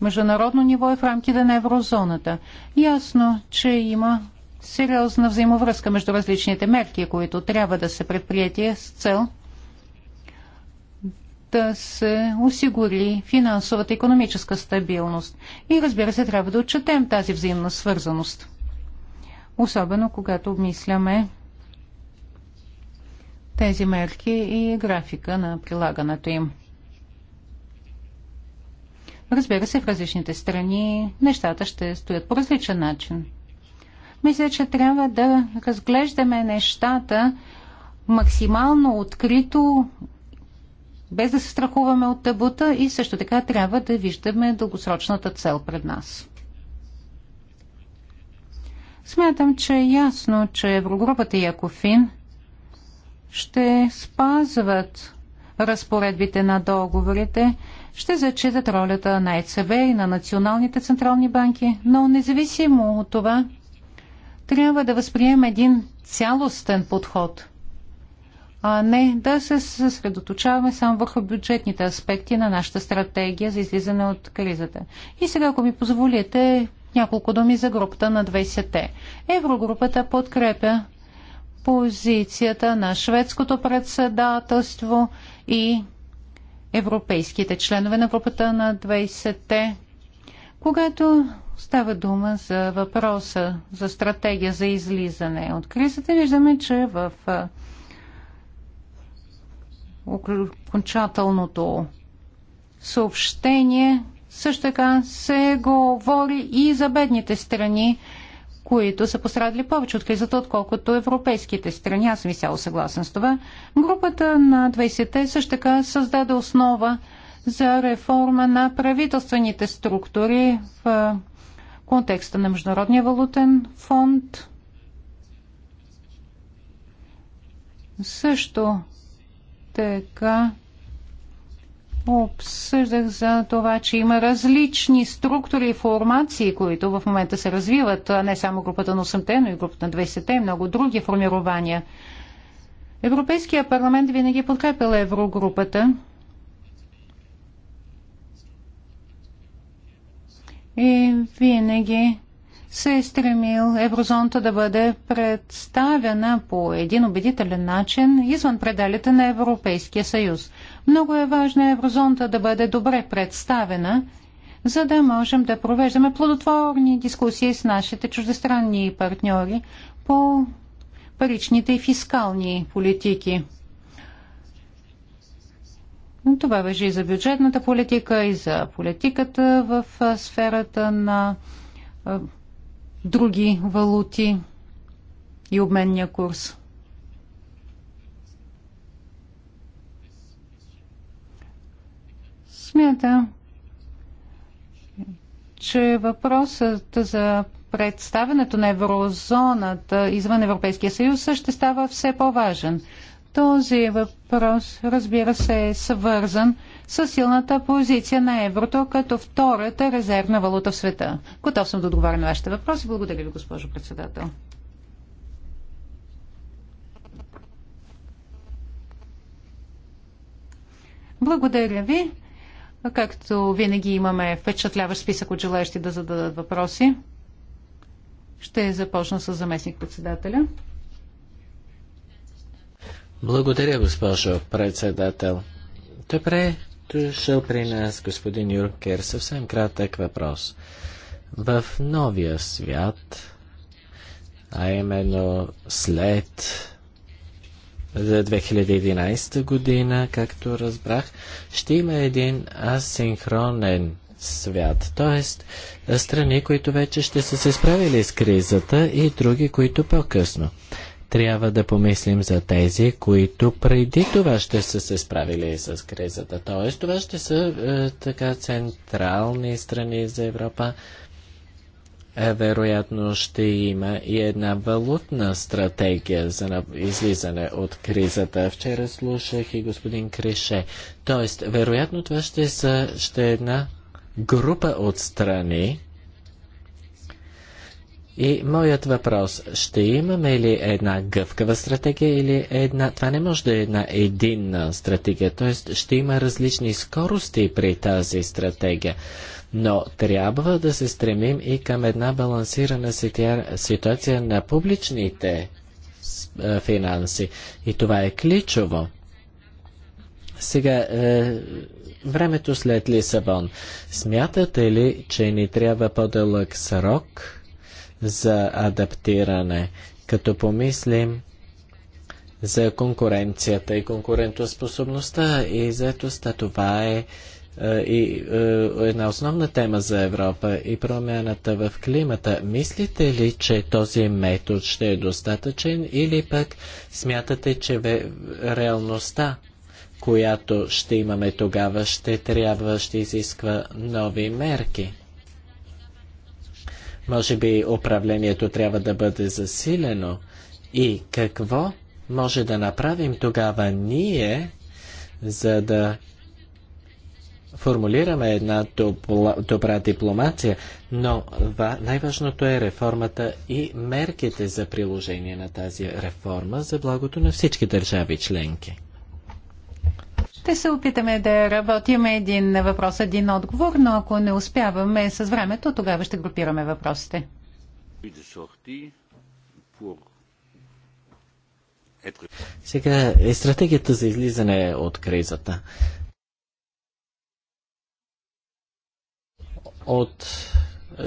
международно ниво и в рамките на еврозоната. Ясно, че има сериозна взаимовръзка между различните мерки, които трябва да се предприяти с цел да се осигури финансовата и економическа стабилност. И разбира се, трябва да отчетем тази взаимна свързаност. Особено когато обмисляме тези мерки и графика на прилагането им. Разбира се, в различните страни нещата ще стоят по различен начин. Мисля, че трябва да разглеждаме нещата максимално открито, без да се страхуваме от табута и също така трябва да виждаме дългосрочната цел пред нас. Смятам, че е ясно, че Еврогрупата и Акофин ще спазват разпоредбите на договорите, ще зачитат ролята на ЕЦБ и на националните централни банки, но независимо от това, трябва да възприемем един цялостен подход, а не да се съсредоточаваме само върху бюджетните аспекти на нашата стратегия за излизане от кризата. И сега, ако ми позволите, няколко думи за групата на 20-те. Еврогрупата подкрепя позицията на шведското председателство и европейските членове на групата на 20-те. Когато става дума за въпроса за стратегия за излизане от кризата, виждаме, че в окончателното съобщение също така се говори и за бедните страни, които са пострадали повече от кризата, отколкото европейските страни. Аз съм изцяло съгласен с това. Групата на 20-те също така създаде основа за реформа на правителствените структури в контекста на Международния валутен фонд. Също така обсъждах за това, че има различни структури и формации, които в момента се развиват, не само групата на 8-те, но и групата на 20-те и много други формирования. Европейския парламент винаги е подкрепил еврогрупата и винаги се е стремил Еврозонта да бъде представена по един убедителен начин извън пределите на Европейския съюз. Много е важно Еврозонта да бъде добре представена, за да можем да провеждаме плодотворни дискусии с нашите чуждестранни партньори по паричните и фискални политики. Това въжи и за бюджетната политика, и за политиката в сферата на други валути и обменния курс. Смята, че въпросът за представенето на еврозоната извън Европейския съюз ще става все по-важен. Този въпрос, разбира се, е свързан с силната позиция на еврото като втората резервна валута в света. Готов съм да отговаря на вашите въпроси. Благодаря ви, госпожо председател. Благодаря ви. Както винаги имаме впечатляващ списък от желаящи да зададат въпроси. Ще започна с заместник председателя.
Благодаря, госпожо председател. Добре, дошъл при нас господин Юркер. Съвсем кратък въпрос. В новия свят, а именно след 2011 година, както разбрах, ще има един асинхронен свят. Тоест, страни, които вече ще са се справили с кризата и други, които по-късно трябва да помислим за тези, които преди това ще са се справили с кризата. Тоест, това ще са е, така централни страни за Европа. Е, вероятно ще има и една валутна стратегия за излизане от кризата. Вчера слушах и господин Крише. Тоест, вероятно това ще, са, ще е една група от страни, и моят въпрос, ще имаме ли една гъвкава стратегия или една... Това не може да е една единна стратегия, т.е. ще има различни скорости при тази стратегия. Но трябва да се стремим и към една балансирана ситуация на публичните финанси. И това е ключово. Сега, е, времето след Лисабон. Смятате ли, че ни трябва по-дълъг срок за адаптиране, като помислим за конкуренцията и конкурентоспособността и заетостта. Това е, е и е, една основна тема за Европа и промяната в климата. Мислите ли, че този метод ще е достатъчен или пък смятате, че в реалността, която ще имаме тогава, ще трябва, ще изисква нови мерки? Може би управлението трябва да бъде засилено. И какво може да направим тогава ние, за да формулираме една добла, добра дипломация, но най-важното е реформата и мерките за приложение на тази реформа за благото на всички държави членки.
Ще се опитаме да работим един въпрос, един отговор, но ако не успяваме с времето, тогава ще групираме въпросите.
Сега е стратегията за излизане от кризата. От...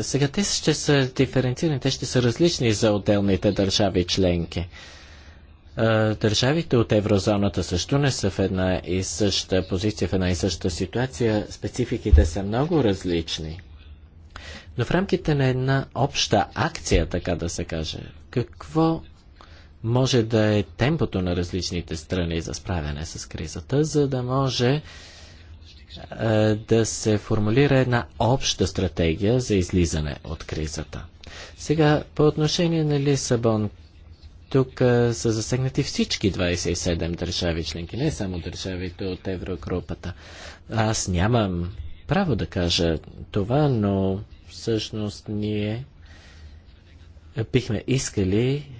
Сега те ще са диференцирани, те ще са различни за отделните държави членки. Държавите от еврозоната също не са в една и съща позиция, в една и съща ситуация. Спецификите са много различни. Но в рамките на една обща акция, така да се каже, какво може да е темпото на различните страни за справяне с кризата, за да може да се формулира една обща стратегия за излизане от кризата. Сега, по отношение на Лисабон, тук а, са засегнати всички 27 държави членки, не само държавите от Еврогрупата. Аз нямам право да кажа това, но всъщност ние бихме искали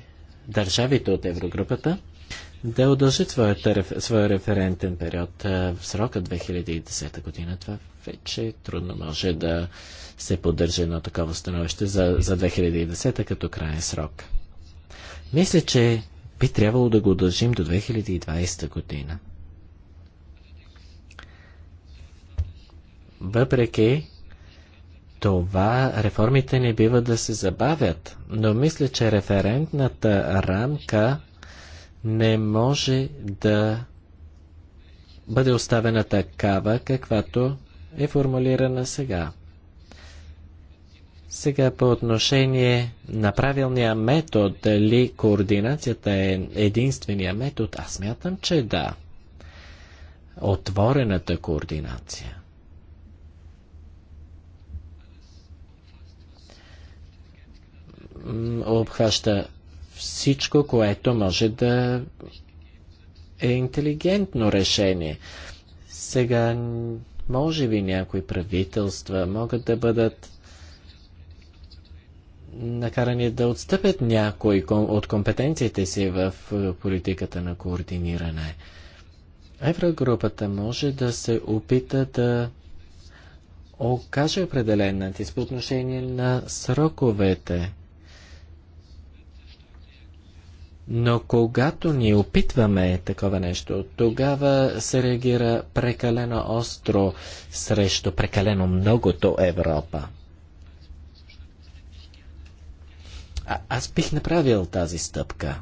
държавите от Еврогрупата да удължат своя референтен период в срока 2010 година. Това вече трудно може да се поддържа едно такова становище за, за 2010 като крайен срок. Мисля, че би трябвало да го дължим до 2020 година. Въпреки това, реформите не бива да се забавят, но мисля, че референтната рамка не може да бъде оставена такава, каквато е формулирана сега. Сега по отношение на правилния метод, дали координацията е единствения метод, аз мятам, че да. Отворената координация. Обхваща всичко, което може да е интелигентно решение. Сега, може би някои правителства могат да бъдат накарани да отстъпят някой от компетенциите си в е, политиката на координиране. Еврогрупата може да се опита да окаже определен натиск по отношение на сроковете. Но когато ни опитваме такова нещо, тогава се реагира прекалено остро срещу прекалено многото Европа. А, аз бих направил тази стъпка.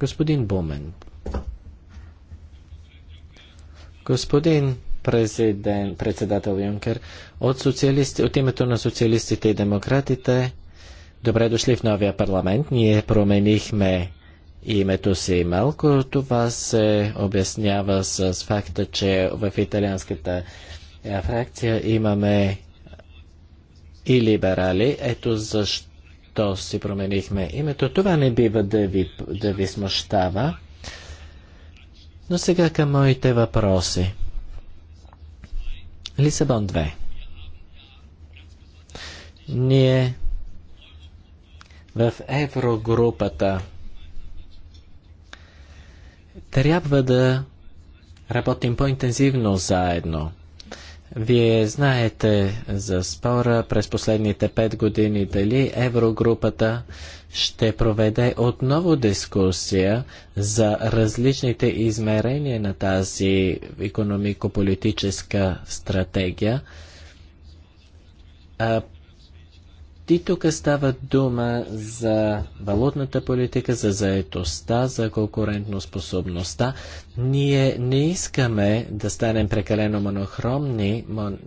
Господин Бумен. Господин президент, председател Юнкер, от, социалисти, от името на социалистите и демократите, добре дошли в новия парламент. Ние променихме името си малко. Това се обяснява с факта, че в италианската фракция имаме и либерали. Ето защо то си променихме името. Това не бива да ви, да ви смущава. Но сега към моите въпроси. Лисабон 2. Ние в еврогрупата трябва да работим по-интензивно заедно. Вие знаете за спора през последните пет години дали Еврогрупата ще проведе отново дискусия за различните измерения на тази економико-политическа стратегия. И тук става дума за валутната политика, за заетостта, за конкурентоспособността. Ние не искаме да станем прекалено монохромни, мон...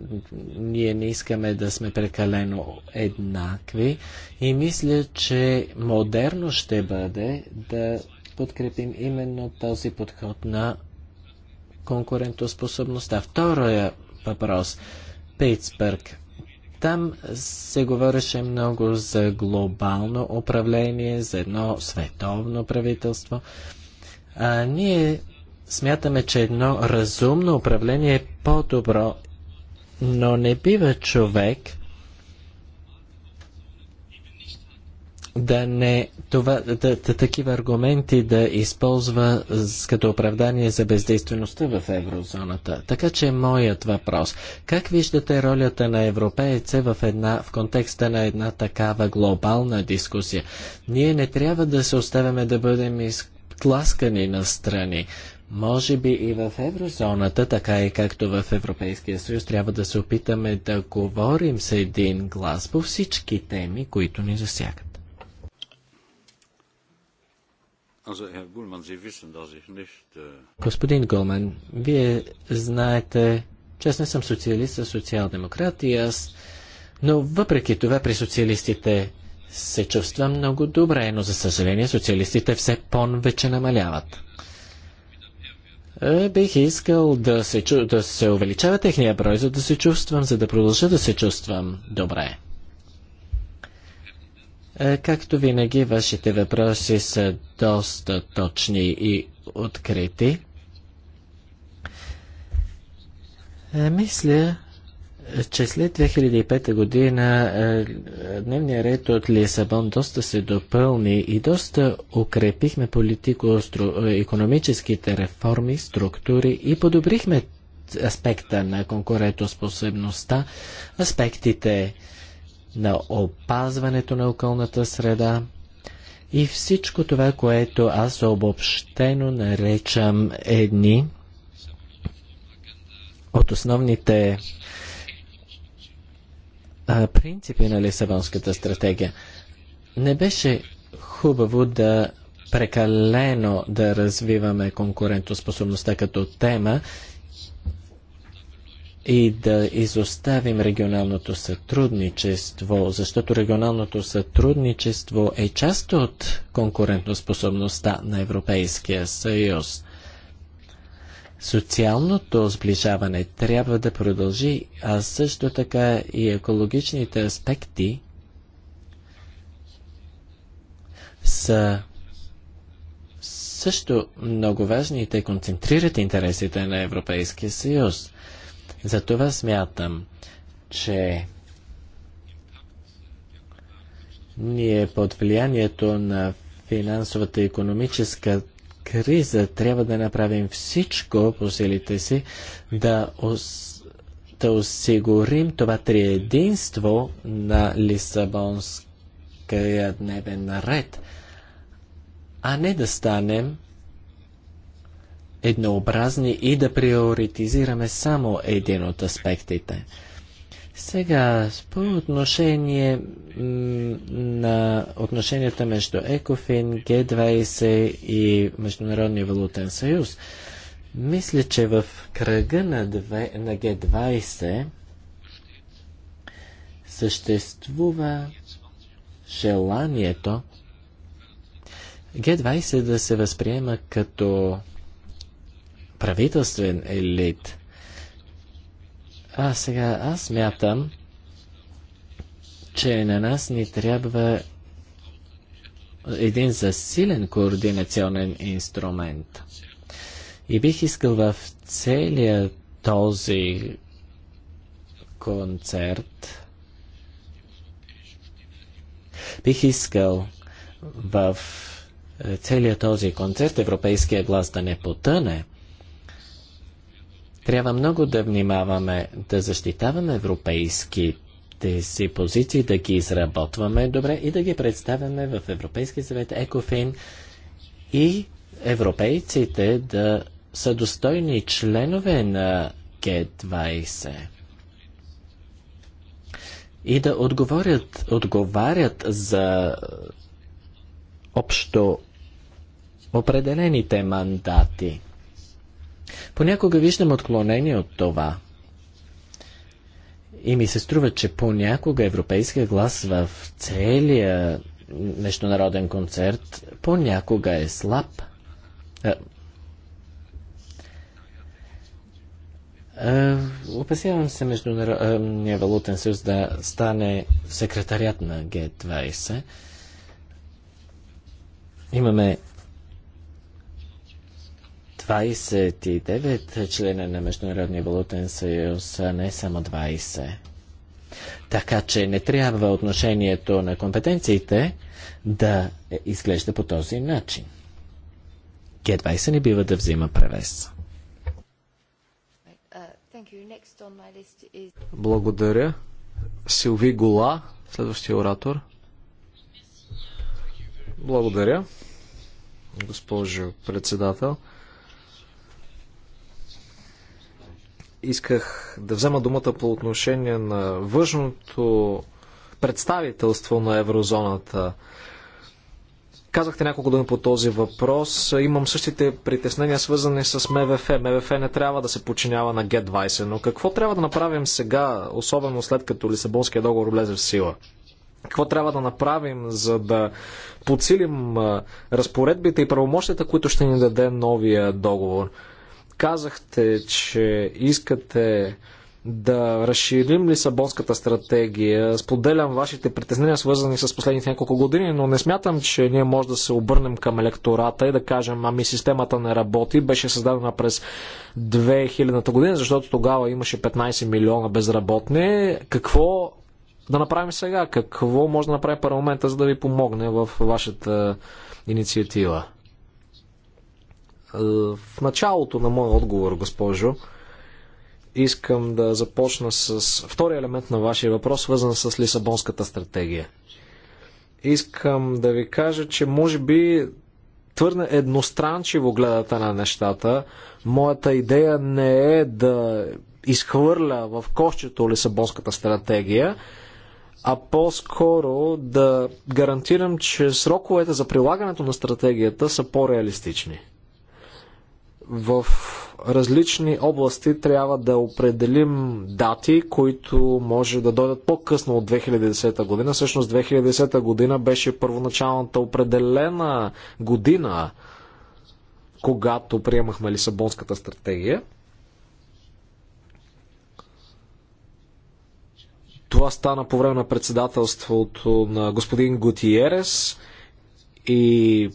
ние не искаме да сме прекалено еднакви и мисля, че модерно ще бъде да подкрепим именно този подход на конкурентоспособността. Втория въпрос. Питсбърг. Там се говореше много за глобално управление, за едно световно правителство. А ние смятаме, че едно разумно управление е по-добро, но не бива човек да не това, да, да, такива аргументи да използва като оправдание за бездействеността в еврозоната. Така че е моят въпрос. Как виждате ролята на европейце в, една, в контекста на една такава глобална дискусия? Ние не трябва да се оставяме да бъдем изтласкани на страни. Може би и в еврозоната, така и както в Европейския съюз, трябва да се опитаме да говорим с един глас по всички теми, които ни засягат.
Äh,
Господин Гулман, вие знаете, че аз не съм социалист, а социал-демократ и аз, но въпреки това при социалистите се чувства много добре, но за съжаление социалистите все по-вече намаляват. Е, бих искал да се, да се увеличава техния брой, за да се чувствам, за да продължа да се чувствам добре. Е, както винаги, вашите въпроси са доста точни и открити. Е, мисля, че след 2005 година е, дневният ред от Лисабон доста се допълни и доста укрепихме политико-економическите реформи, структури и подобрихме аспекта на конкурентоспособността, аспектите на опазването на околната среда и всичко това, което аз обобщено наречам едни от основните а, принципи на Лисабонската стратегия. Не беше хубаво да прекалено да развиваме конкурентоспособността като тема и да изоставим регионалното сътрудничество, защото регионалното сътрудничество е част от конкурентоспособността на Европейския съюз. Социалното сближаване трябва да продължи, а също така и екологичните аспекти са също много важни и те концентрират интересите на Европейския съюз. Затова смятам, че ние под влиянието на финансовата и економическа криза трябва да направим всичко по силите си да, да осигурим това триединство на Лисабонския дневен наред, а не да станем еднообразни и да приоритизираме само един от аспектите. Сега, по отношение на отношенията между ЕКОФИН, Г20 и Международния валутен съюз, мисля, че в кръга на, на Г20 съществува желанието Г20 да се възприема като правителствен елит. А сега аз мятам, че на нас ни трябва един засилен координационен инструмент. И бих искал в целия този концерт бих искал в целия този концерт европейския глас да не потъне – трябва много да внимаваме да защитаваме европейските си позиции, да ги изработваме добре и да ги представяме в Европейския съвет ЕКОФИН и европейците да са достойни членове на Г-20 и да отговорят, отговарят за общо определените мандати. Понякога виждам отклонение от това. И ми се струва, че понякога европейския глас в целия международен концерт понякога е слаб. Е, е, опасявам се Международния валутен съюз да стане секретарят на Г-20. Имаме 29 члена на Международния валутен съюз, а не само 20. Така че не трябва отношението на компетенциите да изглежда по този начин. Г20 не бива да взима превес. Благодаря. Силви Гола, следващия оратор.
Благодаря, госпожо председател. исках да взема думата по отношение на външното представителство на еврозоната. Казахте няколко думи по този въпрос. Имам същите притеснения, свързани с МВФ. МВФ не трябва да се подчинява на Г20, но какво трябва да направим сега, особено след като Лисабонския договор влезе в сила? Какво трябва да направим, за да подсилим разпоредбите и правомощите, които ще ни даде новия договор? казахте, че искате да разширим Лисабонската стратегия. Споделям вашите притеснения, свързани с последните няколко години, но не смятам, че ние може да се обърнем към електората и да кажем, ами системата не работи, беше създадена през 2000-та година, защото тогава имаше 15 милиона безработни. Какво да направим сега? Какво може да направи парламента, за да ви помогне в вашата инициатива? Е, в началото на моя отговор, госпожо, искам да започна с втори елемент на вашия въпрос, свързан с Лисабонската стратегия. Искам да ви кажа, че може би твърде едностранчиво гледате на нещата. Моята идея не е да изхвърля в кощето Лисабонската стратегия, а по-скоро да гарантирам, че сроковете за прилагането на стратегията са по-реалистични в различни области трябва да определим дати, които може да дойдат по-късно от 2010 година. Всъщност 2010 година беше първоначалната определена година, когато приемахме Лисабонската стратегия. Това стана по време на председателството на господин Гутиерес и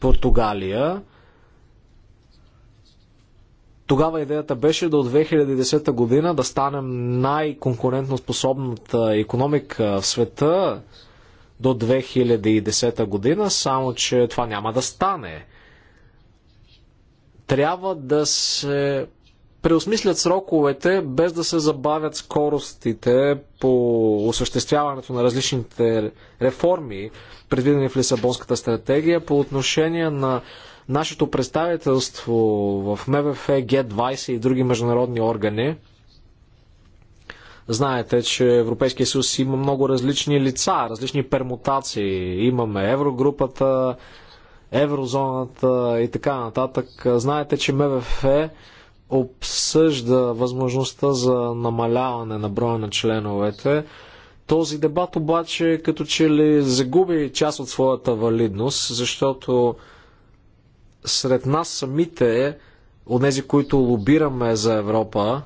Португалия. Тогава идеята беше до 2010 година да станем най-конкурентно способната економика в света до 2010 година, само че това няма да стане. Трябва да се преосмислят сроковете, без да се забавят скоростите по осъществяването на различните реформи, предвидени в Лисабонската стратегия, по отношение на Нашето представителство в МВФ, Г20 и други международни органи Знаете, че Европейския съюз има много различни лица, различни пермутации. Имаме еврогрупата, еврозоната и така нататък. Знаете, че МВФ обсъжда възможността за намаляване на броя на членовете. Този дебат обаче като че ли загуби част от своята валидност, защото сред нас самите, от тези, които лобираме за Европа,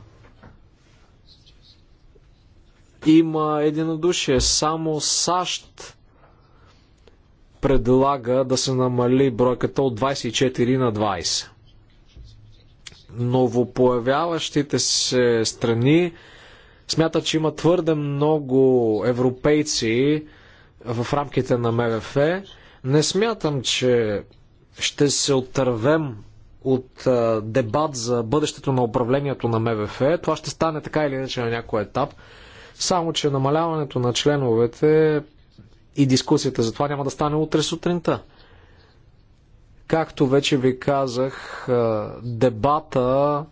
има единодушие. Само САЩ предлага да се намали бройката от 24 на 20. Новопоявяващите се страни смятат, че има твърде много европейци в рамките на МВФ. Не смятам, че ще се отървем от а, дебат за бъдещето на управлението на МВФ. Това ще стане така или иначе на някой етап. Само, че намаляването на членовете и дискусията за това няма да стане утре сутринта. Както вече ви казах, дебата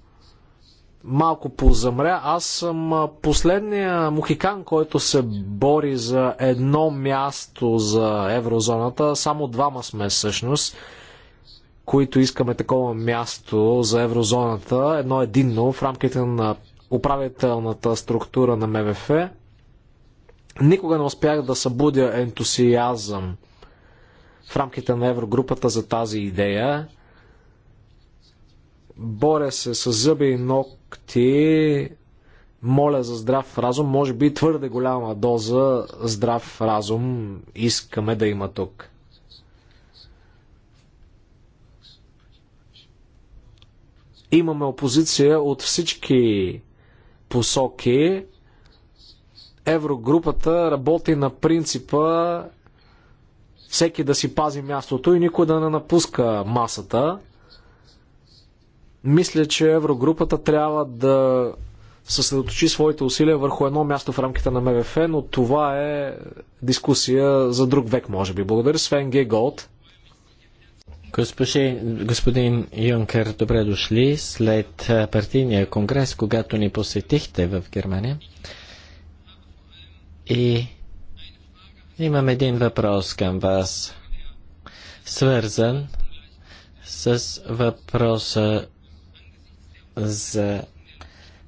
малко позамря. Аз съм последния мухикан, който се бори за едно място за еврозоната. Само двама сме всъщност които искаме такова място за еврозоната, едно единно в рамките на управителната структура на МВФ, никога не успях да събудя ентусиазъм в рамките на еврогрупата за тази идея. Боря се с зъби и ногти, моля за здрав разум, може би твърде голяма доза здрав разум искаме да има тук. Имаме опозиция от всички посоки. Еврогрупата работи на принципа всеки да си пази мястото и никой да не напуска масата. Мисля, че Еврогрупата трябва да съсредоточи своите усилия върху едно място в рамките на МВФ, но това е дискусия за друг век, може би. Благодаря, Свен Геголд
господин Юнкер, добре дошли след партийния конгрес, когато ни посетихте в Германия. И имам един въпрос към вас, свързан с въпроса за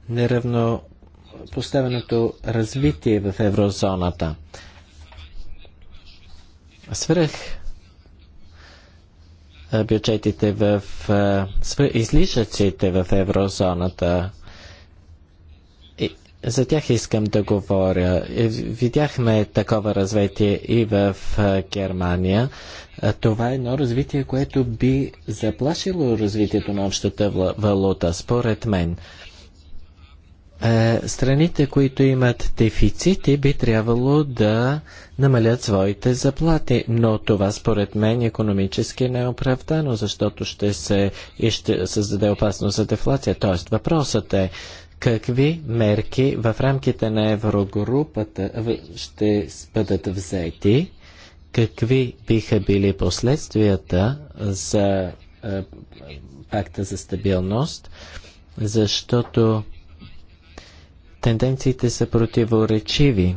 неравнопоставеното развитие в еврозоната. Свръх бюджетите в излишъците в еврозоната. за тях искам да говоря. Е, видяхме такова развитие и в Германия. Това е едно развитие, което би заплашило развитието на общата валута, според мен. Е, страните, които имат дефицити, би трябвало да намалят своите заплати. Но това според мен е економически не е оправдано, защото ще се и ще създаде опасност за дефлация. Тоест въпросът е какви мерки в рамките на еврогрупата ще бъдат взети, какви биха били последствията за е, пакта за стабилност, защото Тенденциите са противоречиви.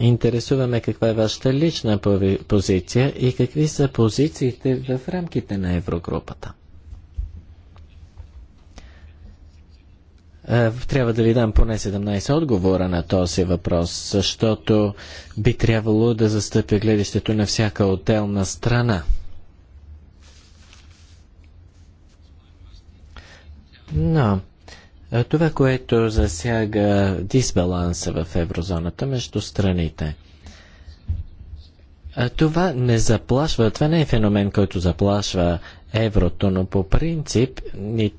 Интересуваме каква е вашата лична позиция и какви са позициите в рамките на Еврогрупата. Е, трябва да ви дам поне 17 отговора на този въпрос, защото би трябвало да застъпя гледището на всяка отделна страна. Но е, това, което засяга дисбаланса в еврозоната между страните. Е, това не заплашва, това не е феномен, който заплашва еврото, но по принцип ни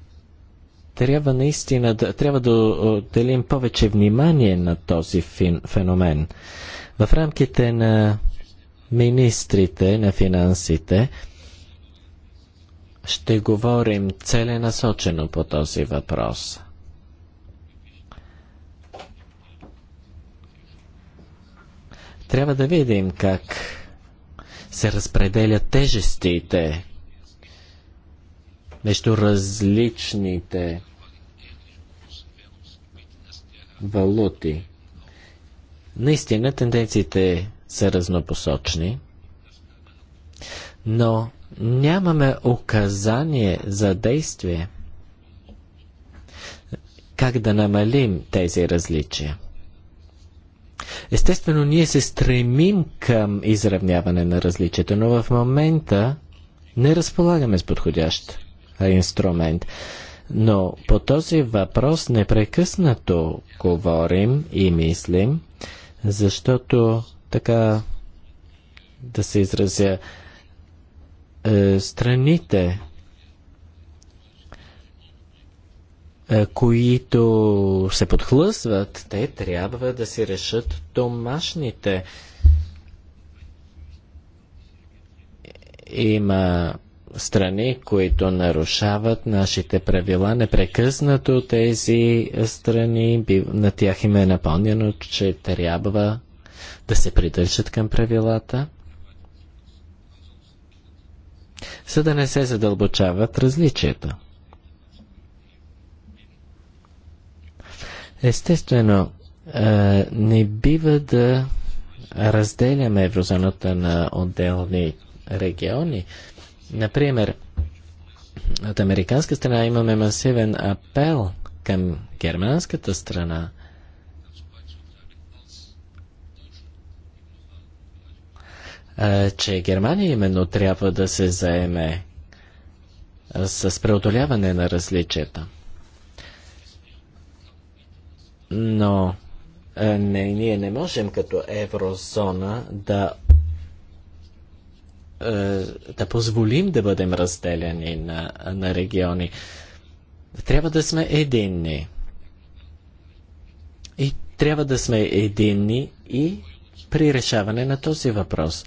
трябва наистина да, трябва да отделим повече внимание на този феномен. В рамките на министрите на финансите ще говорим целенасочено по този въпрос. Трябва да видим как се разпределят тежестите между различните валути. Наистина тенденциите са разнопосочни, но нямаме указание за действие как да намалим тези различия. Естествено, ние се стремим към изравняване на различията, но в момента не разполагаме с подходящ инструмент. Но по този въпрос непрекъснато говорим и мислим, защото така да се изразя, е, страните Е, които се подхлъсват, те трябва да си решат домашните. Има страни, които нарушават нашите правила непрекъснато. Тези страни, на тях им е напълнено, че трябва да се придържат към правилата, за да не се задълбочават различията. Естествено, е, не бива да разделяме еврозоната на отделни региони. Например, от американска страна имаме масивен апел към германската страна. Е, че Германия именно трябва да се заеме с преодоляване на различията. Но е, не, ние не можем като еврозона да е, да позволим да бъдем разделяни на, на региони. Трябва да сме единни. И трябва да сме единни и при решаване на този въпрос.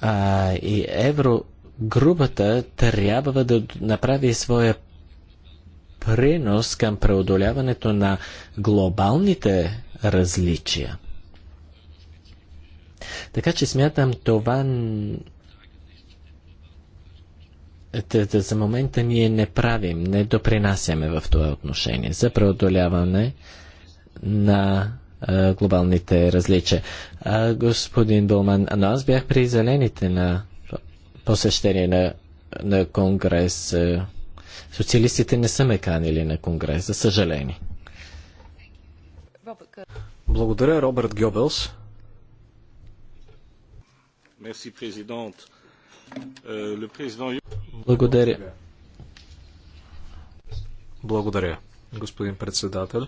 А, и еврогрупата трябва да направи своя принос към преодоляването на глобалните различия. Така че смятам това за момента ние не правим, не допринасяме в това отношение за преодоляване на а, глобалните различия. А, господин Булман, но аз бях при зелените на посещение на, на конгрес а, Социалистите не са ме канили на конгрес, за съжаление. Благодаря, Робърт Гьобелс.
Е, Благодаря.
Благодаря, господин председател.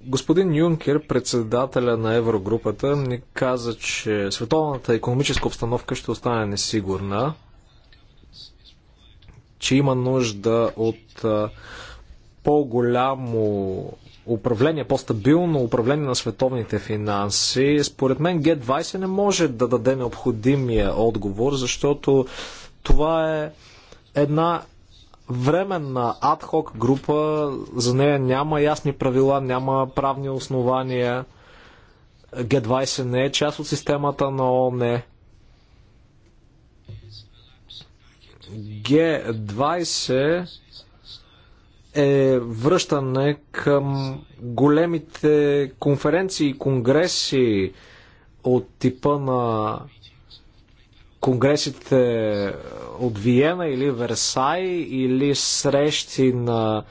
Господин Юнкер, председателя на Еврогрупата, ни каза, че световната економическа обстановка ще остане несигурна че има нужда от по-голямо управление, по-стабилно управление на световните финанси. Според мен Г20 не може да даде необходимия отговор, защото това е една временна адхок група, за нея няма ясни правила, няма правни основания. Г20 не е част от системата на ООН. Г20 е връщане към големите конференции и конгреси от типа на конгресите от Виена или Версай или срещи на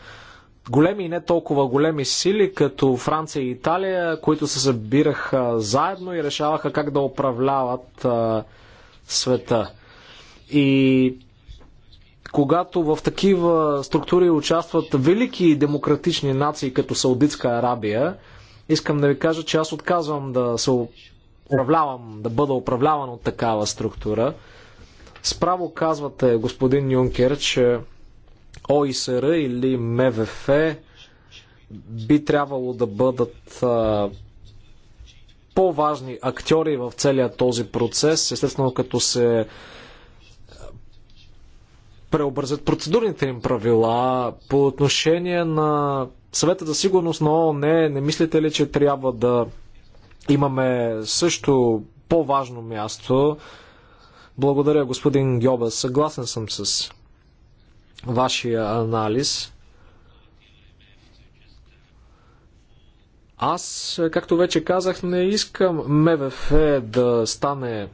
големи и не толкова големи сили, като Франция и Италия, които се събираха заедно и решаваха как да управляват а, света. И когато в такива структури участват велики демократични нации, като Саудитска Арабия, искам да ви кажа, че аз отказвам да се управлявам, да бъда управляван от такава структура. Справо казвате, господин Юнкер, че ОИСР или МВФ би трябвало да бъдат по-важни актьори в целия този процес, естествено като се преобразят процедурните им правила по отношение на съвета за сигурност на ООН. Не, не мислите ли, че трябва да имаме също по-важно място? Благодаря, господин Гьоба. Съгласен съм с вашия анализ. Аз, както вече казах, не искам МВФ да стане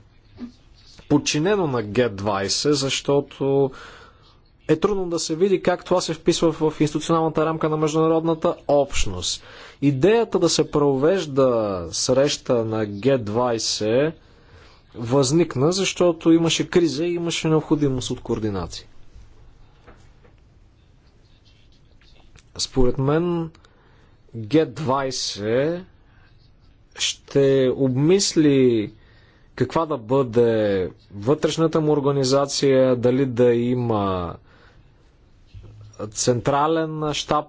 подчинено на Г20, защото е трудно да се види как това се вписва в институционалната рамка на международната общност. Идеята да се провежда среща на Г20 възникна, защото имаше криза и имаше необходимост от координации. Според мен Г20 ще обмисли каква да бъде вътрешната му организация, дали да има централен штаб,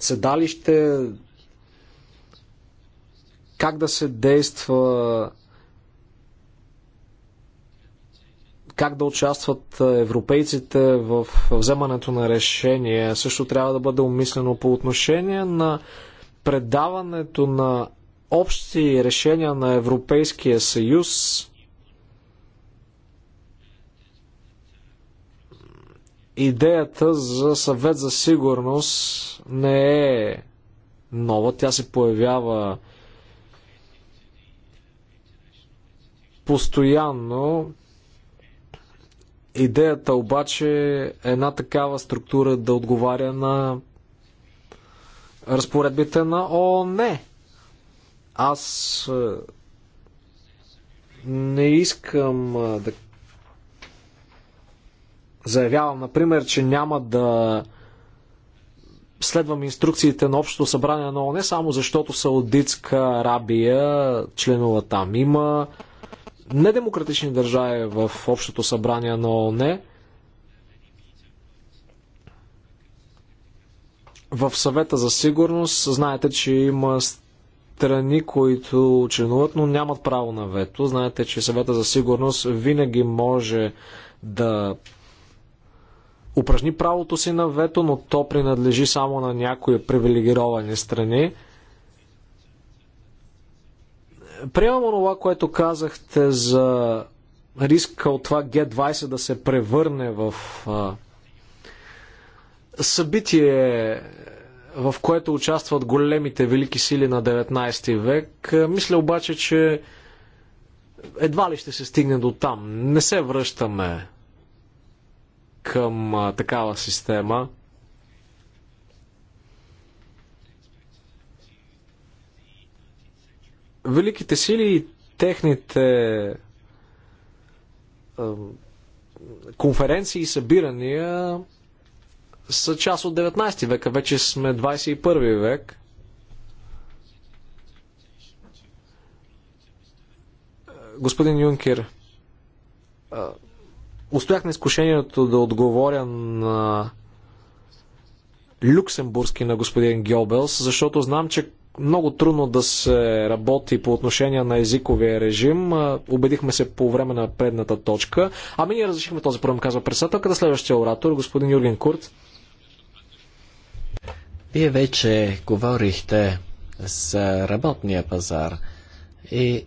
седалище, как да се действа, как да участват европейците в вземането на решение, също трябва да бъде умислено по отношение на предаването на общи решения на Европейския съюз идеята за съвет за сигурност не е нова. Тя се появява постоянно. Идеята обаче е една такава структура да отговаря на разпоредбите на ООН. Аз е, не искам е, да заявявам, например, че няма да следвам инструкциите на Общото събрание на ОНЕ, само защото Саудитска Арабия членува там. Има недемократични държави в Общото събрание на ОНЕ. В съвета за сигурност знаете, че има страни, които членуват, но нямат право на вето. Знаете, че съвета за сигурност винаги може да упражни правото си на вето, но то принадлежи само на някои привилегировани страни. Приемам онова, което казахте за риска от това Г20 да се превърне в а, събитие, в което участват големите велики сили на 19 век. Мисля обаче, че едва ли ще се стигне до там. Не се връщаме към такава система. Великите сили и техните конференции и събирания са част от 19 века. Вече сме 21 век. Господин Юнкер, устоях на изкушението да отговоря на люксембургски на господин Гьобелс, защото знам, че много трудно да се работи по отношение на езиковия режим. Убедихме се по време на предната точка. Ами ние разрешихме този проблем, казва председателката. Следващия оратор, господин Юрген Курт.
Вие вече говорихте за работния пазар и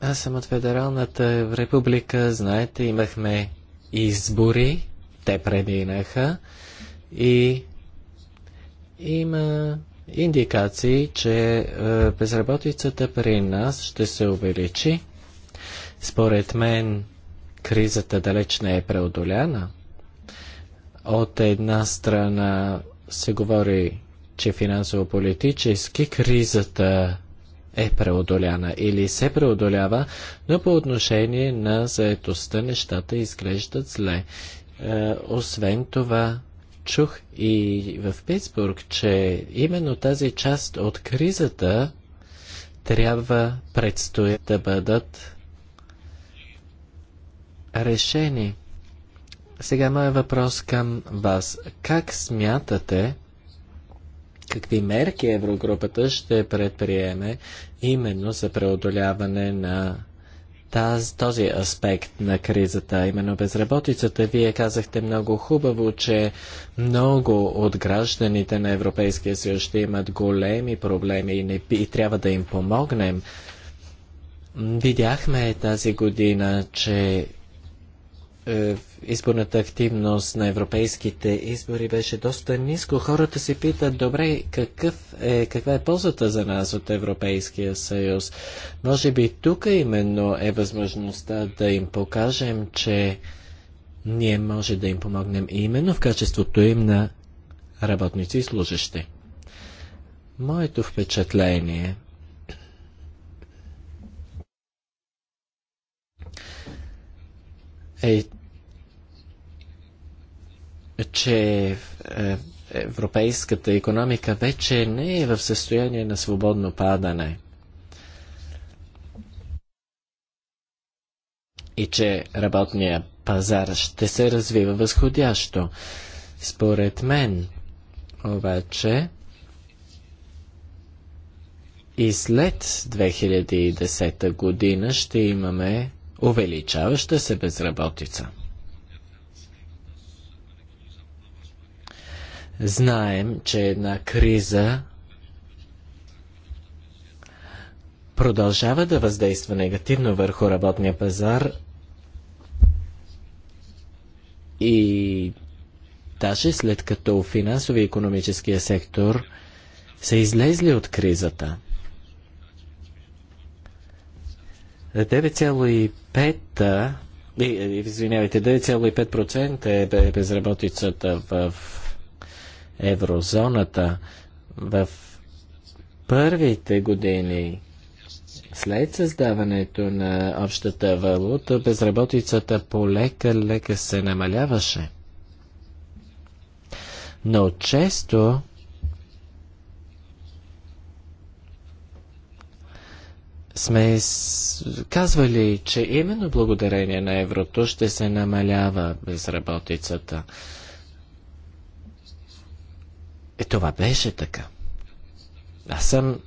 аз съм от Федералната република, знаете, имахме избори, те преминаха и има индикации, че е, безработицата при нас ще се увеличи. Според мен кризата далеч не е преодоляна. От една страна се говори, че финансово-политически кризата е преодоляна или се преодолява, но по отношение на заетостта нещата изглеждат зле. Е, освен това, чух и в Питсбург, че именно тази част от кризата трябва предстои да бъдат решени. Сега моят въпрос към вас. Как смятате какви мерки Еврогрупата ще предприеме именно за преодоляване на таз, този аспект на кризата, именно безработицата. Вие казахте много хубаво, че много от гражданите на Европейския съюз ще имат големи проблеми и, не, и трябва да им помогнем. Видяхме тази година, че е, изборната активност на европейските избори беше доста ниско. Хората се питат, добре, какъв е, каква е ползата за нас от Европейския съюз? Може би тук именно е възможността да им покажем, че ние може да им помогнем именно в качеството им на работници и служащи. Моето впечатление е че е, европейската економика вече не е в състояние на свободно падане. И че работния пазар ще се развива възходящо. Според мен, обаче, и след 2010 година ще имаме увеличаваща се безработица. Знаем, че една криза продължава да въздейства негативно върху работния пазар и даже след като финансови и економическия сектор са излезли от кризата. 9,5 извинявайте, 9,5% е безработицата в еврозоната в първите години след създаването на общата валута, безработицата полека-лека се намаляваше. Но често сме казвали, че именно благодарение на еврото ще се намалява безработицата. Е, това беше така. Аз съм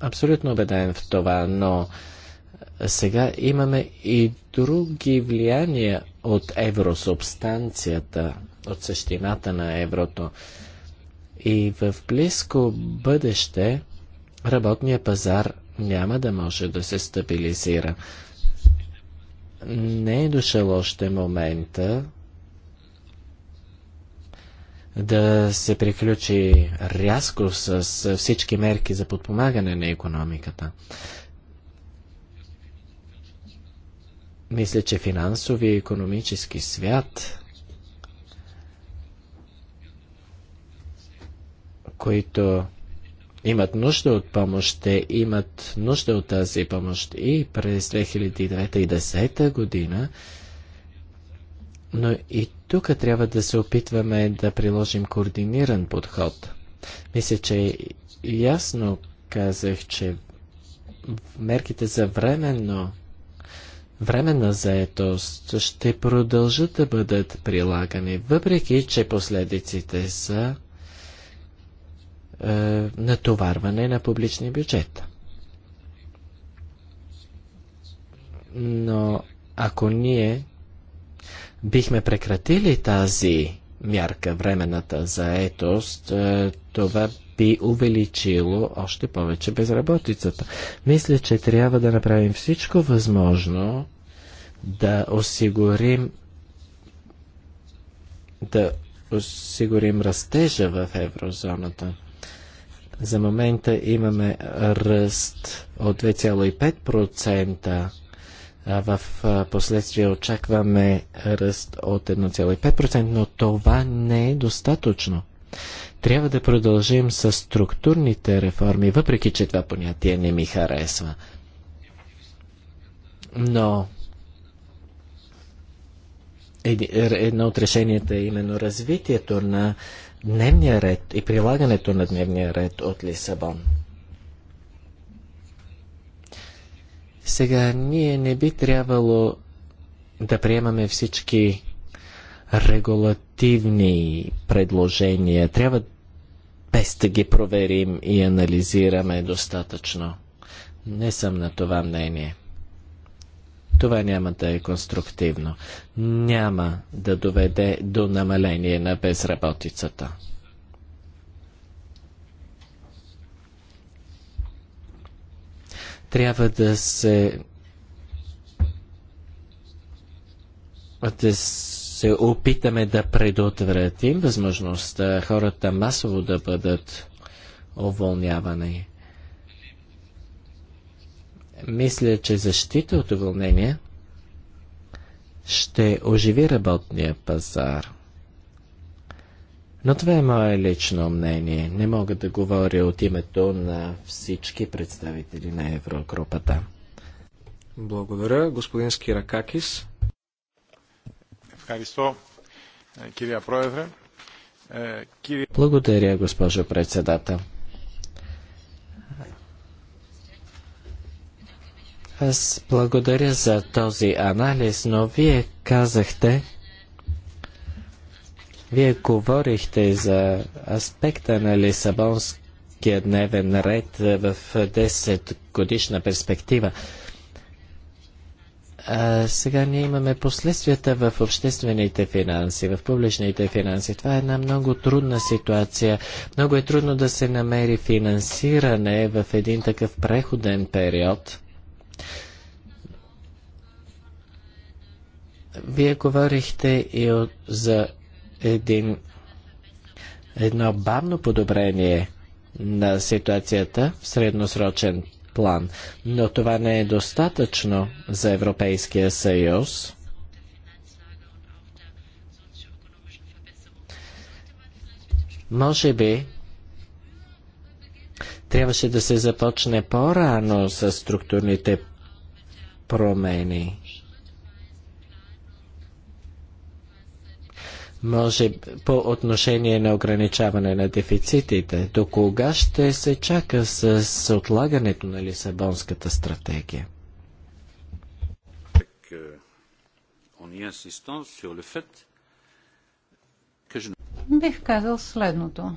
абсолютно убеден в това, но сега имаме и други влияния от евросубстанцията, от същината на еврото. И в близко бъдеще работния пазар няма да може да се стабилизира. Не е дошъл още момента да се приключи рязко с всички мерки за подпомагане на економиката. Мисля, че финансови и економически свят, които имат нужда от помощ, те имат нужда от тази помощ и през 2009 и 2010 година но и тук трябва да се опитваме да приложим координиран подход. Мисля, че ясно казах, че мерките за временно временна заетост ще продължат да бъдат прилагани, въпреки че последиците са е, натоварване на публичния бюджет. Но ако ние бихме прекратили тази мярка, временната заетост, е, това би увеличило още повече безработицата. Мисля, че трябва да направим всичко възможно да осигурим да осигурим растежа в еврозоната. За момента имаме ръст от 2,5% в последствие очакваме ръст от 1,5%, но това не е достатъчно. Трябва да продължим с структурните реформи, въпреки че това понятие не ми харесва. Но едно от решенията е именно развитието на дневния ред и прилагането на дневния ред от Лисабон. Сега ние не би трябвало да приемаме всички регулативни предложения. Трябва без да ги проверим и анализираме достатъчно. Не съм на това мнение. Това няма да е конструктивно. Няма да доведе до намаление на безработицата. трябва да се да се опитаме да предотвратим възможността хората масово да бъдат уволнявани. Мисля, че защита от уволнение ще оживи работния пазар. Но това е мое лично мнение. Не мога да говоря от името на всички представители на Еврогрупата.
Благодаря, господин Скиракакис.
Е,
благодаря, госпожо председател. Аз благодаря за този анализ, но вие казахте, вие говорихте за аспекта на Лисабонския дневен ред е, в 10 годишна перспектива. А, сега ние имаме последствията в обществените финанси, в публичните финанси. Това е една много трудна ситуация. Много е трудно да се намери финансиране в един такъв преходен период. Вие говорихте и за един, едно бавно подобрение на ситуацията в средносрочен план, но това не е достатъчно за Европейския съюз. Може би трябваше да се започне по-рано с структурните промени. може по отношение на ограничаване на дефицитите? До кога ще се чака с отлагането на Лисабонската стратегия?
Euh,
Бих казал следното.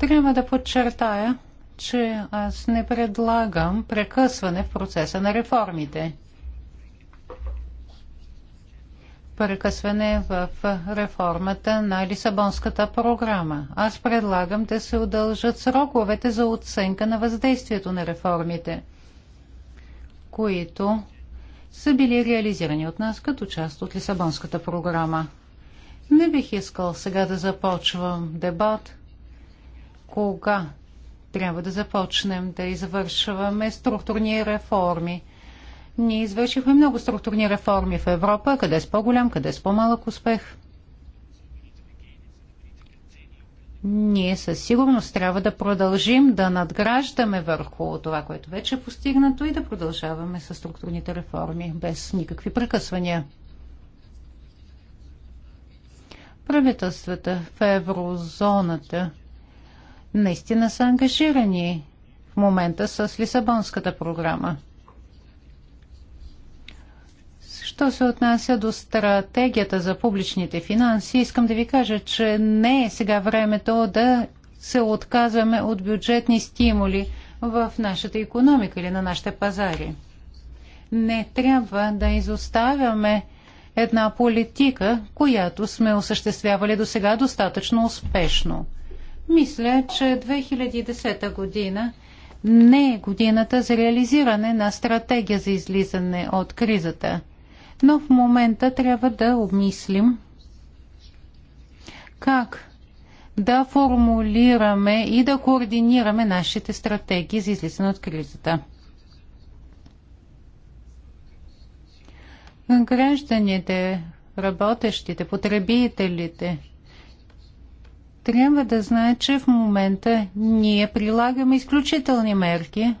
Трябва да подчертая, че аз не предлагам прекъсване в процеса на реформите. прекъсване в реформата на Лисабонската програма. Аз предлагам да се удължат сроковете за оценка на въздействието на реформите, които са били реализирани от нас като част от Лисабонската програма. Не бих искал сега да започвам дебат кога трябва да започнем да извършваме структурни реформи – ние извършихме много структурни реформи в Европа, къде е с по-голям, къде е с по-малък успех. Ние със сигурност трябва да продължим да надграждаме върху това, което вече е постигнато и да продължаваме с структурните реформи без никакви прекъсвания. Правителствата в еврозоната наистина са ангажирани в момента с Лисабонската програма – Що се отнася до стратегията за публичните финанси, искам да ви кажа, че не е сега времето да се отказваме от бюджетни стимули в нашата економика или на нашите пазари. Не трябва да изоставяме една политика, която сме осъществявали до сега достатъчно успешно. Мисля, че 2010 година не е годината за реализиране на стратегия за излизане от кризата – но в момента трябва да обмислим как да формулираме и да координираме нашите стратегии за излизане от кризата. Гражданите, работещите, потребителите трябва да знаят, че в момента ние прилагаме изключителни мерки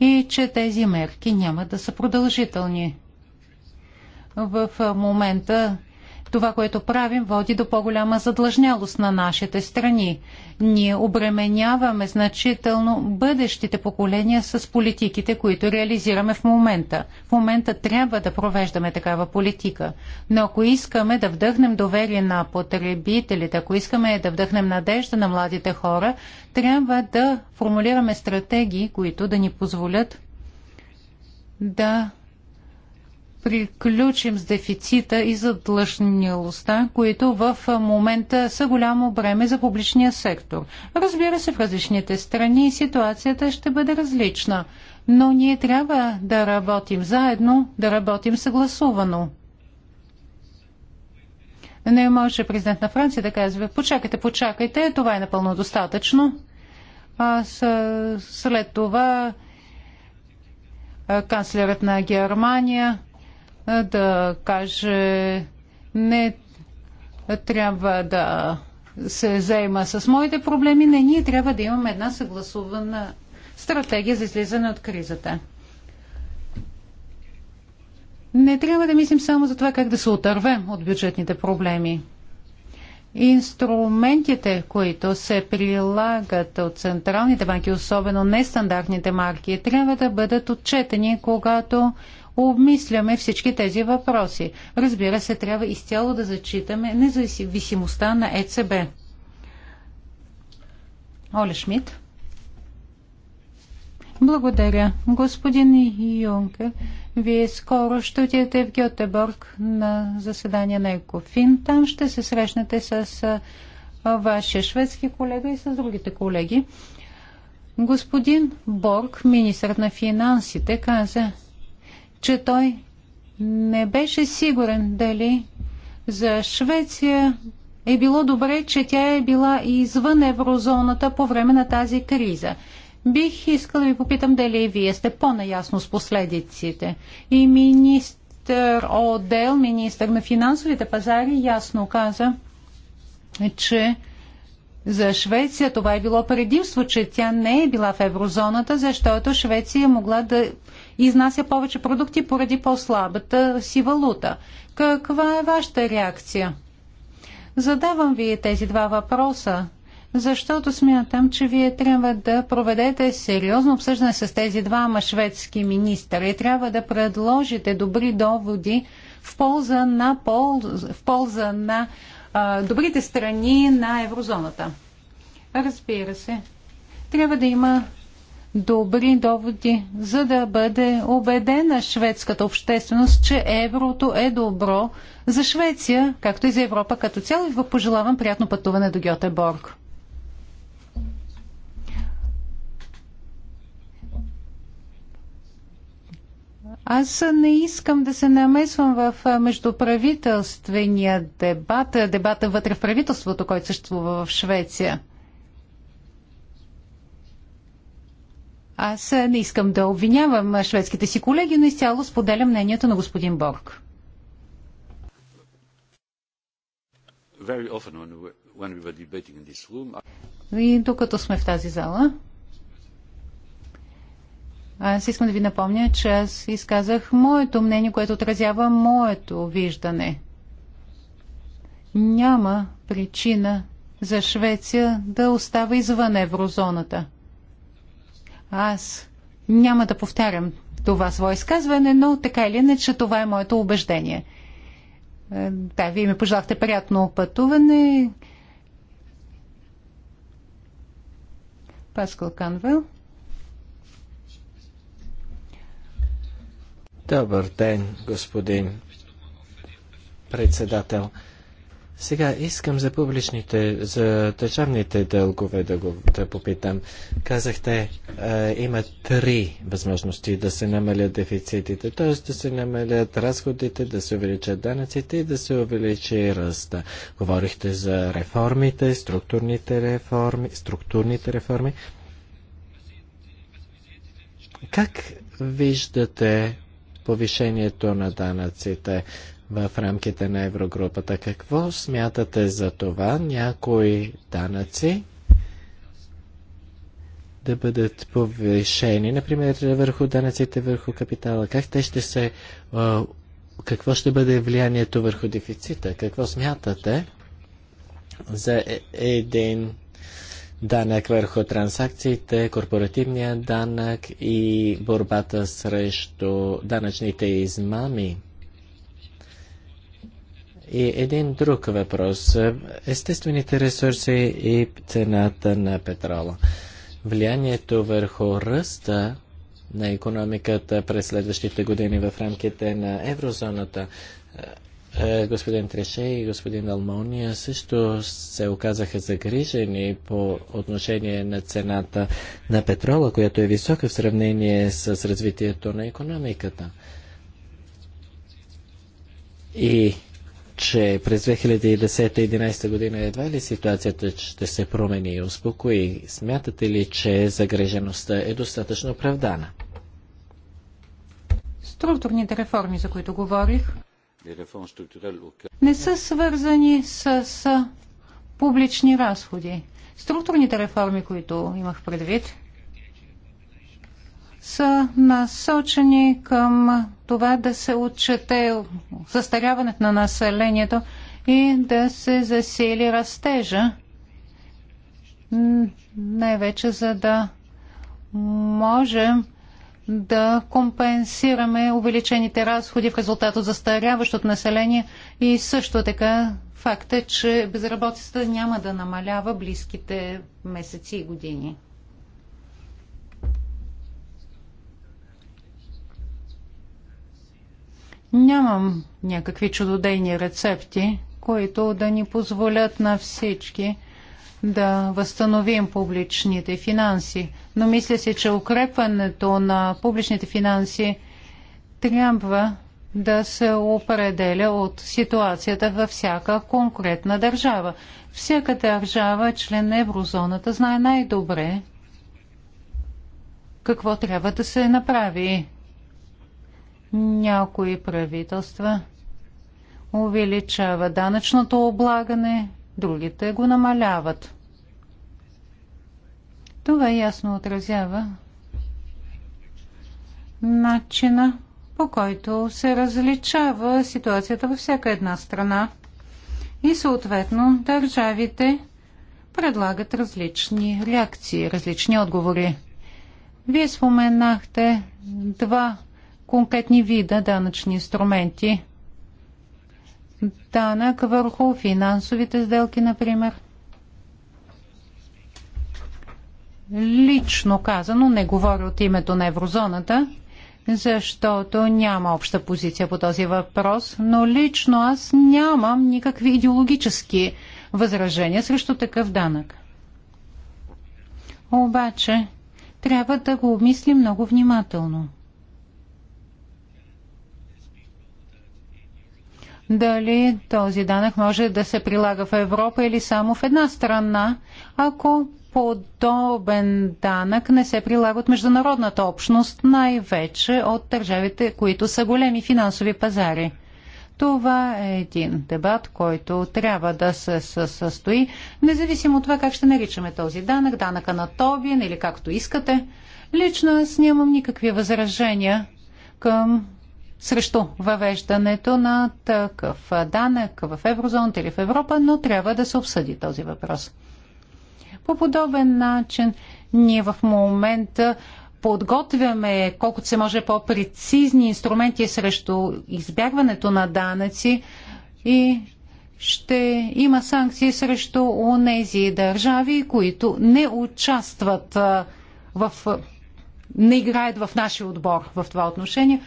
и че тези мерки няма да са продължителни в момента това, което правим, води до по-голяма задлъжнялост на нашите страни. Ние обременяваме значително бъдещите поколения с политиките, които реализираме в момента. В момента трябва да провеждаме такава политика. Но ако искаме да вдъхнем доверие на потребителите, ако искаме да вдъхнем надежда на младите хора, трябва да формулираме стратегии, които да ни позволят да приключим с дефицита и задлъжнялостта, които в момента са голямо бреме за публичния сектор. Разбира се, в различните страни ситуацията ще бъде различна, но ние трябва да работим заедно, да работим съгласувано. Не може президент на Франция да казва, почакайте, почакайте, това е напълно достатъчно. А след това канцлерът на Германия да каже не трябва да се заема с моите проблеми. Не, ние трябва да имаме една съгласувана стратегия за излизане от кризата. Не трябва да мислим само за това как да се отървем от бюджетните проблеми. Инструментите, които се прилагат от централните банки, особено нестандартните марки, трябва да бъдат отчетени, когато обмисляме всички тези въпроси. Разбира се, трябва изцяло да зачитаме независимостта на ЕЦБ. Оле Шмидт. Благодаря. Господин Юнкер, вие скоро ще отидете в Гьотеборг на заседание на Екофин. Там ще се срещнете с вашия шведски колега и с другите колеги. Господин Борг, министър на финансите, каза, че той не беше сигурен дали за Швеция е било добре, че тя е била извън еврозоната по време на тази криза. Бих искал да ви попитам дали вие сте по-наясно с последиците. И министър Одел, министър на финансовите пазари, ясно каза, че за Швеция това е било предимство, че тя не е била в еврозоната, защото Швеция могла да изнася повече продукти поради по-слабата си валута. Каква е вашата реакция? Задавам ви тези два въпроса, защото смятам, че вие трябва да проведете сериозно обсъждане с тези двама шведски министри и трябва да предложите добри доводи в полза на, пол, в полза на а, добрите страни на еврозоната. Разбира се, трябва да има добри доводи, за да бъде убедена шведската общественост, че еврото е добро за Швеция, както и за Европа като цяло. И ви пожелавам приятно пътуване до Гьотеборг. Аз не искам да се намесвам в междуправителствения дебат, дебата вътре в правителството, който съществува в Швеция. Аз е, не искам да обвинявам е, шведските си колеги, но изцяло споделя мнението на господин Борг. И докато сме в тази зала, аз искам да ви напомня, че аз изказах моето мнение, което отразява моето виждане. Няма причина за Швеция да остава извън еврозоната. Аз няма да повтарям това свое изказване, но така или иначе това е моето убеждение. Е, да, вие ми пожелахте приятно пътуване. Паскал Канвел.
Добър ден, господин председател. Сега искам за публичните, за държавните дългове да, го, да попитам. Казахте, е, има три възможности да се намалят дефицитите, т.е. да се намалят разходите, да се увеличат данъците и да се увеличи ръста. Говорихте за реформите, структурните реформи, структурните реформи. Как виждате повишението на данъците? в рамките на Еврогрупата. Какво смятате за това? Някои данъци да бъдат повишени, например, върху данъците, върху капитала? Как те ще се... Какво ще бъде влиянието върху дефицита? Какво смятате за е, един данък върху транзакциите, корпоративния данък и борбата срещу данъчните измами? И един друг въпрос. Естествените ресурси и цената на петрола. Влиянието върху ръста на економиката през следващите години в рамките на еврозоната. Е, е, господин Треше и господин Алмония също се оказаха загрижени по отношение на цената на петрола, която е висока в сравнение с развитието на економиката. И че през 2010-2011 година едва ли ситуацията ще се промени и успокои? Смятате ли, че загрежеността е достатъчно оправдана?
Структурните реформи, за които говорих, не са свързани с публични разходи. Структурните реформи, които имах предвид, са насочени към това да се отчете застаряването на населението и да се засили растежа, най-вече за да можем да компенсираме увеличените разходи в резултат от застаряващото население и също така факта, че безработицата няма да намалява близките месеци и години. Нямам някакви чудодейни рецепти, които да ни позволят на всички да възстановим публичните финанси. Но мисля си, че укрепването на публичните финанси трябва да се определя от ситуацията във всяка конкретна държава. Всяка държава, член на еврозоната, знае най-добре какво трябва да се направи някои правителства увеличава данъчното облагане, другите го намаляват. Това ясно отразява начина по който се различава ситуацията във всяка една страна и съответно държавите предлагат различни реакции, различни отговори. Вие споменахте два конкретни вида данъчни инструменти. Данък върху финансовите сделки, например. Лично казано, не говоря от името на еврозоната, защото няма обща позиция по този въпрос, но лично аз нямам никакви идеологически възражения срещу такъв данък. Обаче, трябва да го обмислим много внимателно. дали този данък може да се прилага в Европа или само в една страна, ако подобен данък не се прилага от международната общност, най-вече от държавите, които са големи финансови пазари. Това е един дебат, който трябва да се състои, независимо от това как ще наричаме този данък, данъка на Тобин или както искате. Лично аз нямам никакви възражения към срещу въвеждането на такъв данък в еврозоната или в Европа, но трябва да се обсъди този въпрос. По подобен начин ние в момента подготвяме колкото се може по-прецизни инструменти срещу избягването на данъци и ще има санкции срещу онези държави, които не участват в не играят в нашия отбор в това отношение.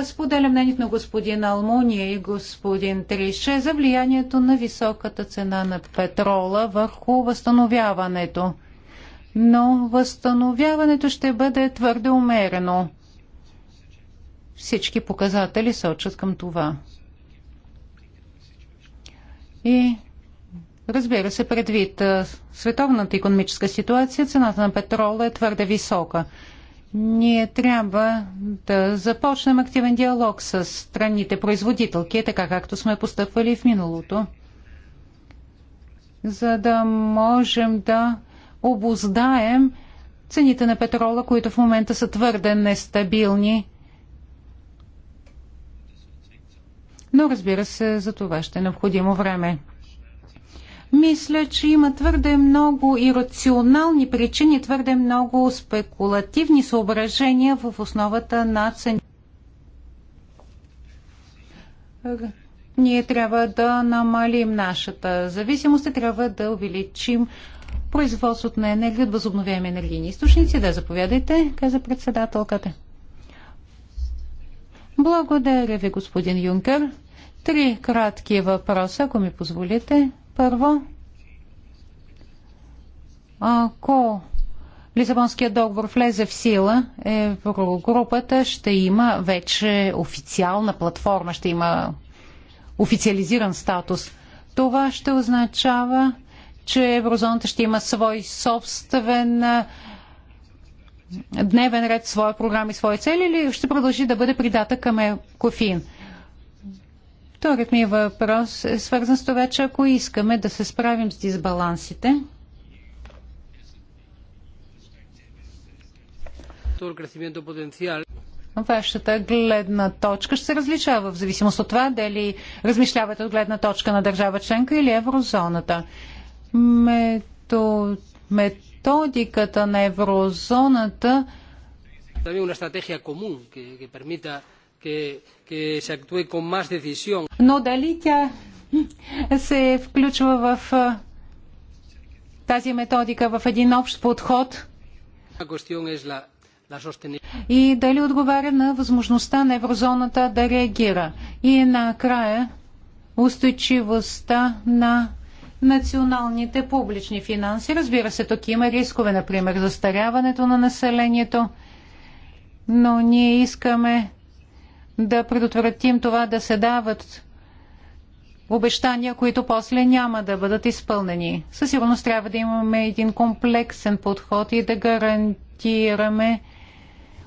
Е, споделя мнението на господин Алмуния и господин Трише за влиянието на високата цена на петрола върху възстановяването. Но възстановяването ще бъде твърде умерено. Всички показатели сочат към това. И разбира се, предвид е, световната економическа ситуация, цената на петрола е твърде висока. Ние трябва да започнем активен диалог с страните производителки, така както сме постъпвали в миналото, за да можем да обоздаем цените на петрола, които в момента са твърде нестабилни. Но разбира се, за това ще е необходимо време. Мисля, че има твърде много ирационални причини, твърде много спекулативни съображения в основата на цен. Ние трябва да намалим нашата зависимост и трябва да увеличим производството на енергия от възобновяеми енергийни източници. Да, заповядайте, каза председателката. Благодаря ви, господин Юнкер. Три кратки въпроса, ако ми позволите. Първо, ако Лисабонският договор влезе в сила, Еврогрупата ще има вече официална платформа, ще има официализиран статус. Това ще означава, че еврозоната ще има свой собствен дневен ред, своя програма и свои цели или ще продължи да бъде придата към Екофин? Вторият ми въпрос е свързан с това, че ако искаме да се справим с дисбалансите, Вашата гледна точка ще се различава в зависимост от това дали размишлявате от гледна точка на държава членка или еврозоната. Мето... Методиката на еврозоната Това е
една стратегия комун, която permita que se actúe con más decisión.
Но дали тя се включва в тази методика в един общ подход
е и дали
отговаря на възможността на еврозоната да реагира. И накрая устойчивостта на националните публични финанси. Разбира се, тук има рискове, например, застаряването на населението, но ние искаме да предотвратим това да се дават обещания, които после няма да бъдат изпълнени. Със сигурност трябва да имаме един комплексен подход и да гарантираме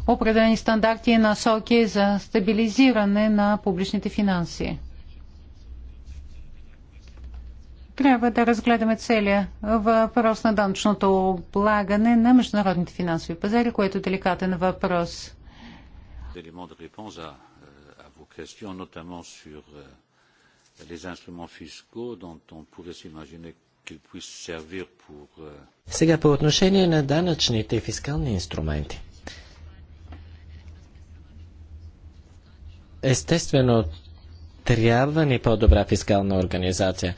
определени стандарти и насоки за стабилизиране на публичните финанси. Трябва да разгледаме целия въпрос на данъчното облагане на международните финансови пазари, което е деликатен въпрос
questions, notamment sur
Сега по отношение на данъчните и фискални инструменти. Естествено, трябва ни по-добра фискална организация.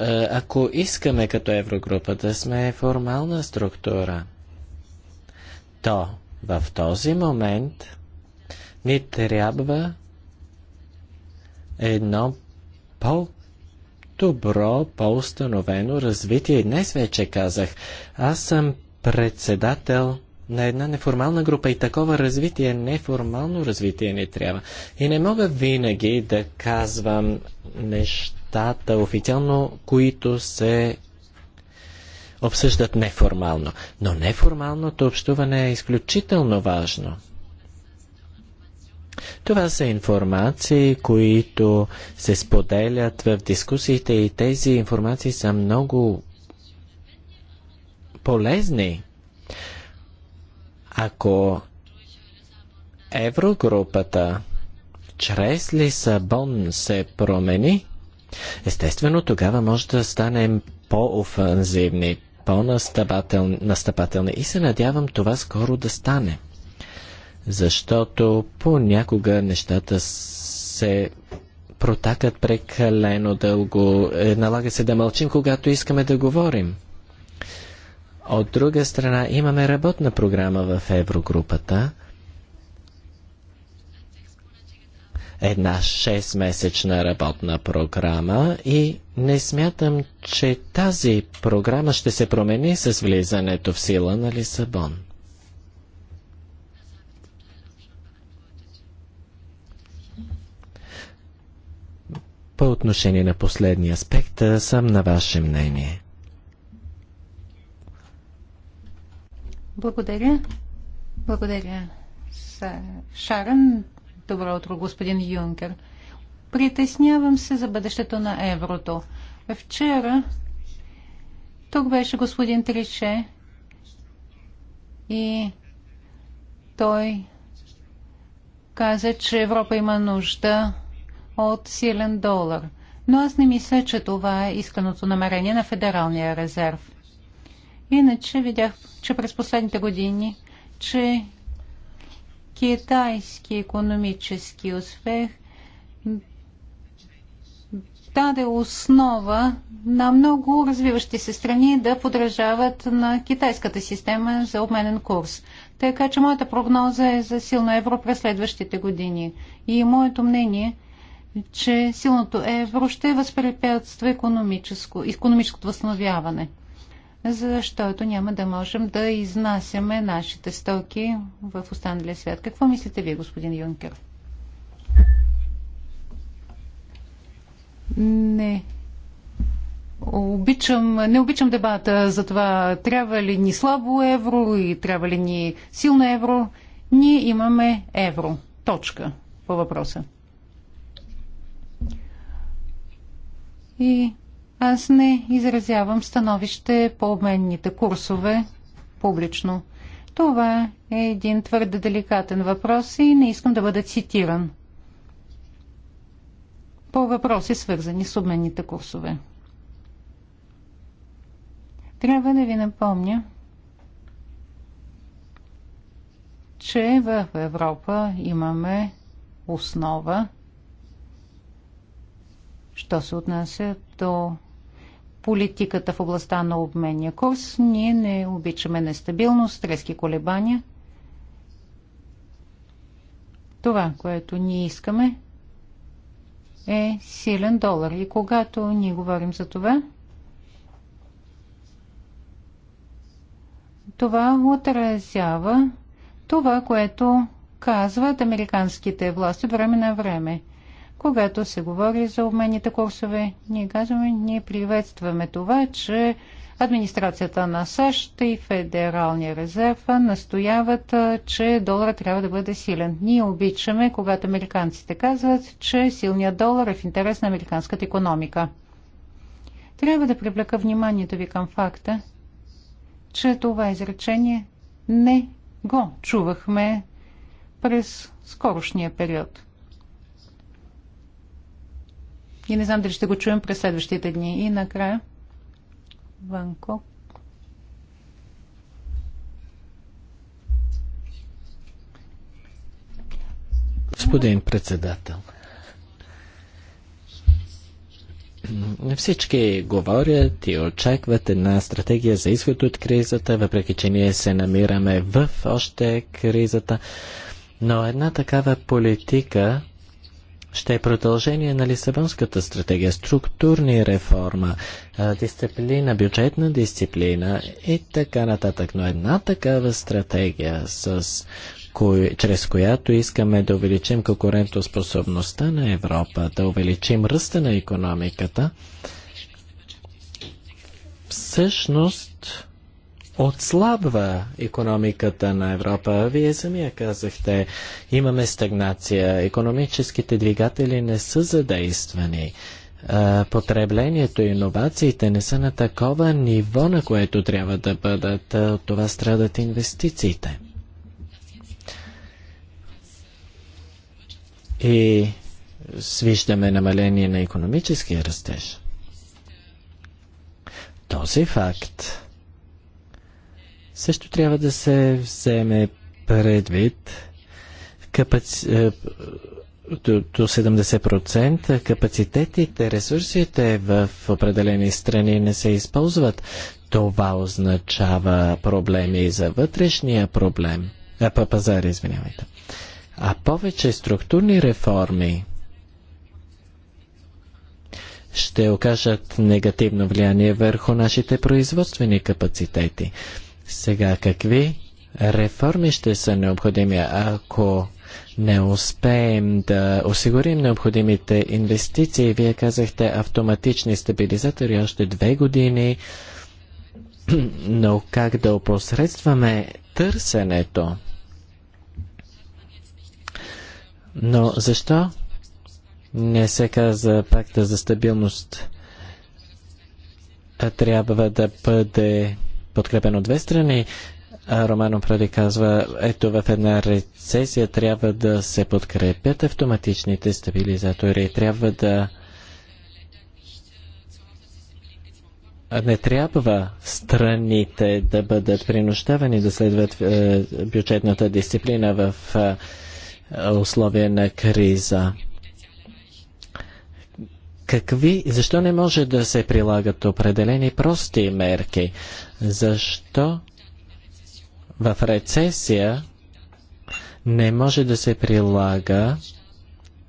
Е, ако искаме като Еврогрупа да сме формална структура, то в този момент ни трябва едно по- добро, по-установено развитие. Днес вече казах, аз съм председател на една неформална група и такова развитие, неформално развитие ни трябва. И не мога винаги да казвам нещата официално, които се обсъждат неформално. Но неформалното общуване е изключително важно – това са информации, които се споделят в дискусиите и тези информации са много полезни. Ако еврогрупата чрез Лисабон се промени, естествено тогава може да станем по-офанзивни, по-настъпателни и се надявам това скоро да стане защото понякога нещата се протакат прекалено дълго. Е, налага се да мълчим, когато искаме да говорим. От друга страна, имаме работна програма в Еврогрупата. Една 6-месечна работна програма и не смятам, че тази програма ще се промени с влизането в сила на Лисабон. По отношение на последния аспект съм на ваше мнение.
Благодаря. Благодаря. Шаран, добро утро, господин Юнкер. Притеснявам се за бъдещето на еврото. Вчера тук беше господин Трише и той каза, че Европа има нужда от силен долар. Но аз не мисля, че това е исканото намерение на Федералния резерв. Иначе видях, че през последните години, че китайски економически успех даде основа на много развиващи се страни да подражават на китайската система за обменен курс. Така че моята прогноза е за силно евро през следващите години. И моето мнение е, че силното евро ще възпрепятства економическо, економическото възстановяване, защото няма да можем да изнасяме нашите стоки в останалия свят. Какво мислите вие, господин Юнкер? Не. Обичам, не обичам дебата за това трябва ли ни слабо евро и трябва ли ни силно евро. Ние имаме евро. Точка по въпроса. И аз не изразявам становище по обменните курсове публично. Това е един твърде деликатен въпрос и не искам да бъда цитиран по въпроси, свързани с обменните курсове. Трябва да ви напомня, че в Европа имаме основа, Що се отнася до политиката в областта на обменния курс, ние не обичаме нестабилност, резки колебания. Това, което ние искаме, е силен долар. И когато ние говорим за това, това отразява това, което казват американските власти от време на време. Когато се говори за обменните курсове, ние казваме, ние приветстваме това, че администрацията на САЩ и Федералния резерв настояват, че долара трябва да бъде силен. Ние обичаме, когато американците казват, че силният долар е в интерес на американската економика. Трябва да привлека вниманието ви към факта, че това изречение не го чувахме през скорошния период. И не знам дали ще го чуем през следващите дни. И накрая Ванкок.
Господин председател, всички говорят и очакват една стратегия за изход от кризата, въпреки че ние се намираме в още кризата. Но една такава политика ще е продължение на Лисабонската стратегия, структурни реформа, дисциплина, бюджетна дисциплина и така нататък. Но една такава стратегия, с кой, чрез която искаме да увеличим конкурентоспособността на Европа, да увеличим ръста на економиката, всъщност отслабва економиката на Европа. Вие самия казахте, имаме стагнация, економическите двигатели не са задействани. Потреблението и иновациите не са на такова ниво, на което трябва да бъдат. От това страдат инвестициите. И свиждаме намаление на економическия растеж. Този факт също трябва да се вземе предвид е, до, до 70% капацитетите, ресурсите в определени страни не се използват. Това означава проблеми за вътрешния проблем. Е, а, пазар, извинявайте. А повече структурни реформи ще окажат негативно влияние върху нашите производствени капацитети. Сега какви реформи ще са необходими, ако не успеем да осигурим необходимите инвестиции? Вие казахте автоматични стабилизатори още две години, но как да опосредстваме търсенето? Но защо не се каза пакта за стабилност? трябва да бъде подкрепен от две страни. Романо Пради казва, ето в една рецесия трябва да се подкрепят автоматичните стабилизатори. Трябва да не трябва страните да бъдат принуждавани да следват е, бюджетната дисциплина в е, условия на криза. Какви, защо не може да се прилагат определени прости мерки? Защо в рецесия не може да се прилага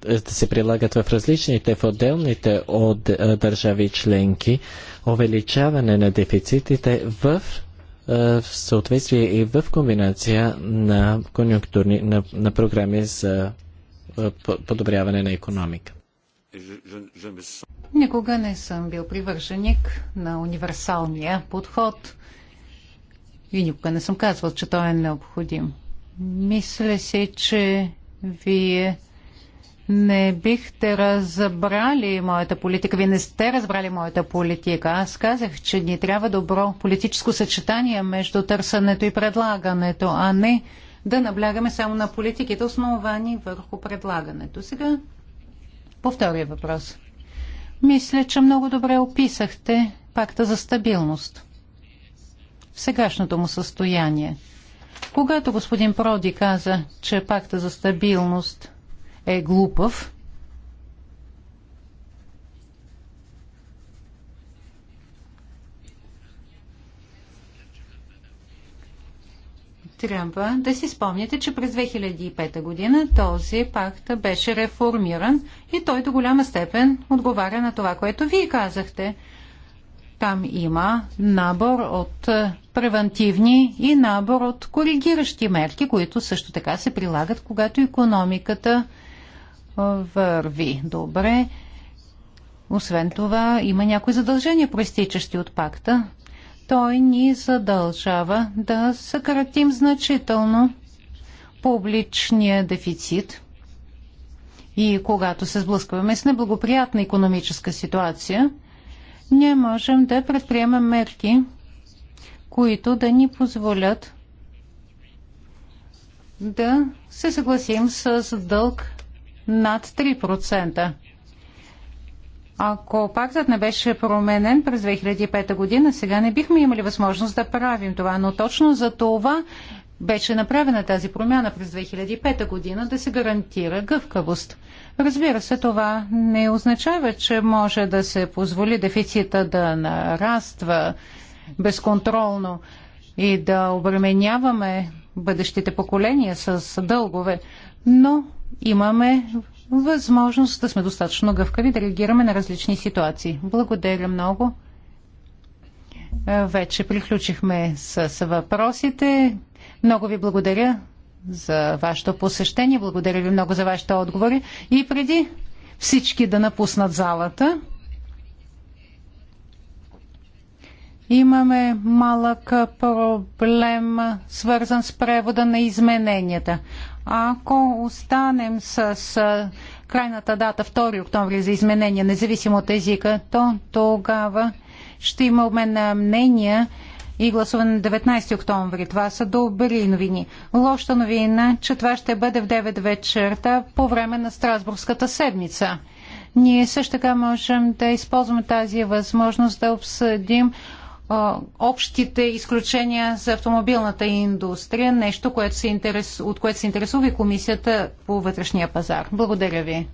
да се прилагат в различните, в отделните от е, държави членки, увеличаване на дефицитите в, е, в съответствие и в комбинация на конъюнктурни, на, на програми за е, подобряване на економика.
Никога не съм бил привърженик на универсалния подход и никога не съм казвал, че той е необходим. Мисля си, че вие не бихте разбрали моята политика. Вие не сте разбрали моята политика. Аз казах, че ни трябва добро политическо съчетание между търсенето и предлагането, а не да наблягаме само на политиките, основани върху предлагането. Сега по втория въпрос. Мисля, че много добре описахте пакта за стабилност в сегашното му състояние. Когато господин Проди каза, че пакта за стабилност е глупав, трябва да си спомняте, че през 2005 година този пакт беше реформиран и той до голяма степен отговаря на това, което вие казахте. Там има набор от превентивни и набор от коригиращи мерки, които също така се прилагат, когато економиката върви добре. Освен това, има някои задължения, проистичащи от пакта той ни задължава да съкратим значително публичния дефицит. И когато се сблъскваме с неблагоприятна економическа ситуация, ние можем да предприемем мерки, които да ни позволят да се съгласим с дълг над 3%. Ако пактът не беше променен през 2005 година, сега не бихме имали възможност да правим това, но точно за това беше направена тази промяна през 2005 година да се гарантира гъвкавост. Разбира се, това не означава, че може да се позволи дефицита да нараства безконтролно и да обременяваме бъдещите поколения с дългове, но имаме възможност да сме достатъчно гъвкави да реагираме на различни ситуации. Благодаря много. Вече приключихме с въпросите. Много ви благодаря за вашето посещение. Благодаря ви много за вашите отговори. И преди всички да напуснат залата, имаме малък проблем, свързан с превода на измененията. Ако останем с крайната дата 2 октомври за изменение, независимо от езика, то тогава ще има обмен на мнения и гласуване на 19 октомври. Това са добри новини. Лоша новина, че това ще бъде в 9 вечерта по време на Страсбургската седмица. Ние също така можем да използваме тази възможност да обсъдим общите изключения за автомобилната индустрия, нещо, което се интерес, от което се интересува и Комисията по вътрешния пазар. Благодаря ви.